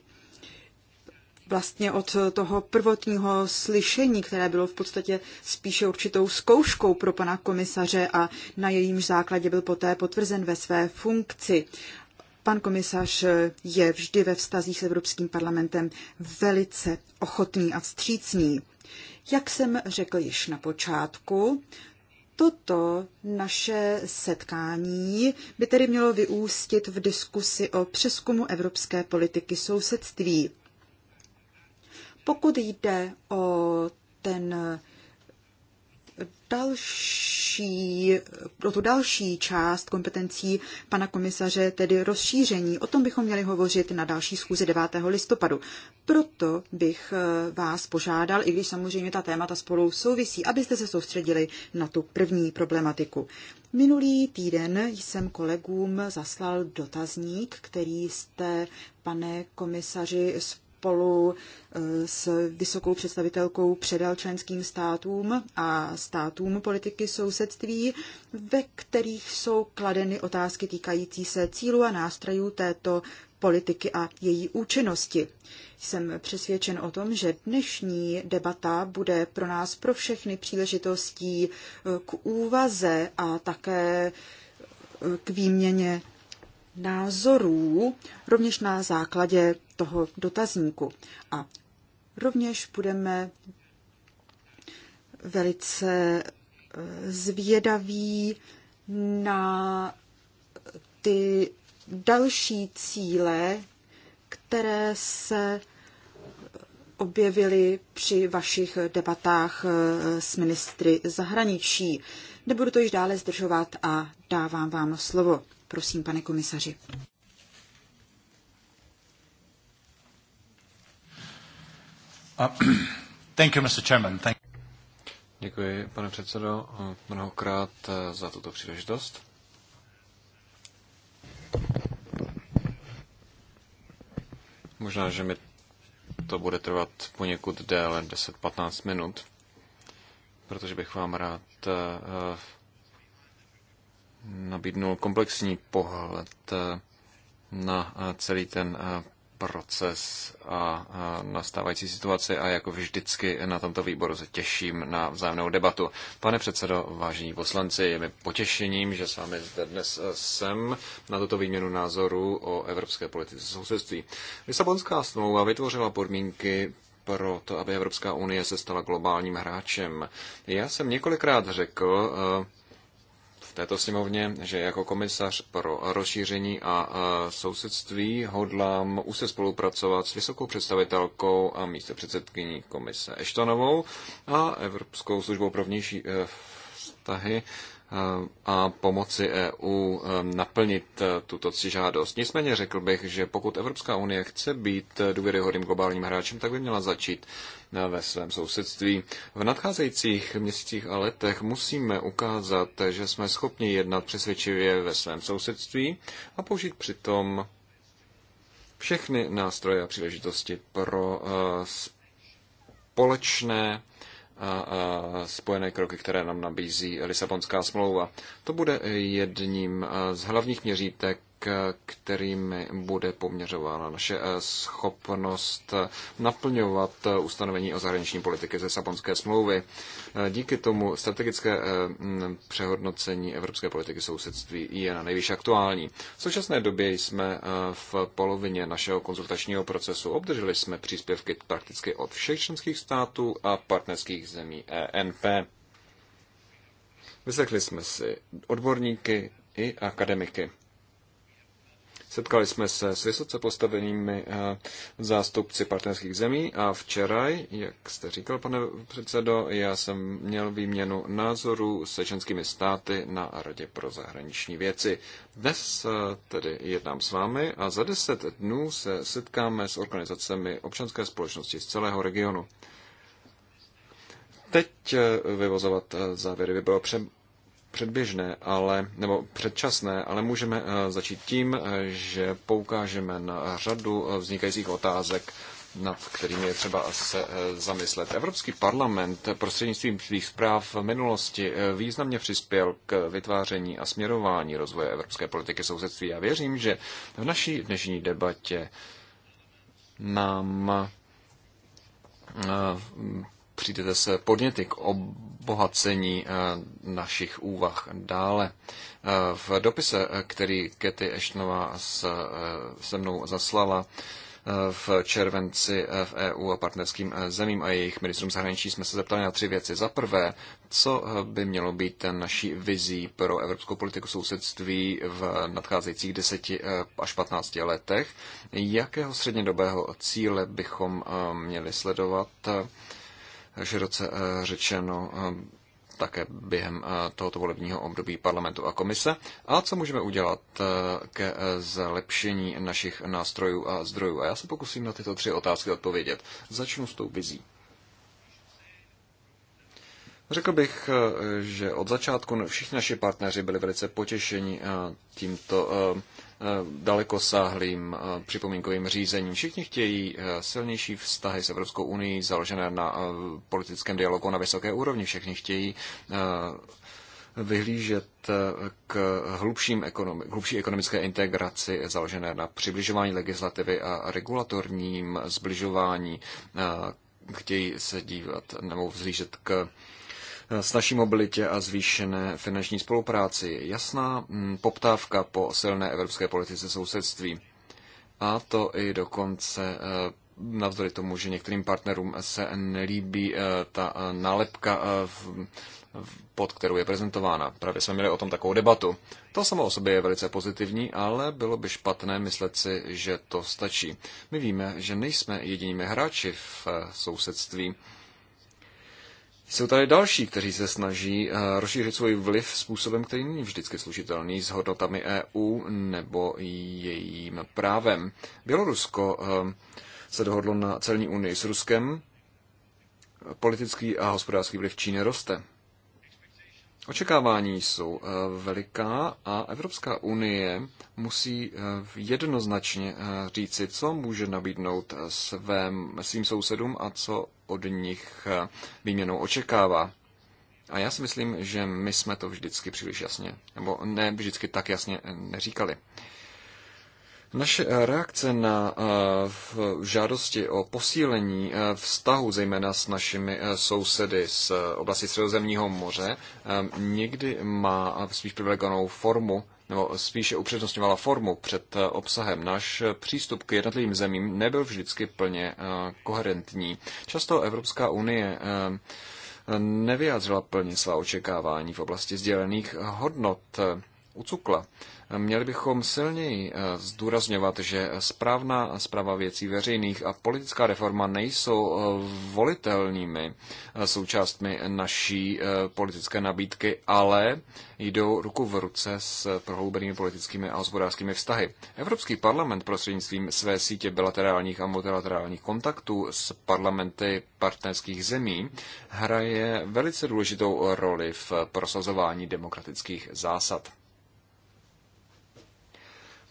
vlastně od toho prvotního slyšení, které bylo v podstatě spíše určitou zkouškou pro pana komisaře a na jejímž základě byl poté potvrzen ve své funkci. Pan komisař je vždy ve vztazích s Evropským parlamentem velice ochotný a vstřícný. Jak jsem řekl již na počátku, toto naše setkání by tedy mělo vyústit v diskusi o přeskumu evropské politiky sousedství. Pokud jde o ten další, pro tu další část kompetencí pana komisaře, tedy rozšíření. O tom bychom měli hovořit na další schůzi 9. listopadu. Proto bych eh, vás požádal, i když samozřejmě ta témata spolu souvisí, abyste se soustředili na tu první problematiku. Minulý týden jsem kolegům zaslal dotazník, který jste, pane komisaři, spolu spolu eh, s vysokou představitelkou předal členským státům a státům politiky sousedství, ve kterých jsou kladeny otázky týkající se cílu a nástrojů této politiky a její účinnosti. Jsem přesvědčen o tom, že dnešní debata bude pro nás pro všechny příležitostí eh, k úvaze a také eh, k výměně názorů, rovněž na základě toho dotazníku. A rovněž budeme velice eh, zvědaví na ty další cíle, které se eh, objevily při vašich debatách eh, s ministry zahraničí. Nebudu to již dále zdržovat a dávám vám slovo. Prosím, pane komisaři. Uh, thank you, Mr. Chairman. Thank Děkuji, pane předsedo, mnohokrát eh, za tuto příležitost. Možná, že mi to bude trvat poněkud déle, 10-15 minut, protože bych vám rád eh, nabídnul komplexní pohled eh, na eh, celý ten eh, proces a nastávající situaci a jako vždycky na tomto výboru se těším na vzájemnou debatu. Pane předsedo, vážení poslanci, je mi potěšením, že s vámi zde dnes jsem na tuto výměnu názoru o evropské politice sousedství. Lisabonská smlouva vytvořila podmínky pro to, aby Evropská unie se stala globálním hráčem. Já jsem několikrát řekl, této sněmovně, že jako komisař pro rozšíření a sousedství hodlám úzce spolupracovat s vysokou představitelkou a místo předsedkyní komise Eštonovou a Evropskou službou pro vnější e, vztahy a pomoci EU eh, naplnit eh, tuto žádost. Nicméně řekl bych, že pokud Evropská unie chce být eh, důvěryhodným globálním hráčem, tak by měla začít ve svém sousedství. V nadcházejících měsících a letech musíme ukázat, že jsme schopni jednat přesvědčivě ve svém sousedství a použít přitom všechny nástroje a příležitosti pro společné a, spojené kroky, které nám nabízí Lisabonská smlouva. To bude jedním z hlavních měřítek kterými bude poměřována naše eh, schopnost eh, naplňovat eh, ustanovení o zahraniční politiky ze Sabonské smlouvy. Díky tomu strategické přehodnocení evropské politiky sousedství je na nejvyšší aktuální. V současné době jsme v polovině našeho konzultačního procesu. Obdrželi jsme příspěvky prakticky od všech členských států a partnerských zemí ENP. Vyslechli jsme si odborníky i akademiky. Setkali jsme se s vysoce postavenými eh, zástupci partnerských zemí a včera, jak jste říkal, pane předsedo, já jsem měl výměnu názorů se členskými státy na Radě pro zahraniční věci. Dnes eh, tedy jednám s vámi a za deset dnů se setkáme s organizacemi občanské společnosti z celého regionu. Teď eh, vyvozovat závěry by bylo předběžné, ale, nebo předčasné, ale můžeme eh, začít tím, eh, že poukážeme na řadu eh, vznikajících otázek, nad kterými je třeba se zamyslet. Evropský parlament prostřednictvím svých zpráv v minulosti významně přispěl k vytváření a směrování rozvoje evropské politiky sousedství. Já věřím, že v naší dnešní debatě nám přijdete se podněty k obohacení eh, našich úvah dále. Eh, v dopise, eh, který Kety Ešnová se mnou zaslala, v červenci v EU a partnerským zemím a jejich ministrům zahraničí jsme se zeptali na tři věci. Za prvé, co by mělo být naší vizí pro evropskou politiku sousedství v nadcházejících 10 až 15 letech? Jakého střednědobého cíle bychom měli sledovat? široce eh, řečeno eh, také během eh, tohoto volebního období parlamentu a komise a co můžeme udělat ke zlepšení našich nástrojů a zdrojů. A já se pokusím na tyto tři otázky odpovědět. Začnu s tou vizí. Řekl bych, že od začátku všichni naši partneři byli velice potěšeni tímto Eh, dalekosáhlým eh, připomínkovým řízením. Všichni chtějí eh, silnější vztahy s Evropskou unii založené na politickém dialogu na vysoké úrovni. Všichni chtějí vyhlížet k hlubším ekonomi- hlubší ekonomické integraci založené na přibližování legislativy a regulatorním zbližování. Chtějí se dívat nebo vzlížet k Eh, snažší mobilitě a zvýšené finanční spolupráci. Jasná mm, poptávka po silné evropské politice sousedství. A to i dokonce eh, navzdory tomu, že některým partnerům se nelíbí eh, ta nálepka, pod kterou je prezentována. Právě jsme měli o tom takovou debatu. To samo o sobě je velice pozitivní, ale bylo by špatné myslet si, že to stačí. My víme, že nejsme jedinými hráči v sousedství. Jsou tady další, kteří se snaží eh, rozšířit svůj vliv způsobem, který není vždycky služitelný s hodnotami EU nebo jejím právem. Bělorusko eh, se dohodlo na celní unii s Ruskem. Politický a hospodářský vliv Číny roste. Očekávání jsou eh, veliká a Evropská unie musí jednoznačně říci, co může nabídnout svém, svým sousedům a co od nich eh, výměnou očekává. A já si myslím, že my jsme to vždycky příliš jasně, nebo ne vždycky tak jasně eh, neříkali. Naše eh, reakce na žádosti o posílení vztahu zejména s našimi sousedy z oblasti Středozemního moře někdy má spíš privilegovanou formu, nebo spíše upřednostňovala formu před eh, obsahem. Náš eh, přístup k jednotlivým zemím nebyl vždycky plně eh, koherentní. Často Evropská unie nevyjádřila plně svá očekávání v oblasti sdělených hodnot. Ucukla. Měli bychom silněji eh, zdůrazňovat, že správná zpráva věcí veřejných a politická reforma nejsou eh, volitelnými eh, součástmi naší politické nabídky, ale jdou ruku v ruce s prohloubenými politickými a hospodářskými vztahy. Evropský parlament prostřednictvím své sítě bilaterálních a multilaterálních kontaktů s parlamenty partnerských zemí hraje velice důležitou roli v prosazování demokratických zásad.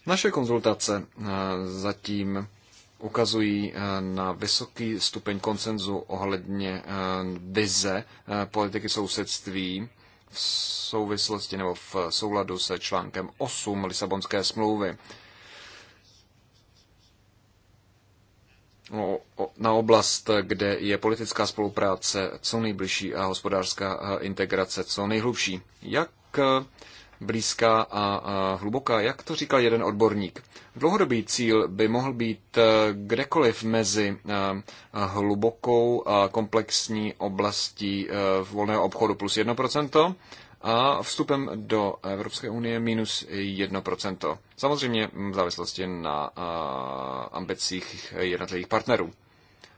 Naše konzultace eh, zatím ukazují eh, na vysoký stupeň konsenzu ohledně eh, vize politiky sousedství v souvislosti nebo v souladu se článkem 8 Lisabonské smlouvy. No, na oblast, kde je politická spolupráce co nejbližší a hospodářská integrace co nejhlubší. Jak blízká a, hluboká, jak to říkal jeden odborník. Dlouhodobý cíl by mohl být eh, kdekoliv mezi eh, hlubokou a komplexní oblastí eh, volného obchodu plus 1% a vstupem do Evropské unie minus 1%. Samozřejmě v závislosti na ambicích jednotlivých partnerů.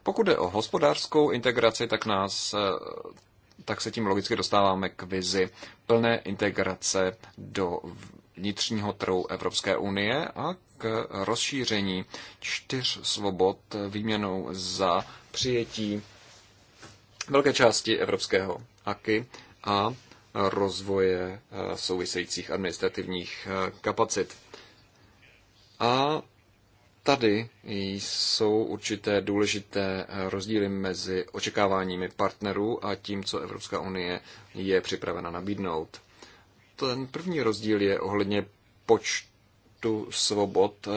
Pokud jde o hospodářskou integraci, tak nás tak se tím logicky dostáváme k vizi plné integrace do vnitřního trhu Evropské unie a k rozšíření čtyř svobod výměnou za přijetí velké části evropského AKY a rozvoje eh, souvisejících administrativních eh, kapacit. A tady jsou určité důležité eh, rozdíly mezi očekáváními partnerů a tím, co Evropská unie je připravena nabídnout. Ten první rozdíl je ohledně počtu svobod, eh,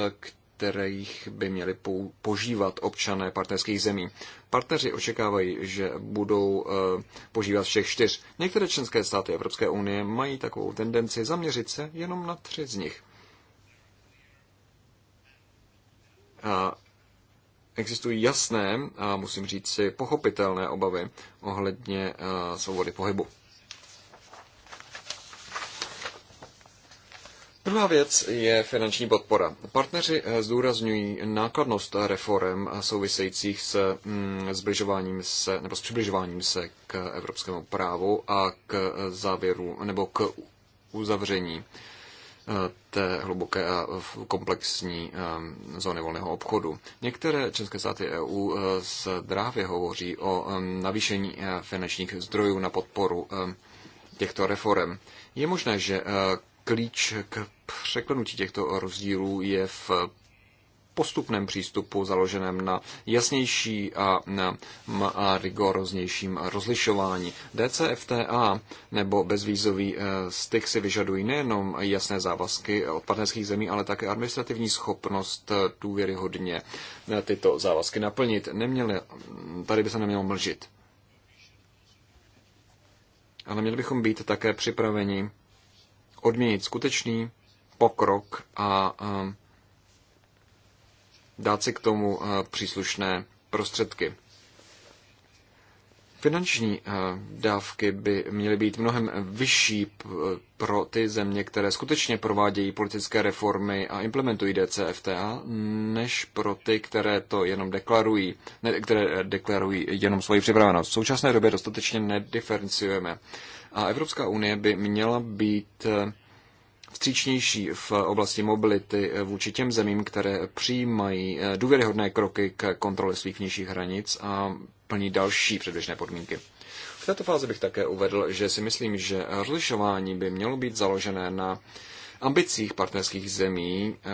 kterých by měli požívat občané partnerských zemí. Partneři očekávají, že budou eh, požívat všech čtyř. Některé členské státy Evropské unie mají takovou tendenci zaměřit se jenom na tři z nich – existují jasné a musím říct si pochopitelné obavy ohledně e, svobody pohybu. Druhá věc je finanční podpora. Partneři e, zdůrazňují nákladnost reform souvisejících s mm, zbližováním se nebo s přibližováním se k evropskému právu a k e, závěru nebo k uzavření té hluboké a komplexní eh, zóny volného obchodu. Některé české státy EU zdrávě eh, hovoří o eh, navýšení finančních zdrojů na podporu těchto reform. Je možné, že klíč k překlenutí těchto rozdílů je v postupném přístupu založeném na jasnější a, na, a rigoroznějším rozlišování. DCFTA nebo bezvízový eh, styk si vyžadují nejenom jasné závazky od partnerských zemí, ale také administrativní schopnost eh, důvěryhodně eh, tyto závazky naplnit. Neměli, tady by se nemělo mlžit. Ale měli bychom být také připraveni odměnit skutečný pokrok a, a dát si k tomu eh, příslušné prostředky. Finanční eh, dávky by měly být mnohem vyšší pro ty země, které skutečně provádějí politické reformy a implementují DCFTA, než pro ty, které to jenom deklarují, ne, které deklarují jenom svoji připravenost. V současné době dostatečně nediferenciujeme. A Evropská unie by měla být eh, vstřícnější v oblasti mobility vůči těm zemím, které přijímají eh, důvěryhodné kroky k kontrole svých vnějších hranic a plní další předběžné podmínky. V této fázi bych také uvedl, že si myslím, že rozlišování by mělo být založené na ambicích partnerských zemí eh,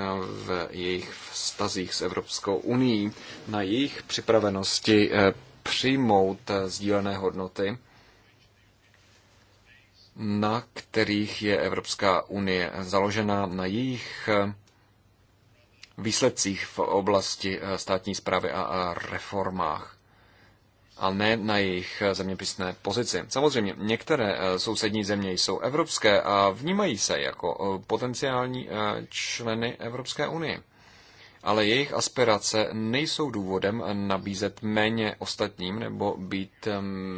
v jejich vztazích s Evropskou unii, na jejich připravenosti eh, přijmout sdílené hodnoty na kterých je Evropská unie založena, na jejich eh, výsledcích v oblasti eh, státní zprávy a reformách a ne na jejich eh, zeměpisné pozici. Samozřejmě některé sousední země jsou evropské a vnímají se jako potenciální členy Evropské unie. Ale jejich aspirace nejsou důvodem nabízet méně ostatním nebo být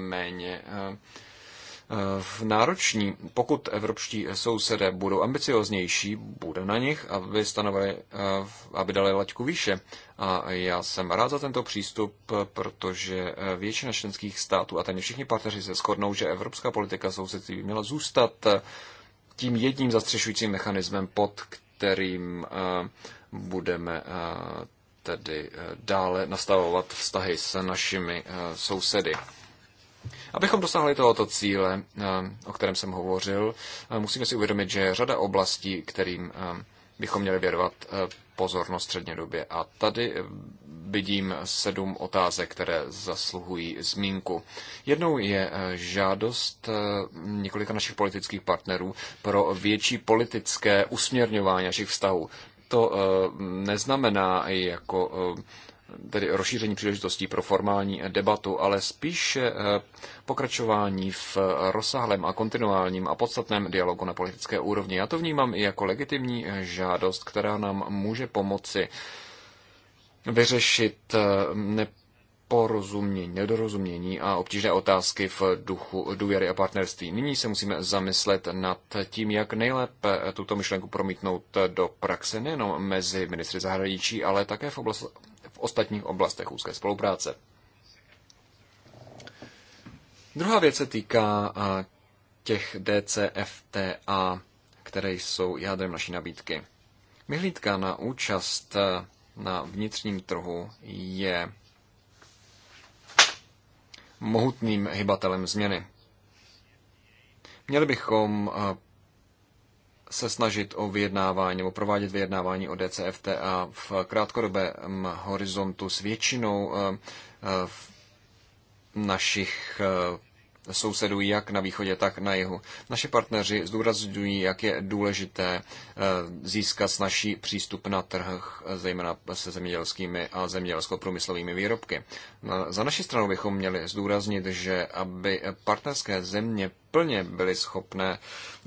méně uh, v nároční. Pokud evropští sousedé budou ambicioznější, bude na nich, aby, stanovali, eh, aby dali laťku výše. A já jsem rád za tento přístup, protože eh, většina členských států a téměř všichni partneři se shodnou, že evropská politika sousedství by měla zůstat eh, tím jedním zastřešujícím mechanismem, pod kterým budeme tedy dále nastavovat vztahy s našimi sousedy. Abychom dosáhli tohoto cíle, eh, o kterém jsem hovořil, eh, musíme si uvědomit, že je řada oblastí, kterým eh, bychom měli věnovat pozornost střednědobě. A tady vidím sedm otázek, které zasluhují zmínku. Jednou je žádost několika našich politických partnerů pro větší politické usměrňování našich vztahů. To neznamená jako tedy rozšíření příležitostí pro formální debatu, ale spíše eh, pokračování v rozsáhlém a kontinuálním a podstatném dialogu na politické úrovni. Já to vnímám i jako legitimní eh, žádost, která nám může pomoci vyřešit eh, neporozumění, nedorozumění a obtížné otázky v duchu důvěry a partnerství. Nyní se musíme zamyslet nad tím, jak nejlépe tuto myšlenku promítnout do praxe nejenom mezi ministry zahraničí, ale také v oblasti ostatních oblastech úzké spolupráce. Druhá věc se týká těch DCFTA, které jsou jádrem naší nabídky. Vyhlídka na účast na vnitřním trhu je mohutným hybatelem změny. Měli bychom se snažit o vyjednávání nebo provádět vyjednávání o DCFTA v krátkodobém horizontu s většinou eh, eh, našich eh, sousedů, jak na východě, tak na jihu. Naši partneři zdůrazňují, jak je důležité eh, získat snažší přístup na trh, eh, zejména se zemědělskými a zemědělsko-průmyslovými výrobky. Za naši stranu bychom měli zdůraznit, že aby partnerské země plně byly schopné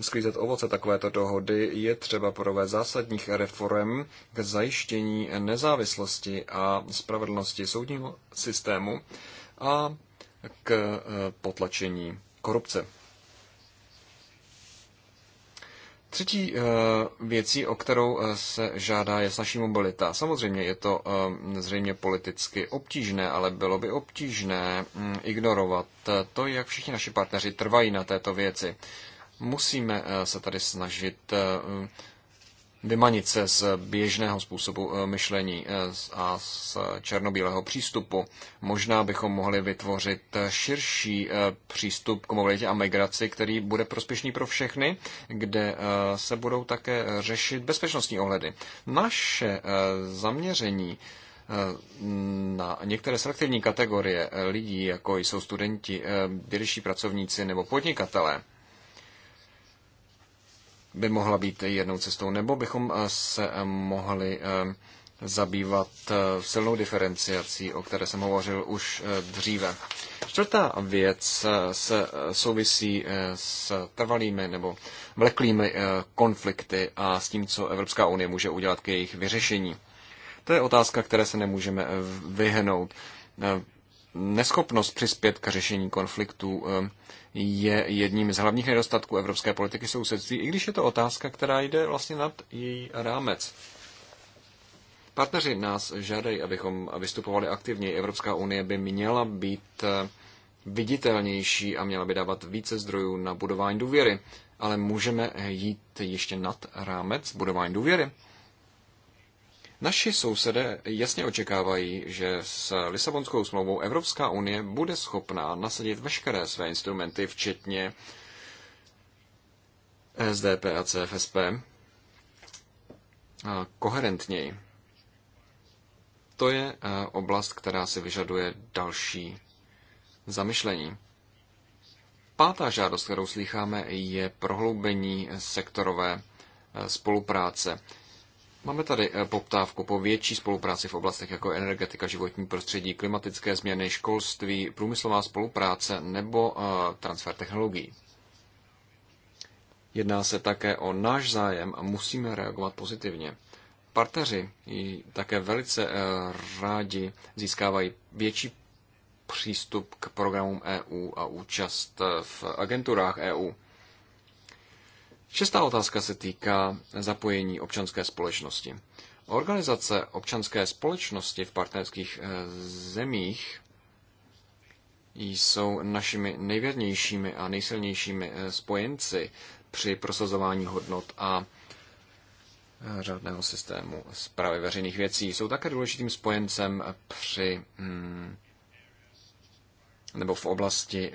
sklízet ovoce takovéto dohody, je třeba provést zásadních reform k zajištění nezávislosti a spravedlnosti soudního systému a k eh, potlačení korupce. Třetí eh, věcí, o kterou eh, se žádá, je snažší mobilita. Samozřejmě je to zřejmě politicky obtížné, ale bylo by obtížné hm, ignorovat to, jak všichni naši partneři trvají na této věci. Musíme se tady snažit vymanit se z běžného způsobu eh, myšlení eh, a z eh, černobílého přístupu. Možná bychom mohli vytvořit širší přístup k mobilitě a migraci, který bude prospěšný pro všechny, kde se budou také řešit bezpečnostní ohledy. Naše zaměření na některé selektivní kategorie lidí, jako jsou studenti, vědeští pracovníci nebo podnikatelé, by mohla být jednou cestou, nebo bychom eh, se eh, mohli eh, zabývat silnou diferenciací, o které jsem hovořil už dříve. Čtvrtá věc se souvisí s trvalými nebo vleklými konflikty a s tím, co Evropská unie může udělat k jejich vyřešení. To je otázka, které se nemůžeme vyhnout neschopnost přispět k řešení konfliktů ehm, je jedním z hlavních nedostatků evropské politiky sousedství, i když je to otázka, která jde vlastně nad její rámec. Partneři nás žádají, abychom vystupovali aktivněji. Evropská unie by měla být eh, viditelnější a měla by dávat více zdrojů na budování důvěry. Ale můžeme jít ještě nad rámec budování důvěry. Naši sousedé jasně očekávají, že s Lisabonskou smlouvou Evropská unie bude schopná nasadit veškeré své instrumenty, včetně SDP a CFSP, koherentněji. To je oblast, která si vyžaduje další zamyšlení. Pátá žádost, kterou slycháme, je prohloubení sektorové spolupráce. Máme tady eh, poptávku po větší spolupráci v oblastech jako energetika, životní prostředí, klimatické změny, školství, průmyslová spolupráce nebo eh, transfer technologií. Jedná se také o náš zájem a musíme reagovat pozitivně. Partneři také velice eh, rádi získávají větší přístup k programům EU a účast v agenturách EU. Šestá otázka se týká zapojení občanské společnosti. Organizace občanské společnosti v partnerských eh, zemích jsou našimi nejvěrnějšími a nejsilnějšími eh, spojenci při prosazování hodnot a eh, řádného systému zprávy veřejných věcí. Jsou také důležitým spojencem při mm, nebo v oblasti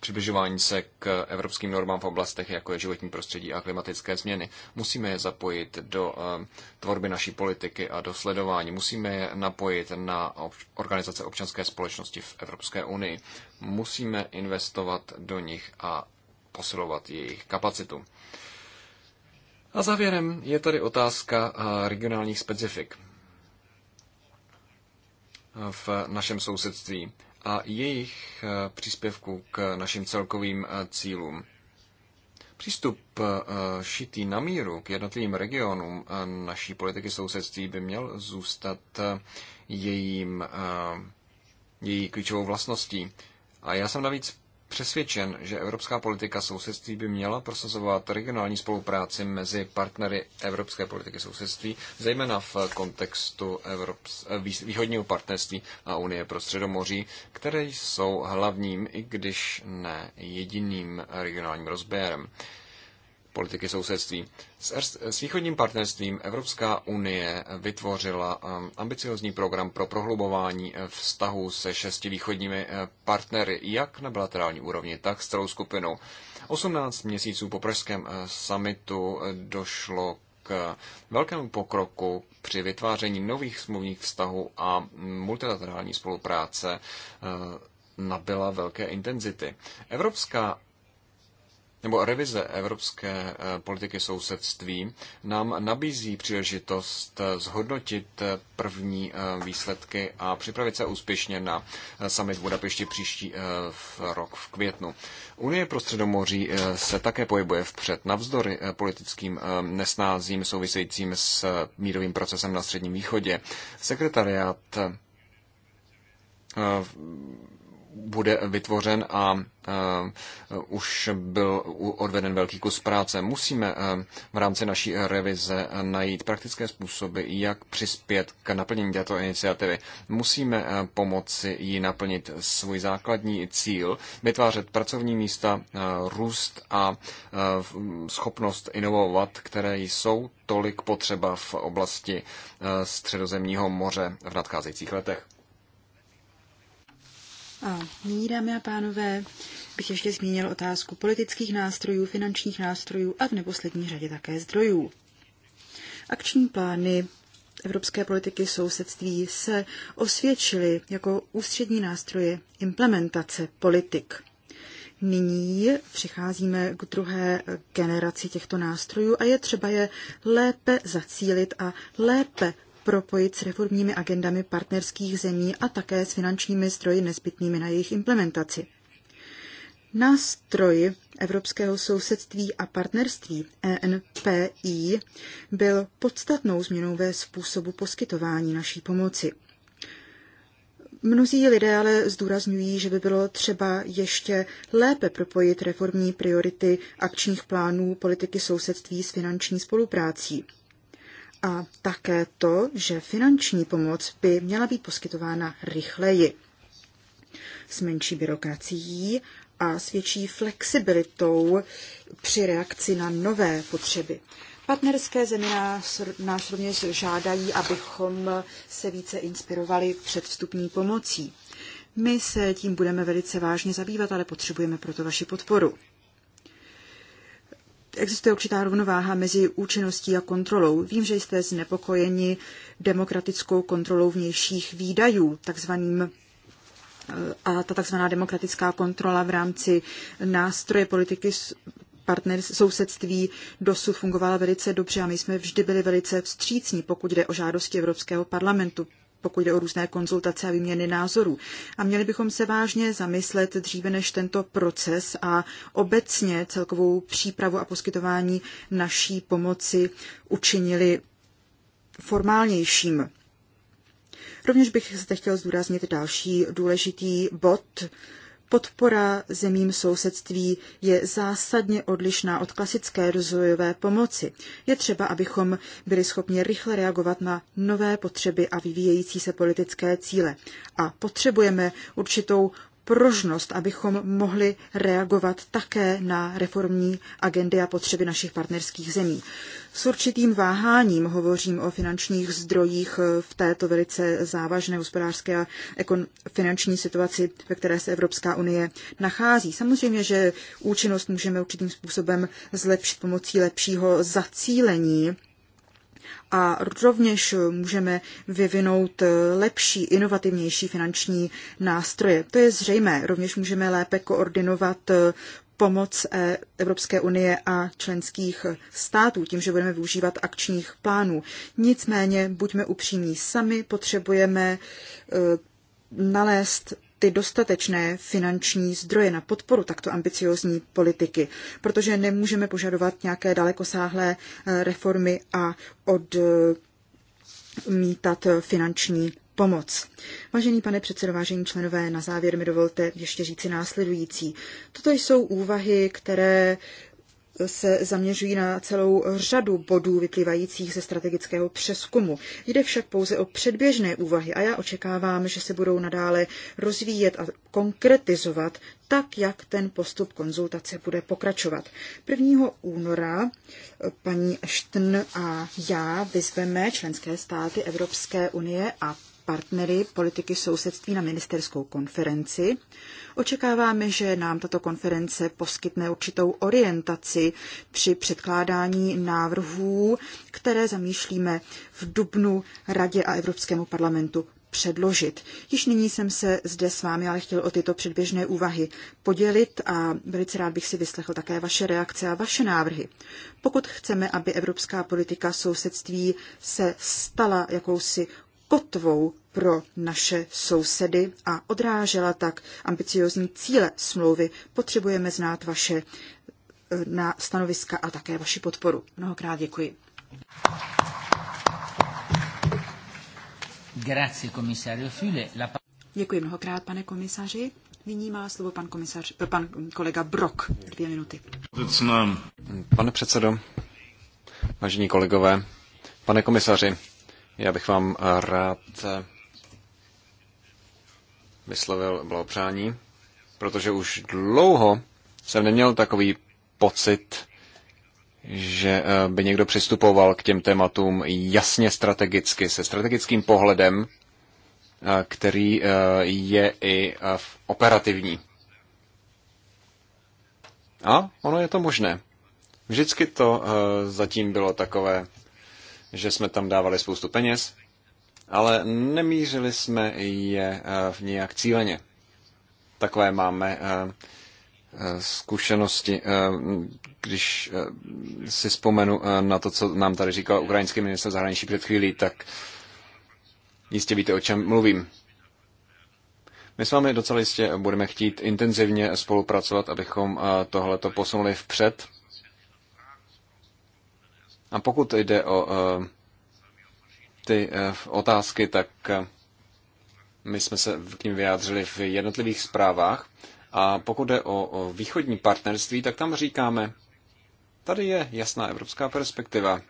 přibližování se k evropským normám v oblastech, jako je životní prostředí a klimatické změny. Musíme je zapojit do eh, tvorby naší politiky a do sledování. Musíme je napojit na organizace občanské společnosti v Evropské unii. Musíme investovat do nich a posilovat jejich kapacitu. A závěrem je tady otázka eh, regionálních specifik v našem sousedství a jejich eh, příspěvku k našim celkovým eh, cílům. Přístup eh, šitý na míru k jednotlivým regionům naší politiky sousedství by měl zůstat jejím, její klíčovou vlastností. A já jsem navíc přesvědčen, že evropská politika sousedství by měla prosazovat regionální spolupráci mezi partnery evropské politiky sousedství, zejména v kontextu Evrops- eh, východního partnerství a Unie pro Středomoří, které jsou hlavním, i když ne jediným regionálním rozběrem politiky sousedství. S, s východním partnerstvím Evropská unie vytvořila um, ambiciozní program pro prohlubování eh, vztahu se šesti východními eh, partnery, jak na bilaterální úrovni, tak s celou skupinou. 18 měsíců po pražském eh, summitu došlo k velkému pokroku při vytváření nových smluvních vztahů a multilaterální spolupráce nabyla velké intenzity. Evropská nebo revize evropské eh, politiky sousedství nám nabízí příležitost eh, zhodnotit eh, první výsledky a připravit se úspěšně na summit v Budapešti příští rok v květnu. Unie pro Středomoří se také pohybuje vpřed navzdory politickým nesnázím souvisejícím s mírovým procesem na Středním východě. Sekretariát bude vytvořen a e, už byl odveden velký kus práce. Musíme e, v rámci naší revize najít praktické způsoby, jak přispět k naplnění této iniciativy. Musíme e, pomoci jí naplnit svůj základní cíl, vytvářet pracovní místa, růst a schopnost inovovat, které jsou tolik potřeba v oblasti středozemního moře v nadcházejících letech. A nyní, dámy a pánové, bych ještě zmínil otázku politických nástrojů, finančních nástrojů a v neposlední řadě také zdrojů. Akční plány evropské politiky sousedství se osvědčily jako ústřední nástroje implementace politik. Nyní přicházíme k druhé generaci těchto nástrojů a je třeba je lépe zacílit a lépe propojit s reformními agendami partnerských zemí a také s finančními zdroji nezbytnými na jejich implementaci. Nástroj Evropského sousedství a partnerství ENPI byl podstatnou změnou ve způsobu poskytování naší pomoci. Mnozí lidé ale zdůrazňují, že by bylo třeba ještě lépe propojit reformní priority akčních plánů politiky sousedství s finanční spoluprácí a také to, že finanční pomoc by měla být poskytována rychleji, s menší byrokracií a s větší flexibilitou při reakci na nové potřeby. Partnerské země nás, nás rovněž žádají, abychom se více inspirovali před vstupní pomocí. My se tím budeme velice vážně zabývat, ale potřebujeme proto vaši podporu existuje určitá rovnováha mezi účinností a kontrolou. Vím, že jste znepokojeni demokratickou kontrolou vnějších výdajů, takzvaným eh, a ta takzvaná demokratická kontrola v rámci nástroje politiky partner sousedství dosud fungovala velice dobře a my jsme vždy byli velice vstřícní, pokud jde o žádosti Evropského parlamentu pokud jde o různé konzultace a výměny názorů. A měli bychom se vážně zamyslet dříve než tento proces a obecně celkovou přípravu a poskytování naší pomoci učinili formálnějším. Rovněž bych zde chtěl zdůraznit další důležitý bod, podpora zemím sousedství je zásadně odlišná od klasické rozvojové pomoci. Je třeba, abychom byli schopni rychle reagovat na nové potřeby a vyvíjející se politické cíle. A potřebujeme určitou pružnost, abychom mohli reagovat také na reformní agendy a potřeby našich partnerských zemí. S určitým váháním hovořím o finančních zdrojích v této velice závažné hospodářské a ekon- finanční situaci, ve které se Evropská unie nachází. Samozřejmě, že účinnost můžeme určitým způsobem zlepšit pomocí lepšího zacílení a rovněž můžeme vyvinout lepší, inovativnější finanční nástroje. To je zřejmé. Rovněž můžeme lépe koordinovat pomoc e- Evropské unie a členských států tím, že budeme využívat akčních plánů. Nicméně, buďme upřímní, sami potřebujeme eh, nalézt ty dostatečné finanční zdroje na podporu takto ambiciozní politiky, protože nemůžeme požadovat nějaké dalekosáhlé eh, reformy a odmítat eh, finanční pomoc. Vážený pane předsedo, vážení členové, na závěr mi dovolte ještě říci následující. Toto jsou úvahy, které se zaměřují na celou řadu bodů vyplývajících ze strategického přeskumu. Jde však pouze o předběžné úvahy a já očekávám, že se budou nadále rozvíjet a konkretizovat tak, jak ten postup konzultace bude pokračovat. 1. února paní Štn a já vyzveme členské státy Evropské unie a partnery politiky sousedství na ministerskou konferenci. Očekáváme, že nám tato konference poskytne určitou orientaci při předkládání návrhů, které zamýšlíme v Dubnu Radě a Evropskému parlamentu předložit. Již nyní jsem se zde s vámi ale chtěl o tyto předběžné úvahy podělit a velice rád bych si vyslechl také vaše reakce a vaše návrhy. Pokud chceme, aby evropská politika sousedství se stala jakousi kotvou pro naše sousedy a odrážela tak ambiciozní cíle smlouvy. Potřebujeme znát vaše eh, na stanoviska a také vaši podporu. Mnohokrát děkuji. Grazie, komisario Füle. La... Děkuji mnohokrát, pane komisaři. Nyní má slovo pan, komisař, eh, pan kolega Brok. Dvě minuty. Pane předsedo, vážení kolegové, pane komisaři, já bych vám rád eh, vyslovil blahopřání, protože už dlouho jsem neměl takový pocit, že eh, by někdo přistupoval k těm tématům jasně strategicky, se strategickým pohledem, eh, který eh, je i operativní. A ono je to možné. Vždycky to zatím bylo takové, že jsme tam dávali spoustu peněz, ale nemířili jsme je eh, v nějak cíleně. Takové máme eh, eh, zkušenosti, když si vzpomenu na to, co nám tady říkal ukrajinský minister zahraničí před chvílí, tak jistě víte, o čem mluvím. My s vámi docela jistě budeme chtít intenzivně spolupracovat, abychom tohleto posunuli vpřed. A pokud jde o ty eh, otázky, tak eh, my jsme se k ním vyjádřili v jednotlivých zprávách. A pokud jde o východní partnerství, tak tam říkáme, tady je jasná evropská perspektiva.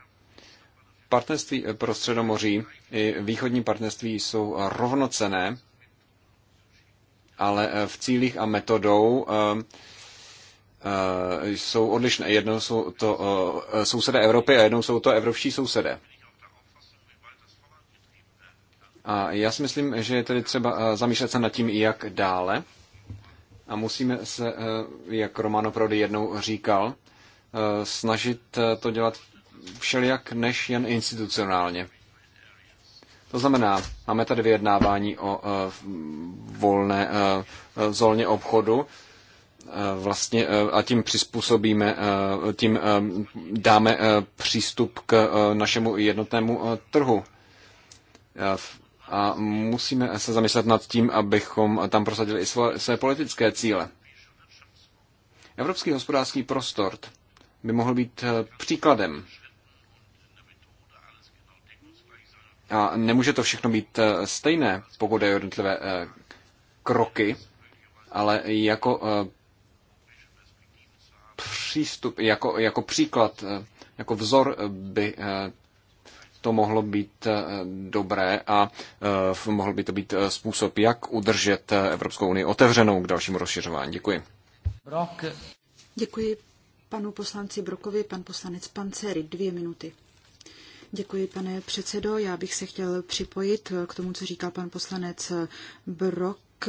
Partnerství eh, pro Středomoří i východní partnerství jsou rovnocené, ale v cílích a metodou jsou odlišné. Jednou jsou to sousedé Evropy a jednou jsou to evropští sousedé. A já si myslím, že je tedy třeba eh, zamýšlet se nad tím, jak dále. A musíme se, eh, jak Romano Prody jednou říkal, eh, snažit to dělat všelijak než jen institucionálně. To znamená, máme tady vyjednávání o volné zóně obchodu, vlastně a tím přizpůsobíme, tím dáme přístup k našemu jednotnému trhu a musíme se zamyslet nad tím, abychom tam prosadili i své politické cíle. Evropský hospodářský prostor by mohl být eh, příkladem. A nemůže to všechno být eh, stejné, pokud je jednotlivé eh, kroky, ale jako přístup, jako, jako příklad, jako vzor by to mohlo být eh, dobré a eh, mohl by to být eh, způsob, jak udržet Evropskou unii otevřenou k dalšímu rozšiřování. Děkuji. Brok. Děkuji panu poslanci Brokovi, pan poslanec Panceri, dvě minuty. Děkuji, pane předsedo. Já bych se chtěl připojit k tomu, co říkal pan poslanec Brok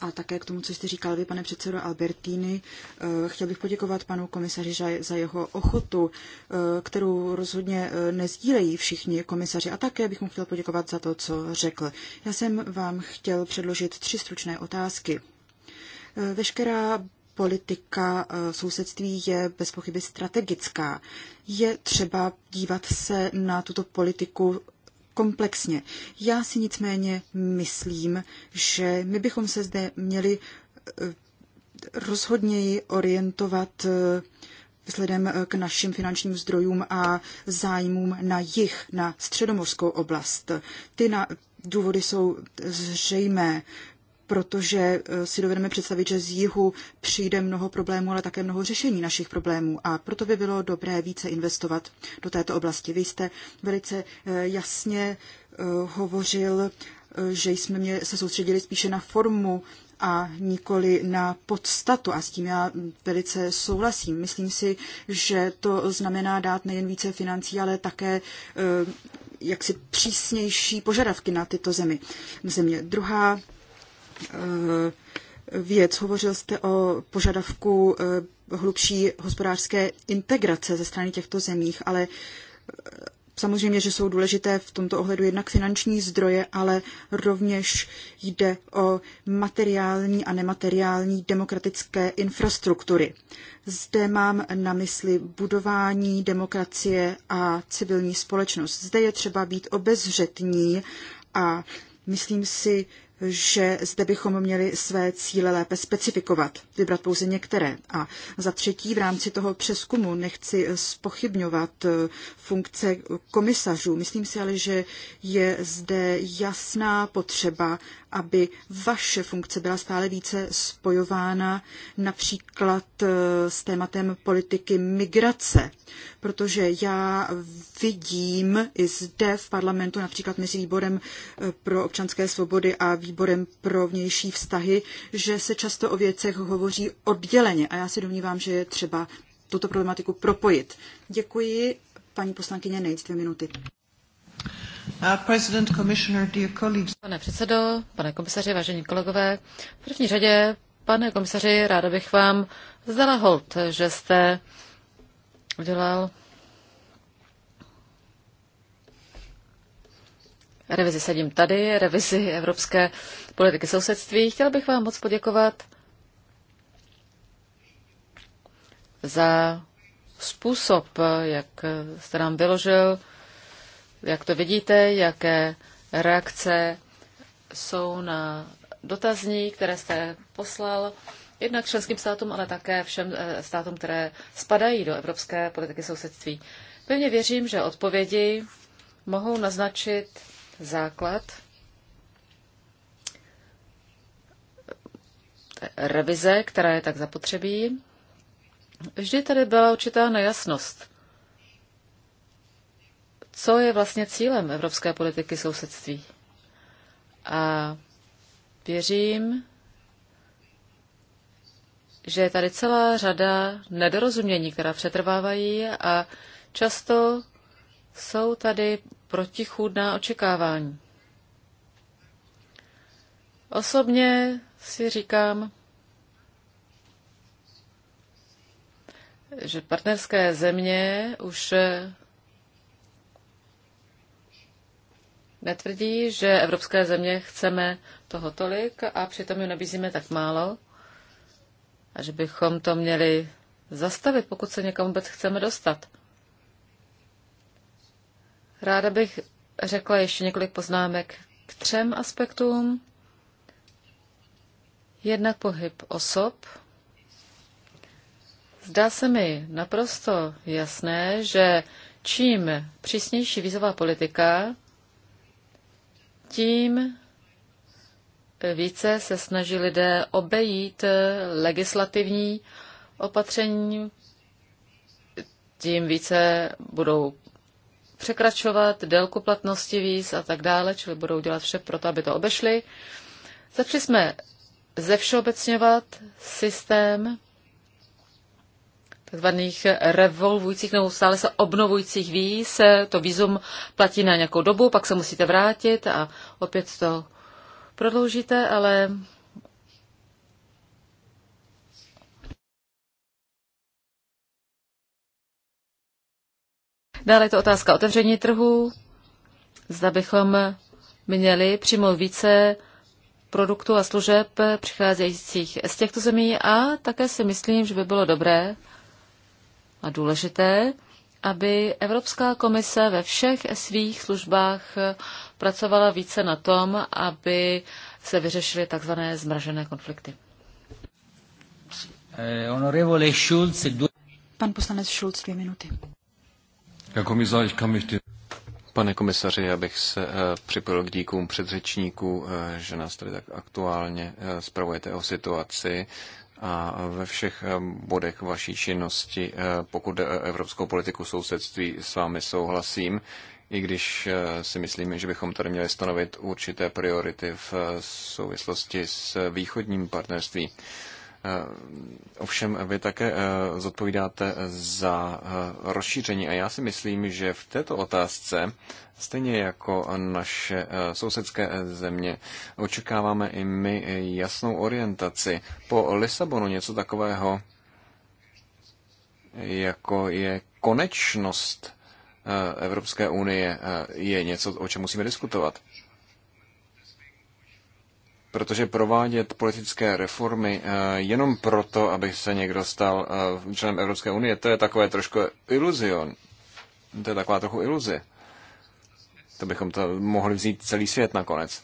a také k tomu, co jste říkal vy, pane předsedo Albertini. Eh, chtěl bych poděkovat panu komisaři za jeho ochotu, eh, kterou rozhodně eh, nezdílejí všichni komisaři. A také bych mu chtěl poděkovat za to, co řekl. Já jsem vám chtěl předložit tři stručné otázky. Veškerá politika sousedství je bez pochyby strategická. Je třeba dívat se na tuto politiku komplexně. Já si nicméně myslím, že my bychom se zde měli eh, rozhodněji orientovat eh, vzhledem eh, k našim finančním zdrojům a zájmům na jich, na středomorskou oblast. Ty na důvody jsou zřejmé protože eh, si dovedeme představit, že z jihu přijde mnoho problémů, ale také mnoho řešení našich problémů. A proto by bylo dobré více investovat do této oblasti. Vy jste velice eh, jasně eh, hovořil, že jsme se soustředili spíše na formu a nikoli na podstatu. A s tím já velice souhlasím. Myslím si, že to znamená dát nejen více financí, ale také jaksi přísnější požadavky na tyto zemi. země. Druhá Eh, věc. Hovořil jste o požadavku eh, hlubší hospodářské integrace ze strany těchto zemích, ale eh, Samozřejmě, že jsou důležité v tomto ohledu jednak finanční zdroje, ale rovněž jde o materiální a nemateriální demokratické infrastruktury. Zde mám na mysli budování demokracie a civilní společnost. Zde je třeba být obezřetní a myslím si, že zde bychom měli své cíle lépe specifikovat, vybrat pouze některé. A za třetí, v rámci toho přeskumu nechci spochybňovat eh, funkce komisařů. Myslím si ale, že je zde jasná potřeba, aby vaše funkce byla stále více spojována například eh, s tématem politiky migrace, protože já vidím i zde v parlamentu, například mezi výborem eh, pro občanské svobody a výborem pro vnější vztahy, že se často o věcech hovoří odděleně a já se domnívám, že je třeba tuto problematiku propojit. Děkuji, paní poslankyně nejdřív dvě minuty. Uh, pane předsedo, pane komisaři, vážení kolegové, v první řadě, pane komisaři, ráda bych vám vzdala hold, že jste udělal revizi sedím tady, revizi evropské politiky sousedství. Chtěla bych vám moc poděkovat za způsob, jak jste nám vyložil jak to vidíte, jaké reakce jsou na dotazní, které jste poslal jednak členským státům, ale také všem eh, státům, které spadají do evropské politiky sousedství. Pevně věřím, že odpovědi mohou naznačit základ revize, která je tak zapotřebí. Vždy tady byla určitá nejasnost co je vlastně cílem evropské politiky sousedství. A věřím, že je tady celá řada nedorozumění, která přetrvávají a často jsou tady protichůdná očekávání. Osobně si říkám, že partnerské země už netvrdí, že evropské země chceme toho tolik a přitom ji nabízíme tak málo, a že bychom to měli zastavit, pokud se někam vůbec chceme dostat. Ráda bych řekla ještě několik poznámek k třem aspektům. Jednak pohyb osob. Zdá se mi naprosto jasné, že čím přísnější vízová politika, tím eh, více se snaží lidé obejít eh, legislativní opatření, tím více budou překračovat délku platnosti víz a tak dále, čili budou dělat vše pro to, aby to obešli. Začali jsme zevšeobecňovat systém takzvaných revolvujících, nebo stále se obnovujících víz. To vízum platí na nějakou dobu, pak se musíte vrátit a opět to prodloužíte, ale Dále je to otázka otevření trhu. Zda bychom měli přijmout více produktů a služeb přicházejících z těchto zemí a také si myslím, že by bylo dobré a důležité, aby Evropská komise ve všech svých službách pracovala více na tom, aby se vyřešily tzv. zmražené konflikty. Eh, Pan poslanec Schulz, dvě minuty. Pane komisaři, já bych se eh, připojil k díkům předřečníků, eh, že nás tady tak aktuálně zpravujete o situaci, a ve všech eh, bodech vaší činnosti, eh, pokud jde o evropskou politiku sousedství, s vámi souhlasím, i když eh, si myslím, že bychom tady měli stanovit určité priority v souvislosti s východním partnerstvím. Eh, ovšem vy také eh, zodpovídáte za eh, rozšíření a já si myslím, že v této otázce, stejně jako naše sousedské země, očekáváme i my jasnou orientaci. Po Lisabonu něco takového, jako je konečnost Evropské unie, je něco, o čem musíme diskutovat. Protože provádět politické reformy eh, jenom proto, aby se někdo stal eh, členem Evropské unie, to je takové trošku iluzion. To je taková trochu iluze. To bychom to mohli vzít celý svět nakonec.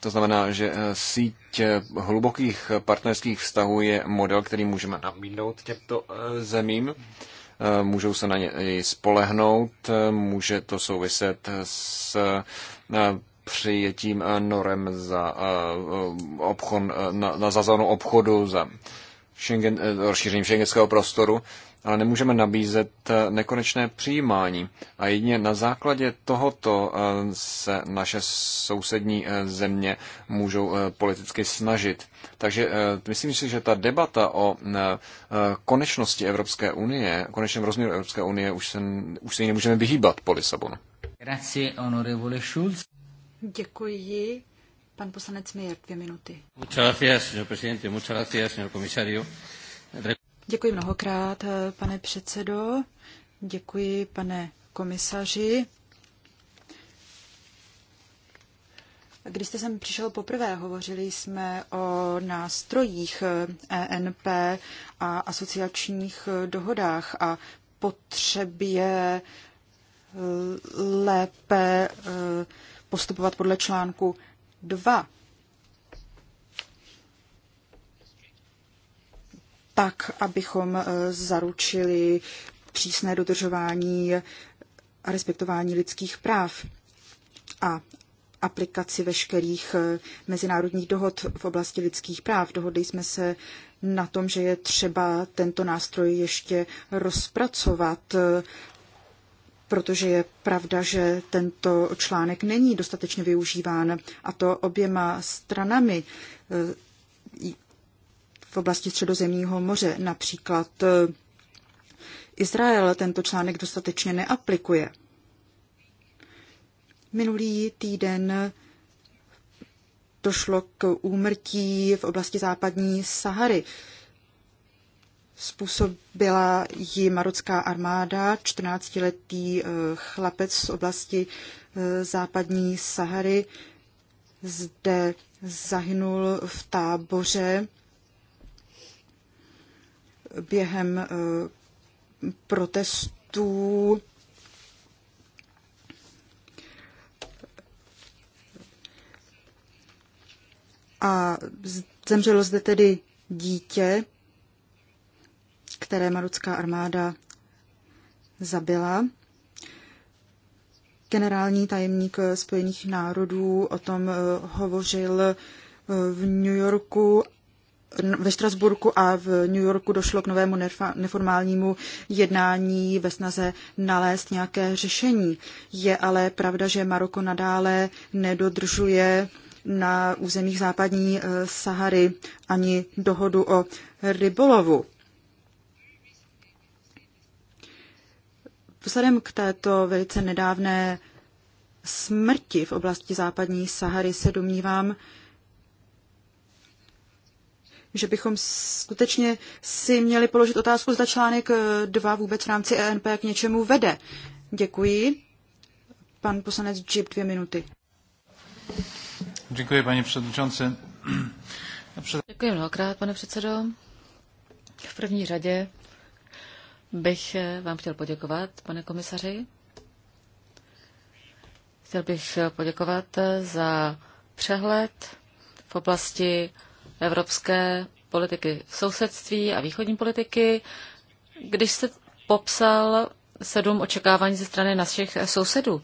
To znamená, že eh, síť hlubokých partnerských vztahů je model, který můžeme nabídnout těmto zemím. Můžou se na něj spolehnout, může to souviset s přijetím eh, norem za eh, obchod, eh, na, na zazonu obchodu, za Schengen, rozšířením šengenského prostoru, ale nemůžeme nabízet nekonečné přijímání. A jedině na základě tohoto se naše sousední země můžou politicky snažit. Takže myslím si, že ta debata o konečnosti Evropské unie, konečném rozměru Evropské unie, už se, už se jí nemůžeme vyhýbat po Lisabonu. Grazie, onorevole Schulz. Děkuji. Pan poslanec Mijer, dvě minuty. Děkuji mnohokrát, pane předsedo. Děkuji, pane komisaři. Když jste sem přišel poprvé, hovořili jsme o nástrojích ENP a asociačních dohodách a potřebě lépe eh, postupovat podle článku 2. Tak, abychom eh, zaručili přísné dodržování a respektování lidských práv a aplikaci veškerých eh, mezinárodních dohod v oblasti lidských práv. Dohodli jsme se na tom, že je třeba tento nástroj ještě rozpracovat eh, protože je pravda, že tento článek není dostatečně využíván a to oběma stranami eh, v oblasti Středozemního moře. Například eh, Izrael tento článek dostatečně neaplikuje. Minulý týden došlo k úmrtí v oblasti západní Sahary způsobila ji marocká armáda, 14-letý eh, chlapec z oblasti eh, západní Sahary. Zde zahynul v táboře během eh, protestů a zemřelo zde tedy dítě, které marocká armáda zabila. Generální tajemník Spojených národů o tom eh, hovořil eh, v New Yorku ve Štrasburku a v New Yorku došlo k novému neformálnímu jednání ve snaze nalézt nějaké řešení. Je ale pravda, že Maroko nadále nedodržuje na územích západní eh, Sahary ani dohodu o rybolovu. Vzhledem k této velice nedávné smrti v oblasti západní Sahary se domnívám, že bychom skutečně si měli položit otázku, zda článek 2 eh, vůbec v rámci ENP k něčemu vede. Děkuji. Pan poslanec Jib, dvě minuty. Děkuji, paní předsedající. Děkuji mnohokrát, pane předsedo. V první řadě bych eh, vám chtěl poděkovat, pane komisaři. Chtěl bych eh, poděkovat eh, za přehled v oblasti evropské politiky sousedství a východní politiky. Když jste popsal sedm očekávání ze strany našich sousedů,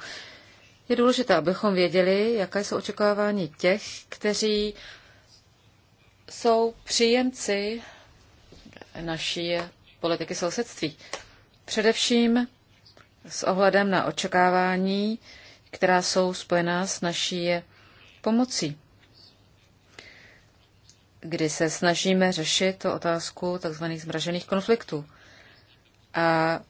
je důležité, abychom věděli, jaké jsou očekávání těch, kteří jsou příjemci naší politiky sousedství. Především s ohledem na očekávání, která jsou spojená s naší pomocí, kdy se snažíme řešit to otázku tzv. zmražených konfliktů. A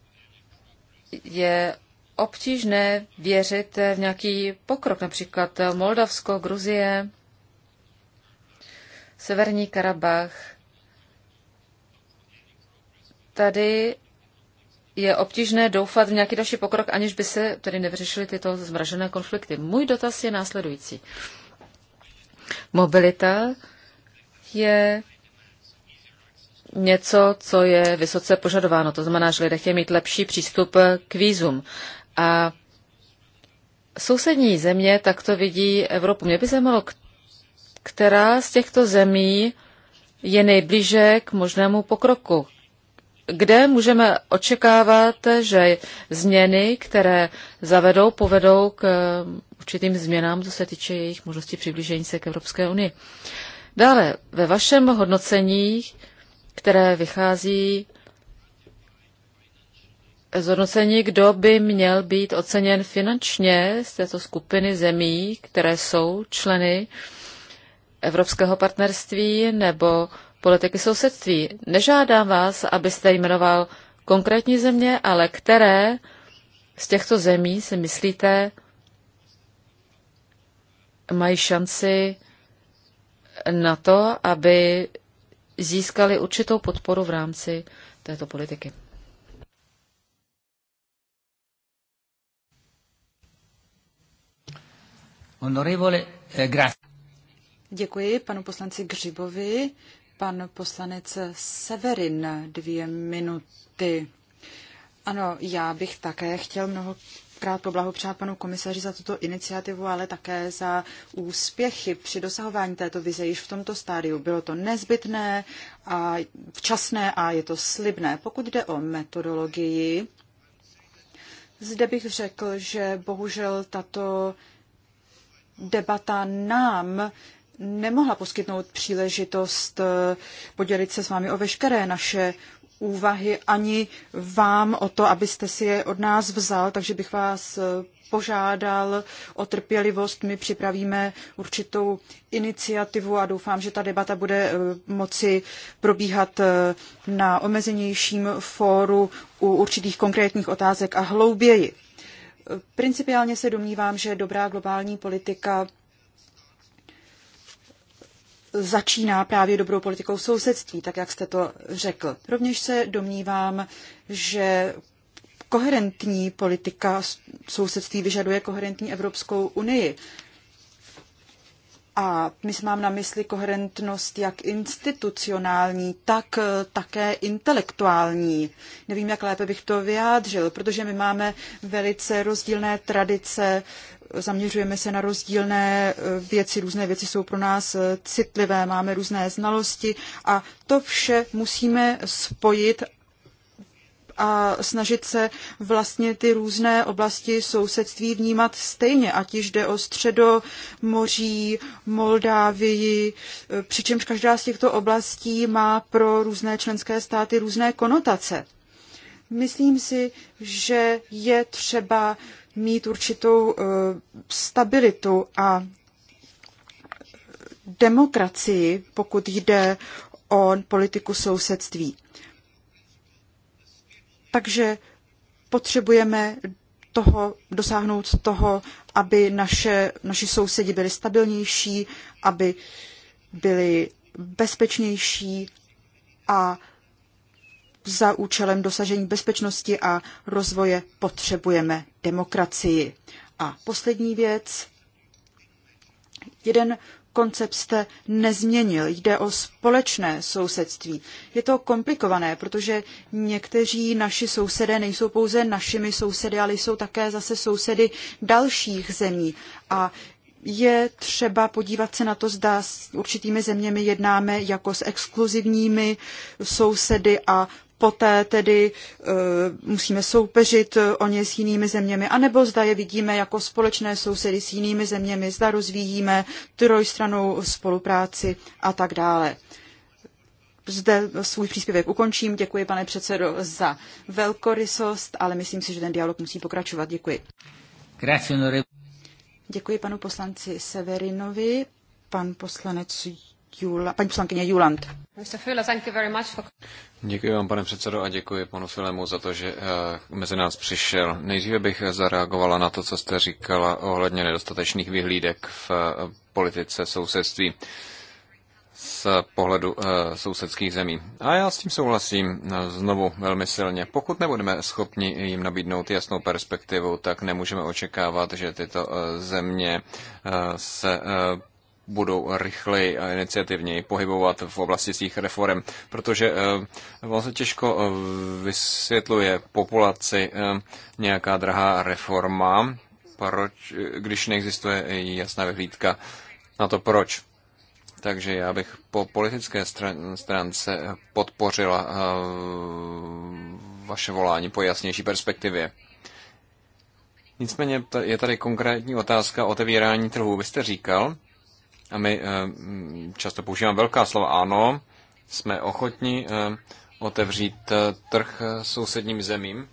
je obtížné věřit v nějaký pokrok, například Moldavsko, Gruzie, Severní Karabach, tady je obtížné doufat v nějaký další pokrok, aniž by se tedy nevyřešily tyto zmražené konflikty. Můj dotaz je následující. Mobilita je něco, co je vysoce požadováno. To znamená, že lidé chtějí mít lepší přístup k vízum. A sousední země takto vidí Evropu. Mě by zajímalo, která z těchto zemí je nejblíže k možnému pokroku kde můžeme očekávat, že změny, které zavedou, povedou k eh, určitým změnám, co se týče jejich možnosti přiblížení se k Evropské unii. Dále, ve vašem hodnocení, které vychází hodnocení, kdo by měl být oceněn finančně z této skupiny zemí, které jsou členy Evropského partnerství nebo politiky sousedství. Nežádám vás, abyste jmenoval konkrétní země, ale které z těchto zemí si myslíte mají šanci na to, aby získali určitou podporu v rámci této politiky. Honorevole, eh, Děkuji panu poslanci Gřibovi. Pan poslanec Severin, dvě minuty. Ano, já bych také chtěl mnoho krát poblahopřát panu komisaři za tuto iniciativu, ale také za úspěchy při dosahování této vize již v tomto stádiu. Bylo to nezbytné a včasné a je to slibné. Pokud jde o metodologii, zde bych řekl, že bohužel tato debata nám nemohla poskytnout příležitost eh, podělit se s vámi o veškeré naše úvahy, ani vám o to, abyste si je od nás vzal, takže bych vás eh, požádal o trpělivost. My připravíme určitou iniciativu a doufám, že ta debata bude eh, moci probíhat na omezenějším fóru u určitých konkrétních otázek a hlouběji. Principiálně se domnívám, že dobrá globální politika začíná právě dobrou politikou sousedství, tak jak jste to řekl. Rovněž se domnívám, že koherentní politika sousedství vyžaduje koherentní Evropskou unii. A my mám na mysli koherentnost jak institucionální, tak také intelektuální. Nevím, jak lépe bych to vyjádřil, protože my máme velice rozdílné tradice zaměřujeme se na rozdílné eh, věci, různé věci jsou pro nás eh, citlivé, máme různé znalosti a to vše musíme spojit a snažit se vlastně ty různé oblasti sousedství vnímat stejně, ať již jde o moří, Moldávii, eh, přičemž každá z těchto oblastí má pro různé členské státy různé konotace. Myslím si, že je třeba mít určitou eh, stabilitu a demokracii, pokud jde o politiku sousedství. Takže potřebujeme toho, dosáhnout toho, aby naše, naši sousedi byli stabilnější, aby byli bezpečnější a za účelem dosažení bezpečnosti a rozvoje potřebujeme demokracii. A poslední věc. Jeden koncept jste nezměnil. Jde o společné sousedství. Je to komplikované, protože někteří naši sousedé nejsou pouze našimi sousedy, ale jsou také zase sousedy dalších zemí. A je třeba podívat se na to, zda s určitými zeměmi jednáme jako s exkluzivními sousedy a poté tedy e, musíme soupeřit e, o ně s jinými zeměmi, anebo zda je vidíme jako společné sousedy s jinými zeměmi, zda rozvíjíme trojstranou spolupráci a tak dále. Zde svůj příspěvek ukončím. Děkuji, pane předsedo, za velkorysost, ale myslím si, že ten dialog musí pokračovat. Děkuji. Děkuji panu poslanci Severinovi. Pan poslanec paní poslankyně Juland. Děkuji vám, pane předsedo, a děkuji panu Filemu za to, že eh, mezi nás přišel. Nejdříve bych zareagovala na to, co jste říkala ohledně nedostatečných vyhlídek v eh, politice sousedství z pohledu eh, sousedských zemí. A já s tím souhlasím znovu velmi silně. Pokud nebudeme schopni jim nabídnout jasnou perspektivu, tak nemůžeme očekávat, že tyto země se budou rychleji a iniciativněji pohybovat v oblasti svých reform, protože ono eh, vlastně těžko eh, vysvětluje populaci eh, nějaká drahá reforma, proč, když neexistuje jasná vyhlídka na to proč. Takže já bych po politické stran- stránce podpořila vaše volání po jasnější perspektivě. Nicméně je tady konkrétní otázka otevírání trhu. Vy jste říkal, a my eh, mm, často používáme velká slova. Ano, jsme ochotni eh, otevřít eh, trh sousedním zemím,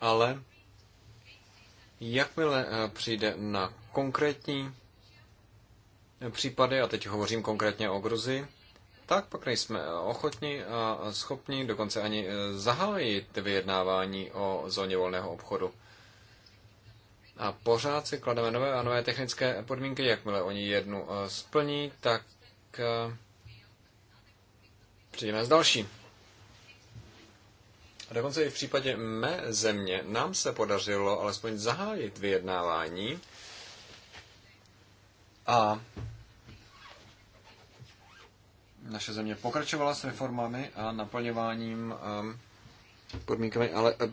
ale jakmile přijde na konkrétní případy, a teď hovořím konkrétně o Gruzi, tak pak nejsme ochotni a schopni dokonce ani zahájit vyjednávání o zóně volného obchodu. A pořád si klademe nové a nové technické podmínky, jakmile oni jednu eh, splní, tak eh, přijdeme s další. A dokonce i v případě mé země nám se podařilo alespoň zahájit vyjednávání a naše země pokračovala s reformami a naplňováním um, podmínkami, ale eh,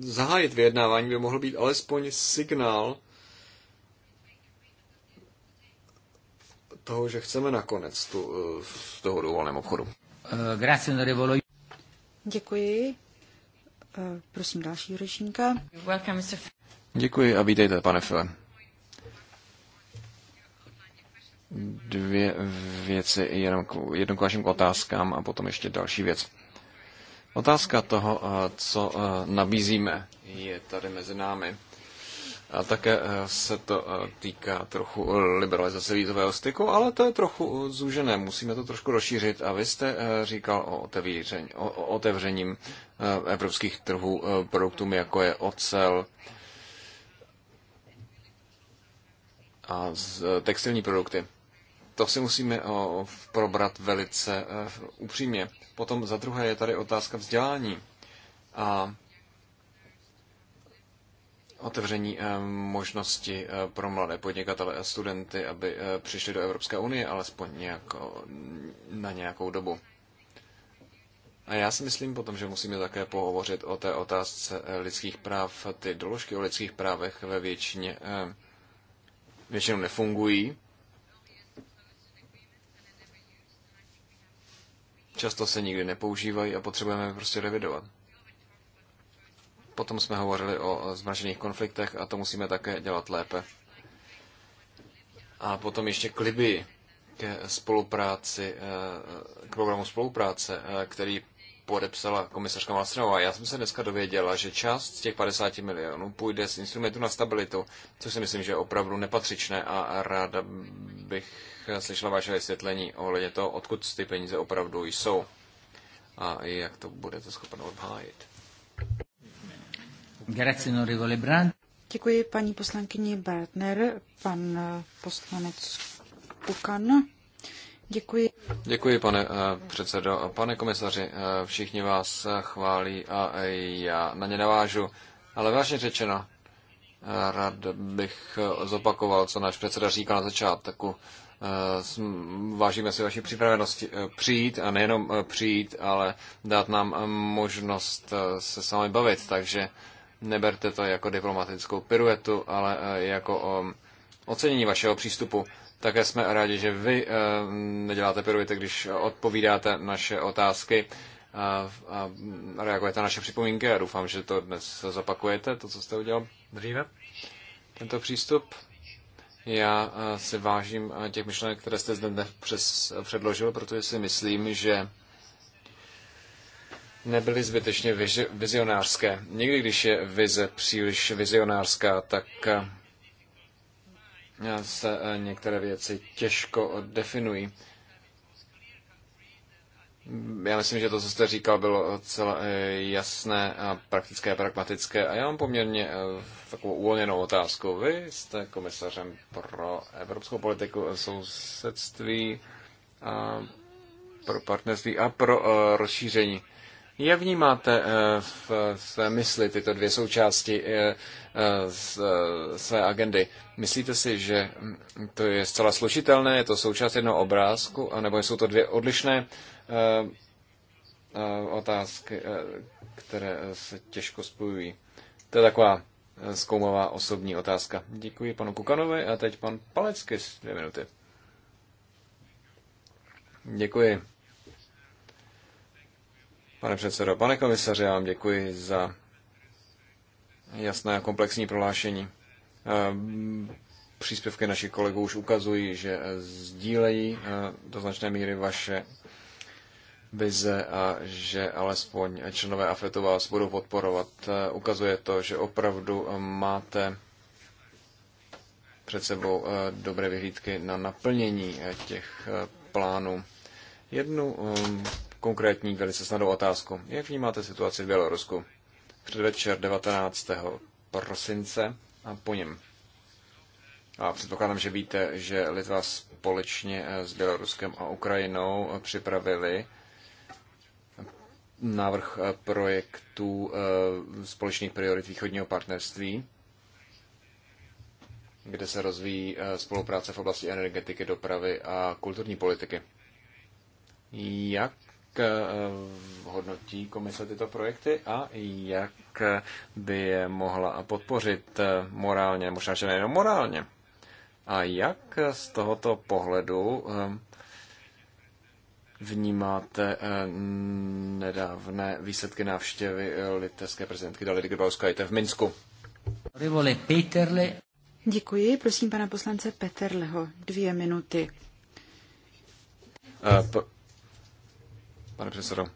zahájit vyjednávání by mohl být alespoň signál toho, že chceme nakonec tu eh, z toho dovolném obchodu. Eh, Děkuji. Eh, prosím další ročníka. Děkuji a vítejte, pane File. Dvě věci, jenom k, jednou k vašim otázkám a potom ještě další věc. Otázka toho, eh, co eh, nabízíme, je tady mezi námi. A také eh, se to týká trochu liberalizace vízového styku, ale to je trochu zúžené. Musíme to trošku rozšířit. A vy jste říkal o, otevření, o otevřením evropských trhů produktům, jako je ocel a textilní produkty to si musíme eh, probrat velice eh, upřímně. Potom za druhé je tady otázka vzdělání a otevření eh, možnosti pro mladé podnikatele a studenty, aby přišli do Evropské unie alespoň nějako, na nějakou dobu. A já si myslím potom, že musíme také pohovořit o té otázce lidských práv. Ty doložky o lidských právech ve většině většinou nefungují Často se nikdy nepoužívají a potřebujeme je prostě revidovat. Potom jsme hovořili o zmražených konfliktech a to musíme také dělat lépe. A potom ještě k Libii, ke spolupráci, eh, k programu spolupráce, eh, který podepsala komisařka Malstrová. Já jsem se dneska dověděla, že část z těch 50 milionů půjde z instrumentu na stabilitu, což si myslím, že je opravdu nepatřičné a ráda bych slyšela vaše vysvětlení ohledně toho, odkud ty peníze opravdu jsou a jak to budete schopen odhájit. Děkuji paní poslankyni Bartner, pan poslanec Pukan. Děkuji. Děkuji, pane eh, předsedo. Pane komisaři, eh, všichni vás chválí a já na ně navážu. Ale vážně řečeno, eh, rád bych zopakoval, co náš předseda říkal na začátku. Vážíme si vaši připravenosti přijít a nejenom přijít, ale dát nám možnost se s vámi bavit. Takže neberte to jako diplomatickou piruetu, ale jako ocenění vašeho přístupu. Také jsme rádi, že vy eh, neděláte pirovity, když odpovídáte naše otázky eh, a reagujete na naše připomínky. Já doufám, že to dnes zapakujete, to, co jste udělal dříve, tento přístup. Já eh, si vážím těch myšlenek, které jste zde přes, předložil, protože si myslím, že nebyly zbytečně vizionářské. Někdy, když je vize příliš vizionářská, tak se eh, některé věci těžko definují. Já myslím, že to, co jste říkal, bylo celé eh, jasné a praktické a pragmatické. A já mám poměrně eh, takovou uvolněnou otázku. Vy jste komisařem pro evropskou politiku sousedství a pro partnerství a pro rozšíření. Jak vnímáte eh, v své mysli tyto dvě součásti eh, eh, z své agendy? Myslíte si, že mm, to je zcela slučitelné, je to součást jednoho obrázku, anebo jsou to dvě odlišné otázky, které se těžko spojují? To je taková zkoumavá osobní otázka. Děkuji panu Kukanovi a teď pan Palecky z dvě minuty. Děkuji. Pane předsedo, pane komisaře, já vám děkuji za jasné a komplexní prohlášení. Eh, příspěvky našich kolegů už ukazují, že sdílejí eh, do značné míry vaše vize a že alespoň členové AFETu vás budou podporovat. Eh, ukazuje to, že opravdu máte před sebou dobré vyhlídky na naplnění těch plánů. Jednu konkrétní, velice snadou otázku. Jak vnímáte situaci v Bělorusku? Předvečer 19. prosince a po něm. A předpokládám, že víte, že Litva společně eh, s Běloruskem a Ukrajinou eh, připravili návrh eh, projektů společných priorit východního partnerství, kde se rozvíjí spolupráce v oblasti energetiky, dopravy a kulturní politiky. Jak Eh, hodnotí komise tyto projekty a jak by je mohla podpořit eh, morálně, možná, že nejenom morálně. A jak z tohoto pohledu eh, vnímáte nedávné výsledky návštěvy litevské prezidentky Dalidy Grybauskajte v Minsku? Děkuji, prosím pana poslance Peterleho, dvě minuty. Uh, Pane předsedo,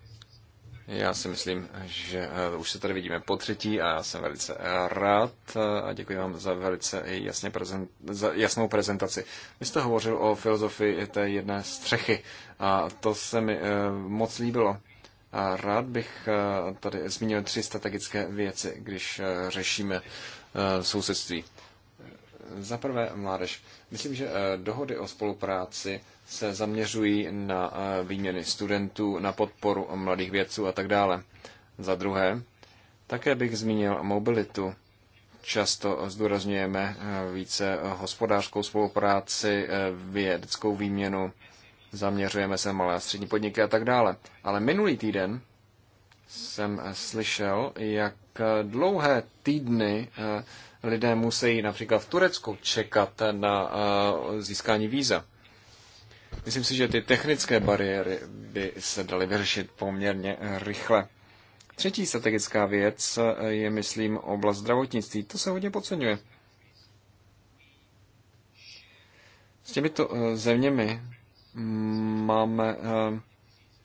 já si myslím, že eh, už se tady vidíme po třetí a já jsem velice rád eh, a děkuji vám za velice jasně prezent, za jasnou prezentaci. Vy jste hovořil o filozofii té jedné střechy a to se mi eh, moc líbilo. A rád bych tady zmínil tři strategické věci, když řešíme sousedství. Za prvé, mládež. Myslím, že dohody o spolupráci se zaměřují na eh, výměny studentů, na podporu mladých vědců a tak dále. Za druhé, také bych zmínil mobilitu. Často zdůrazňujeme eh, více hospodářskou spolupráci, eh, vědeckou výměnu, zaměřujeme se na malé a střední podniky a tak dále. Ale minulý týden jsem slyšel, jak dlouhé týdny lidé musí například v Turecku čekat na získání víza. Myslím si, že ty technické bariéry by se daly vyřešit poměrně rychle. Třetí strategická věc je, myslím, oblast zdravotnictví. To se hodně podceňuje. S těmito eh, zeměmi máme eh,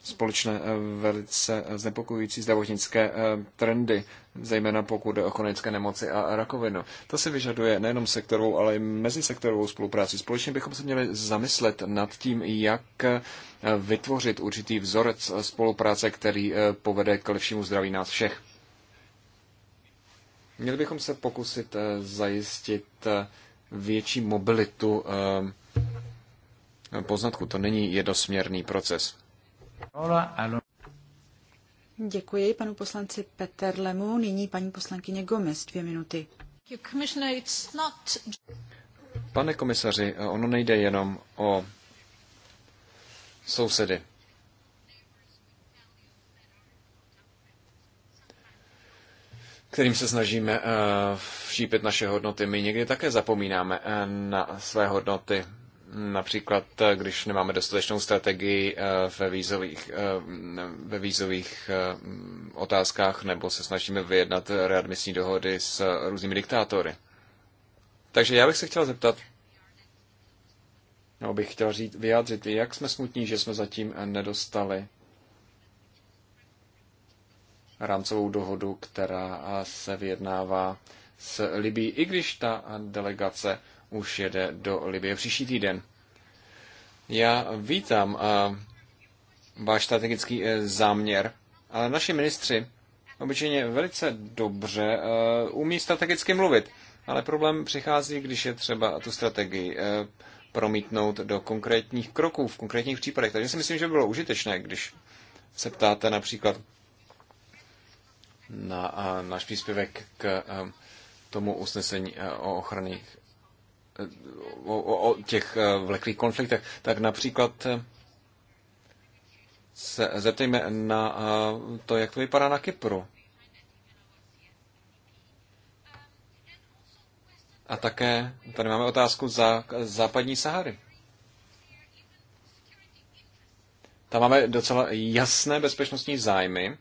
společné eh, velice eh, znepokojující zdravotnické eh, trendy, zejména pokud jde o chronické nemoci a rakovinu. To se vyžaduje nejenom sektorovou, ale i mezisektorovou spolupráci. Společně bychom se měli zamyslet nad tím, jak vytvořit určitý vzorec spolupráce, který povede k lepšímu zdraví nás všech. Měli bychom se pokusit zajistit větší mobilitu poznatku. To není jednosměrný proces. Děkuji panu poslanci Peterlemu. Nyní paní poslankyně Gomez, dvě minuty. Pane komisaři, ono nejde jenom o sousedy. kterým se snažíme eh, všípit naše hodnoty. My někdy také zapomínáme eh, na své hodnoty. Například, když nemáme dostatečnou strategii eh, ve vízových, eh, mm, ve vízových eh, mm, otázkách nebo se snažíme vyjednat readmisní dohody s různými diktátory. Takže já bych se chtěl zeptat, nebo bych chtěl říct, vyjádřit, jak jsme smutní, že jsme zatím nedostali rámcovou dohodu, která se vyjednává s Libí, i když ta delegace už jede do Libie příští týden. Já vítám eh, váš strategický eh, záměr, ale naši ministři obyčejně velice dobře eh, umí strategicky mluvit, ale problém přichází, když je třeba tu strategii promítnout do konkrétních kroků v konkrétních případech. Takže si myslím, že by bylo užitečné, když se ptáte například na náš příspěvek k tomu usnesení o ochranných o, o, o těch eh, vleklých konfliktech, tak například eh, se zeptejme na eh, to, jak to vypadá na Kypru. A také tady máme otázku za západní Sahary. Tam máme docela jasné bezpečnostní zájmy,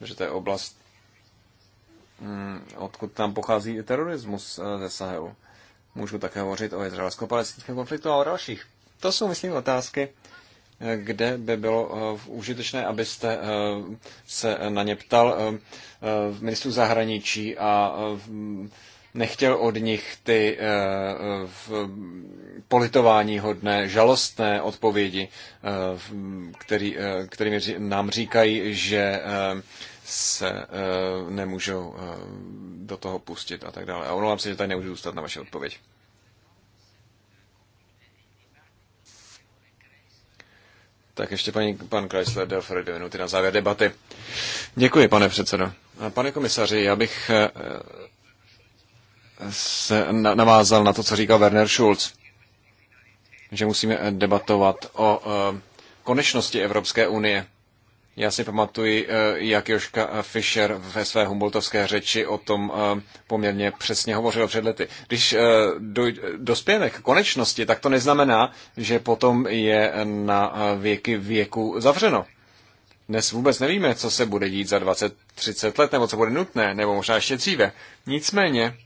že to je oblast, Mm, odkud tam pochází terorismus eh, ze Sahelu. Můžu také hovořit o izraelsko-palestinském konfliktu a o dalších. To jsou, myslím, otázky, eh, kde by bylo eh, užitečné, abyste se na ně ptal v ministru zahraničí a nechtěl od nich ty politování hodné, žalostné odpovědi, který, kterými nám říkají, že se eh, nemůžou eh, do toho pustit a tak dále. A omlouvám se, že tady nemůžu zůstat na vaši odpověď. Tak ještě paní, pan Chrysler dal dvě minuty na závěr debaty. Děkuji, pane předsedo. Pane komisaři, já bych eh, se navázal na to, co říkal Werner Schulz, že musíme debatovat o konečnosti Evropské unie. Já si pamatuji, eh, jak Joška Fischer ve své humboldtovské řeči o tom eh, poměrně přesně hovořil před lety. Když eh, dospějeme k konečnosti, tak to neznamená, že potom je na věky věku zavřeno. Dnes vůbec nevíme, co se bude dít za 20-30 let, nebo co bude nutné, nebo možná ještě dříve. Nicméně,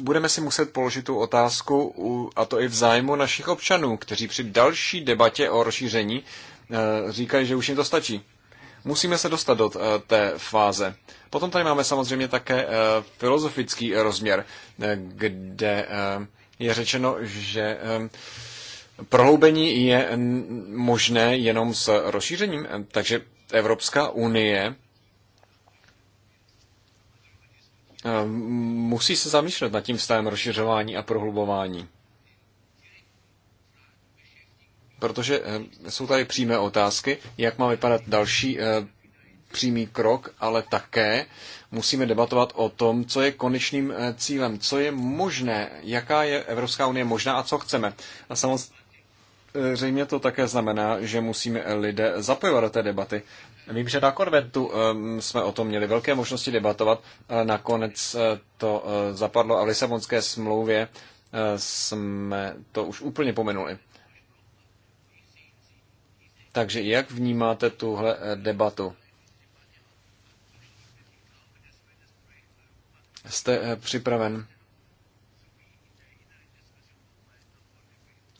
budeme si muset položit tu otázku, a to i v zájmu našich občanů, kteří při další debatě o rozšíření Eh, říkají, že už jim to stačí. Musíme se dostat do eh, té fáze. Potom tady máme samozřejmě také eh, filozofický rozměr, kde je řečeno, že prohloubení je možné jenom s rozšířením, takže Evropská unie musí se zamýšlet nad tím vztahem rozšiřování a prohlubování. Protože eh, jsou tady přímé otázky, jak má vypadat další eh, přímý krok, ale také musíme debatovat o tom, co je konečným eh, cílem, co je možné, jaká je Evropská unie možná a co chceme. A samozřejmě to také znamená, že musíme lidé zapojovat do té debaty. Vím, že na konventu jsme o tom měli velké možnosti debatovat, ale nakonec to zapadlo a v Lisabonské smlouvě jsme to už úplně pomenuli. Takže jak vnímáte tuhle eh, debatu? Jste eh, připraven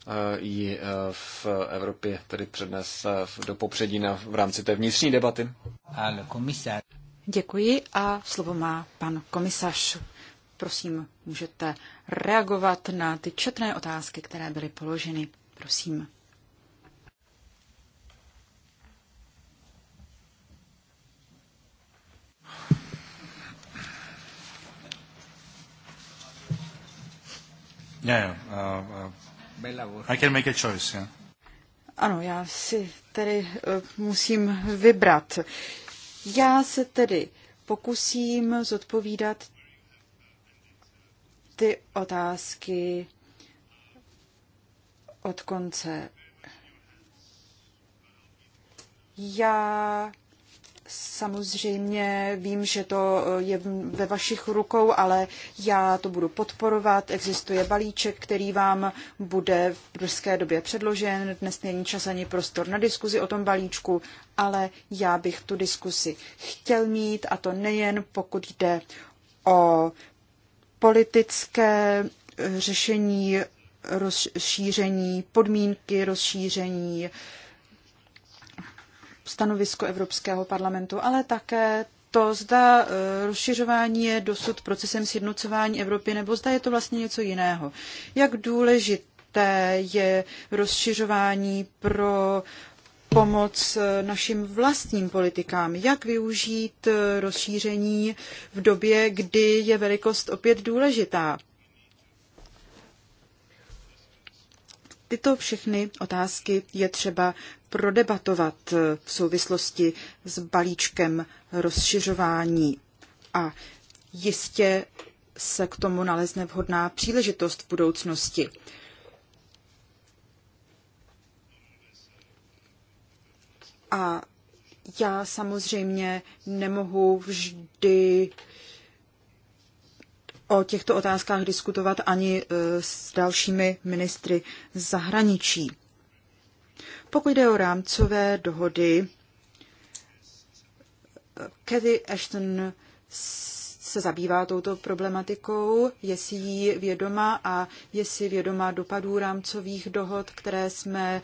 eh, ji v Evropě tedy přednes do popředí na, v rámci té vnitřní debaty? Děkuji a slovo má pan komisař. Prosím, můžete reagovat na ty četné otázky, které byly položeny. Prosím. Yeah, uh, uh, I can make a choice, yeah. Ano, já si tedy eh, musím vybrat. Já se tedy pokusím zodpovídat ty otázky od konce. Já Samozřejmě vím, že to eh, je ve vašich rukou, ale já to budu podporovat. Existuje balíček, který vám bude v brzké době předložen. Dnes není čas ani prostor na diskuzi o tom balíčku, ale já bych tu diskusi chtěl mít a to nejen pokud jde o politické eh, řešení rozšíření, podmínky rozšíření, stanovisko Evropského parlamentu, ale také to, zda e, rozšiřování je dosud procesem sjednocování Evropy, nebo zda je to vlastně něco jiného. Jak důležité je rozšiřování pro pomoc e, našim vlastním politikám, jak využít e, rozšíření v době, kdy je velikost opět důležitá. Tyto všechny otázky je třeba prodebatovat eh, v souvislosti s balíčkem rozšiřování a jistě se k tomu nalezne vhodná příležitost v budoucnosti. A já samozřejmě nemohu vždy o těchto otázkách diskutovat ani eh, s dalšími ministry zahraničí. Pokud jde o rámcové dohody, Cathy Ashton se zabývá touto problematikou, je si jí vědoma a je si vědoma dopadů rámcových dohod, které jsme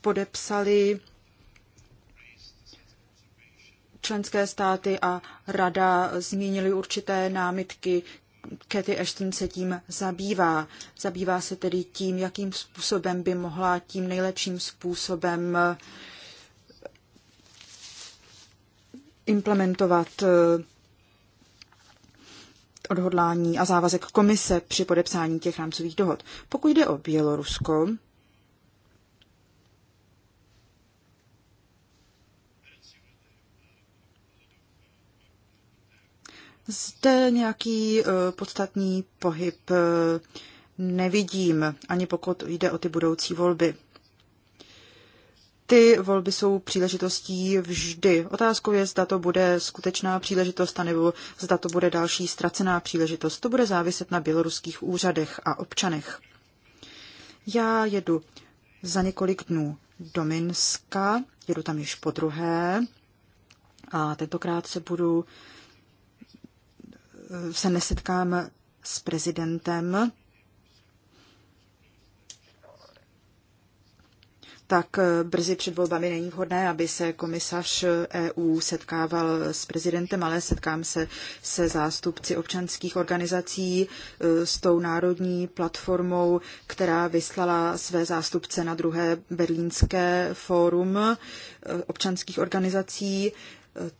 podepsali členské státy a rada zmínili určité námitky, Cathy Ashton se tím zabývá. Zabývá se tedy tím, jakým způsobem by mohla tím nejlepším způsobem eh, implementovat eh, odhodlání a závazek komise při podepsání těch rámcových dohod. Pokud jde o Bělorusko, Zde nějaký eh, podstatný pohyb eh, nevidím, ani pokud jde o ty budoucí volby. Ty volby jsou příležitostí vždy. Otázkou je, zda to bude skutečná příležitost, nebo zda to bude další ztracená příležitost. To bude záviset na běloruských úřadech a občanech. Já jedu za několik dnů do Minska, jedu tam již po druhé a tentokrát se budu se nesetkám s prezidentem, tak brzy před volbami není vhodné, aby se komisař EU setkával s prezidentem, ale setkám se se zástupci občanských organizací, eh, s tou národní platformou, která vyslala své zástupce na druhé berlínské fórum eh, občanských organizací. Eh,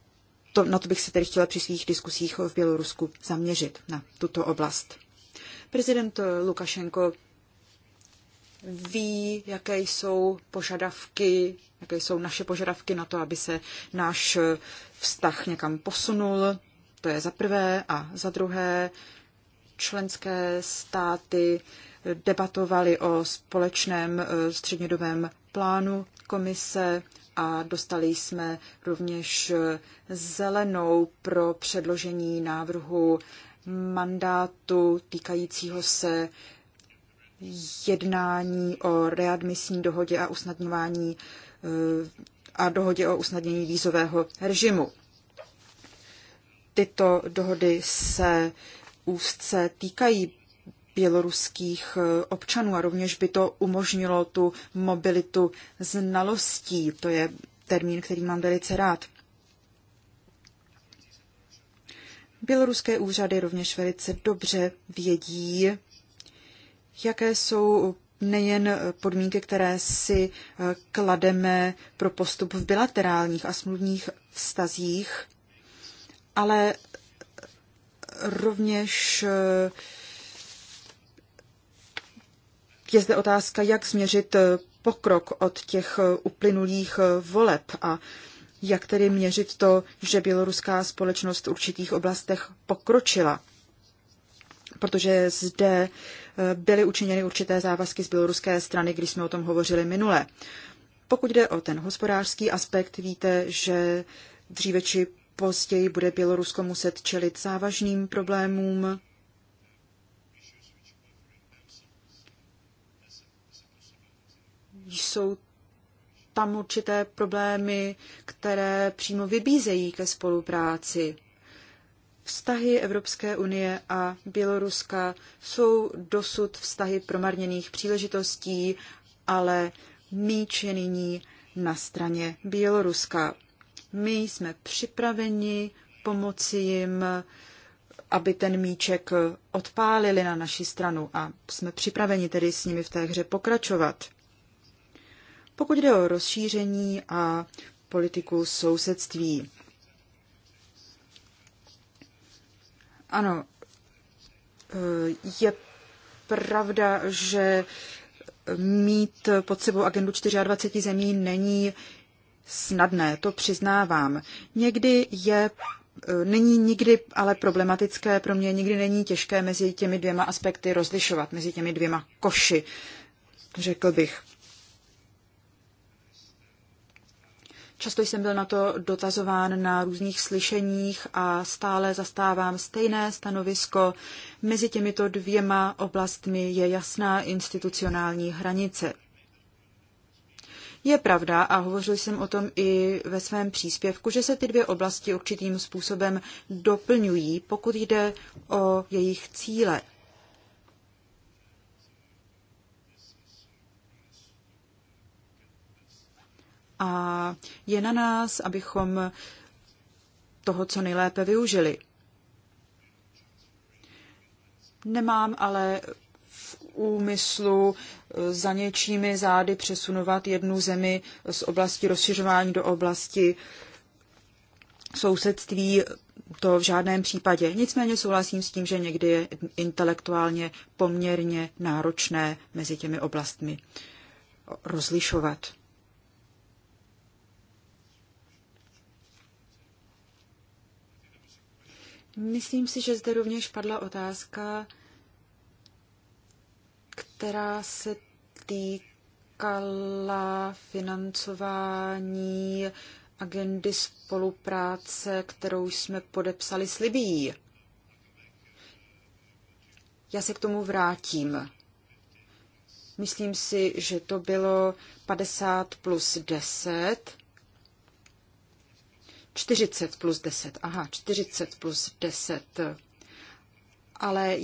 to, na to bych se tedy chtěla při svých diskusích v Bělorusku zaměřit na tuto oblast. Prezident Lukašenko ví, jaké jsou požadavky, jaké jsou naše požadavky na to, aby se náš vztah někam posunul. To je za prvé a za druhé členské státy debatovali o společném eh, střednědobém plánu komise a dostali jsme rovněž zelenou pro předložení návrhu mandátu týkajícího se jednání o readmisní dohodě a usnadňování eh, a dohodě o usnadnění vízového režimu. Tyto dohody se úzce týkají běloruských eh, občanů a rovněž by to umožnilo tu mobilitu znalostí. To je termín, který mám velice rád. Běloruské úřady rovněž velice dobře vědí, jaké jsou nejen podmínky, které si eh, klademe pro postup v bilaterálních a smluvních vztazích, ale rovněž eh, je zde otázka, jak změřit eh, pokrok od těch eh, uplynulých eh, voleb a jak tedy měřit to, že běloruská společnost v určitých oblastech pokročila. Protože zde byly učiněny určité závazky z běloruské strany, když jsme o tom hovořili minule. Pokud jde o ten hospodářský aspekt, víte, že dříve či později bude Bělorusko muset čelit závažným problémům jsou tam určité problémy, které přímo vybízejí ke spolupráci. Vztahy Evropské unie a Běloruska jsou dosud vztahy promarněných příležitostí, ale míč je nyní na straně Běloruska. My jsme připraveni pomoci jim, aby ten míček odpálili na naši stranu a jsme připraveni tedy s nimi v té hře pokračovat. Pokud jde o rozšíření a politiku sousedství. Ano, eh, je pravda, že mít pod sebou agendu 24 zemí není snadné, to přiznávám. Někdy je eh, Není nikdy ale problematické, pro mě nikdy není těžké mezi těmi dvěma aspekty rozlišovat, mezi těmi dvěma koši, řekl bych. Často jsem byl na to dotazován na různých slyšeních a stále zastávám stejné stanovisko. Mezi těmito dvěma oblastmi je jasná institucionální hranice. Je pravda, a hovořil jsem o tom i ve svém příspěvku, že se ty dvě oblasti určitým způsobem doplňují, pokud jde o jejich cíle. a je na nás, abychom toho co nejlépe využili. Nemám ale v úmyslu eh, za něčími zády přesunovat jednu zemi z oblasti rozšiřování do oblasti sousedství to v žádném případě. Nicméně souhlasím s tím, že někdy je intelektuálně poměrně náročné mezi těmi oblastmi rozlišovat. Myslím si, že zde rovněž padla otázka, která se týkala financování agendy spolupráce, kterou jsme podepsali s Libií. Já se k tomu vrátím. Myslím si, že to bylo 50 plus 10 40 plus 10, aha, 40 plus 10. Ale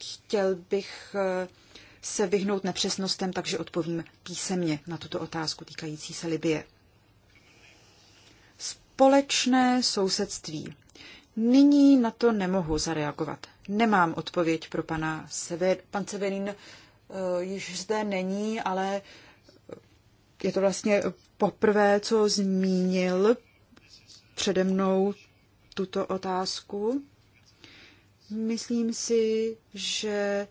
chtěl bych eh, se vyhnout nepřesnostem, takže odpovím písemně na tuto otázku týkající se Libie. Společné sousedství. Nyní na to nemohu zareagovat. Nemám odpověď pro pana Sever. Pan Severin uh, již zde není, ale je to vlastně poprvé, co zmínil přede mnou tuto otázku. Myslím si, že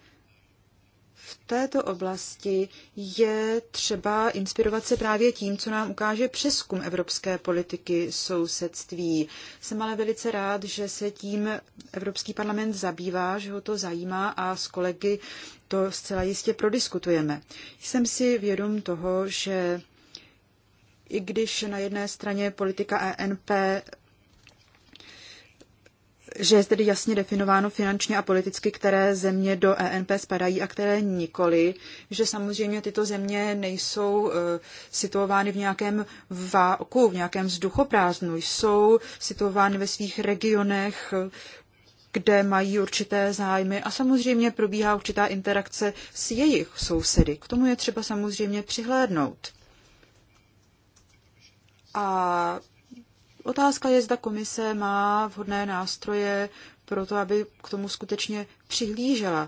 v této oblasti je třeba inspirovat se právě tím, co nám ukáže přeskum evropské politiky sousedství. Jsem ale velice rád, že se tím Evropský parlament zabývá, že ho to zajímá a s kolegy to zcela jistě prodiskutujeme. Jsem si vědom toho, že i když na jedné straně politika ENP že je tedy jasně definováno finančně a politicky, které země do ENP spadají a které nikoli, že samozřejmě tyto země nejsou eh, situovány v nějakém váku, v nějakém vzduchoprázdnu, jsou situovány ve svých regionech, kde mají určité zájmy a samozřejmě probíhá určitá interakce s jejich sousedy. K tomu je třeba samozřejmě přihlédnout. A Otázka je, zda komise má vhodné nástroje pro to, aby k tomu skutečně přihlížela. E,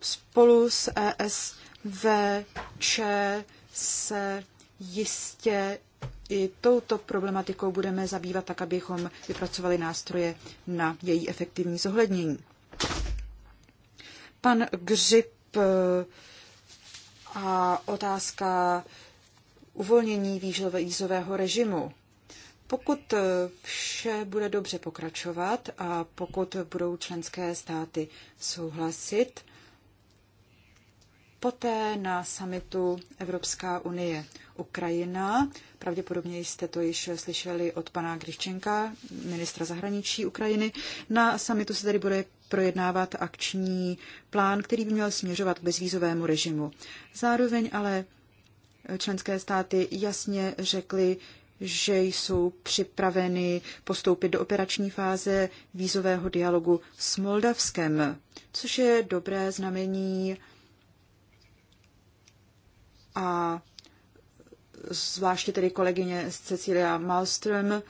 spolu s ESVČ se jistě i touto problematikou budeme zabývat tak, abychom vypracovali nástroje na její efektivní zohlednění. Pan Grip e, a otázka uvolnění výzového režimu. Pokud eh, vše bude dobře pokračovat a pokud budou členské státy souhlasit, poté na samitu Evropská unie Ukrajina, pravděpodobně jste to již slyšeli od pana Griščenka, ministra zahraničí Ukrajiny, na samitu se tady bude projednávat akční plán, který by měl směřovat k bezvízovému režimu. Zároveň ale členské státy jasně řekly, že jsou připraveny postoupit do operační fáze vízového dialogu s Moldavskem, což je dobré znamení a zvláště tedy kolegyně Cecilia Malström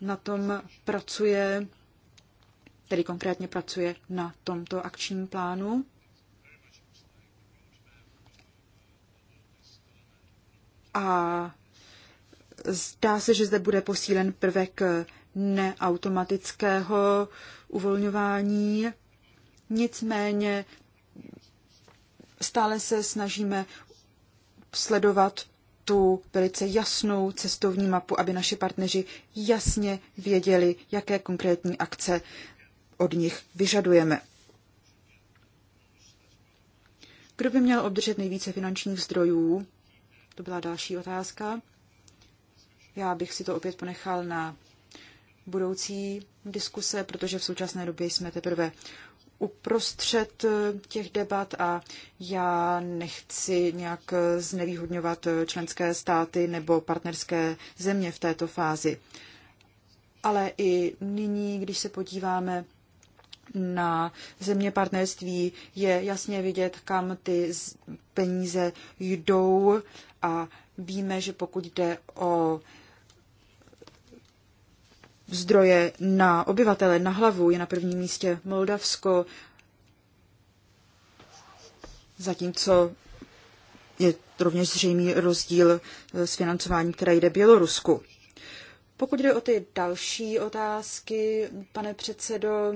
na tom pracuje, tedy konkrétně pracuje na tomto akčním plánu. A Zdá se, že zde bude posílen prvek neautomatického uvolňování. Nicméně stále se snažíme sledovat tu velice jasnou cestovní mapu, aby naši partneři jasně věděli, jaké konkrétní akce od nich vyžadujeme. Kdo by měl obdržet nejvíce finančních zdrojů? To byla další otázka. Já bych si to opět ponechal na budoucí diskuse, protože v současné době jsme teprve uprostřed eh, těch debat a já nechci nějak eh, znevýhodňovat eh, členské státy nebo partnerské země v této fázi. Ale i nyní, když se podíváme na země partnerství, je jasně vidět, kam ty peníze jdou a víme, že pokud jde o zdroje na obyvatele, na hlavu je na prvním místě Moldavsko, zatímco je rovněž zřejmý rozdíl eh, s financováním, které jde Bělorusku. Pokud jde o ty další otázky, pane předsedo,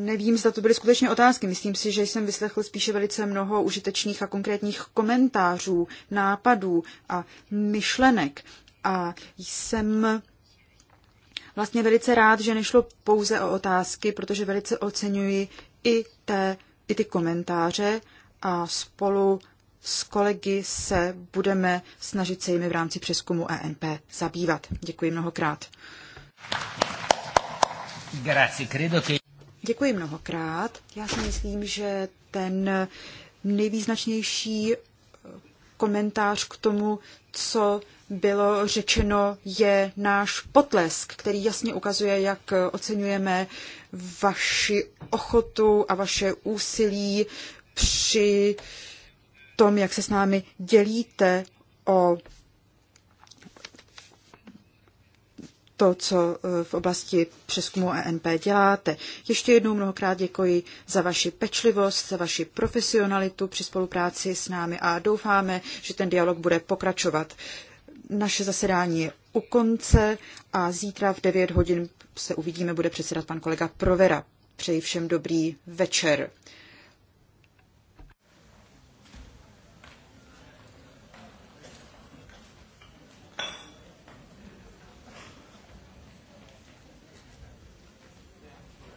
nevím, zda to byly skutečně otázky. Myslím si, že jsem vyslechl spíše velice mnoho užitečných a konkrétních komentářů, nápadů a myšlenek. A jsem vlastně velice rád, že nešlo pouze o otázky, protože velice oceňuji i, té, i ty komentáře a spolu s kolegy se budeme snažit se jimi v rámci přeskumu ENP zabývat. Děkuji mnohokrát. Děkuji mnohokrát. Já si myslím, že ten nejvýznačnější komentář k tomu, co bylo řečeno, je náš potlesk, který jasně ukazuje, jak oceňujeme vaši ochotu a vaše úsilí při tom, jak se s námi dělíte o to, co eh, v oblasti přeskumu ENP děláte. Ještě jednou mnohokrát děkuji za vaši pečlivost, za vaši profesionalitu při spolupráci s námi a doufáme, že ten dialog bude pokračovat. Naše zasedání je u konce a zítra v 9 hodin se uvidíme, bude předsedat pan kolega Provera. Přeji všem dobrý večer.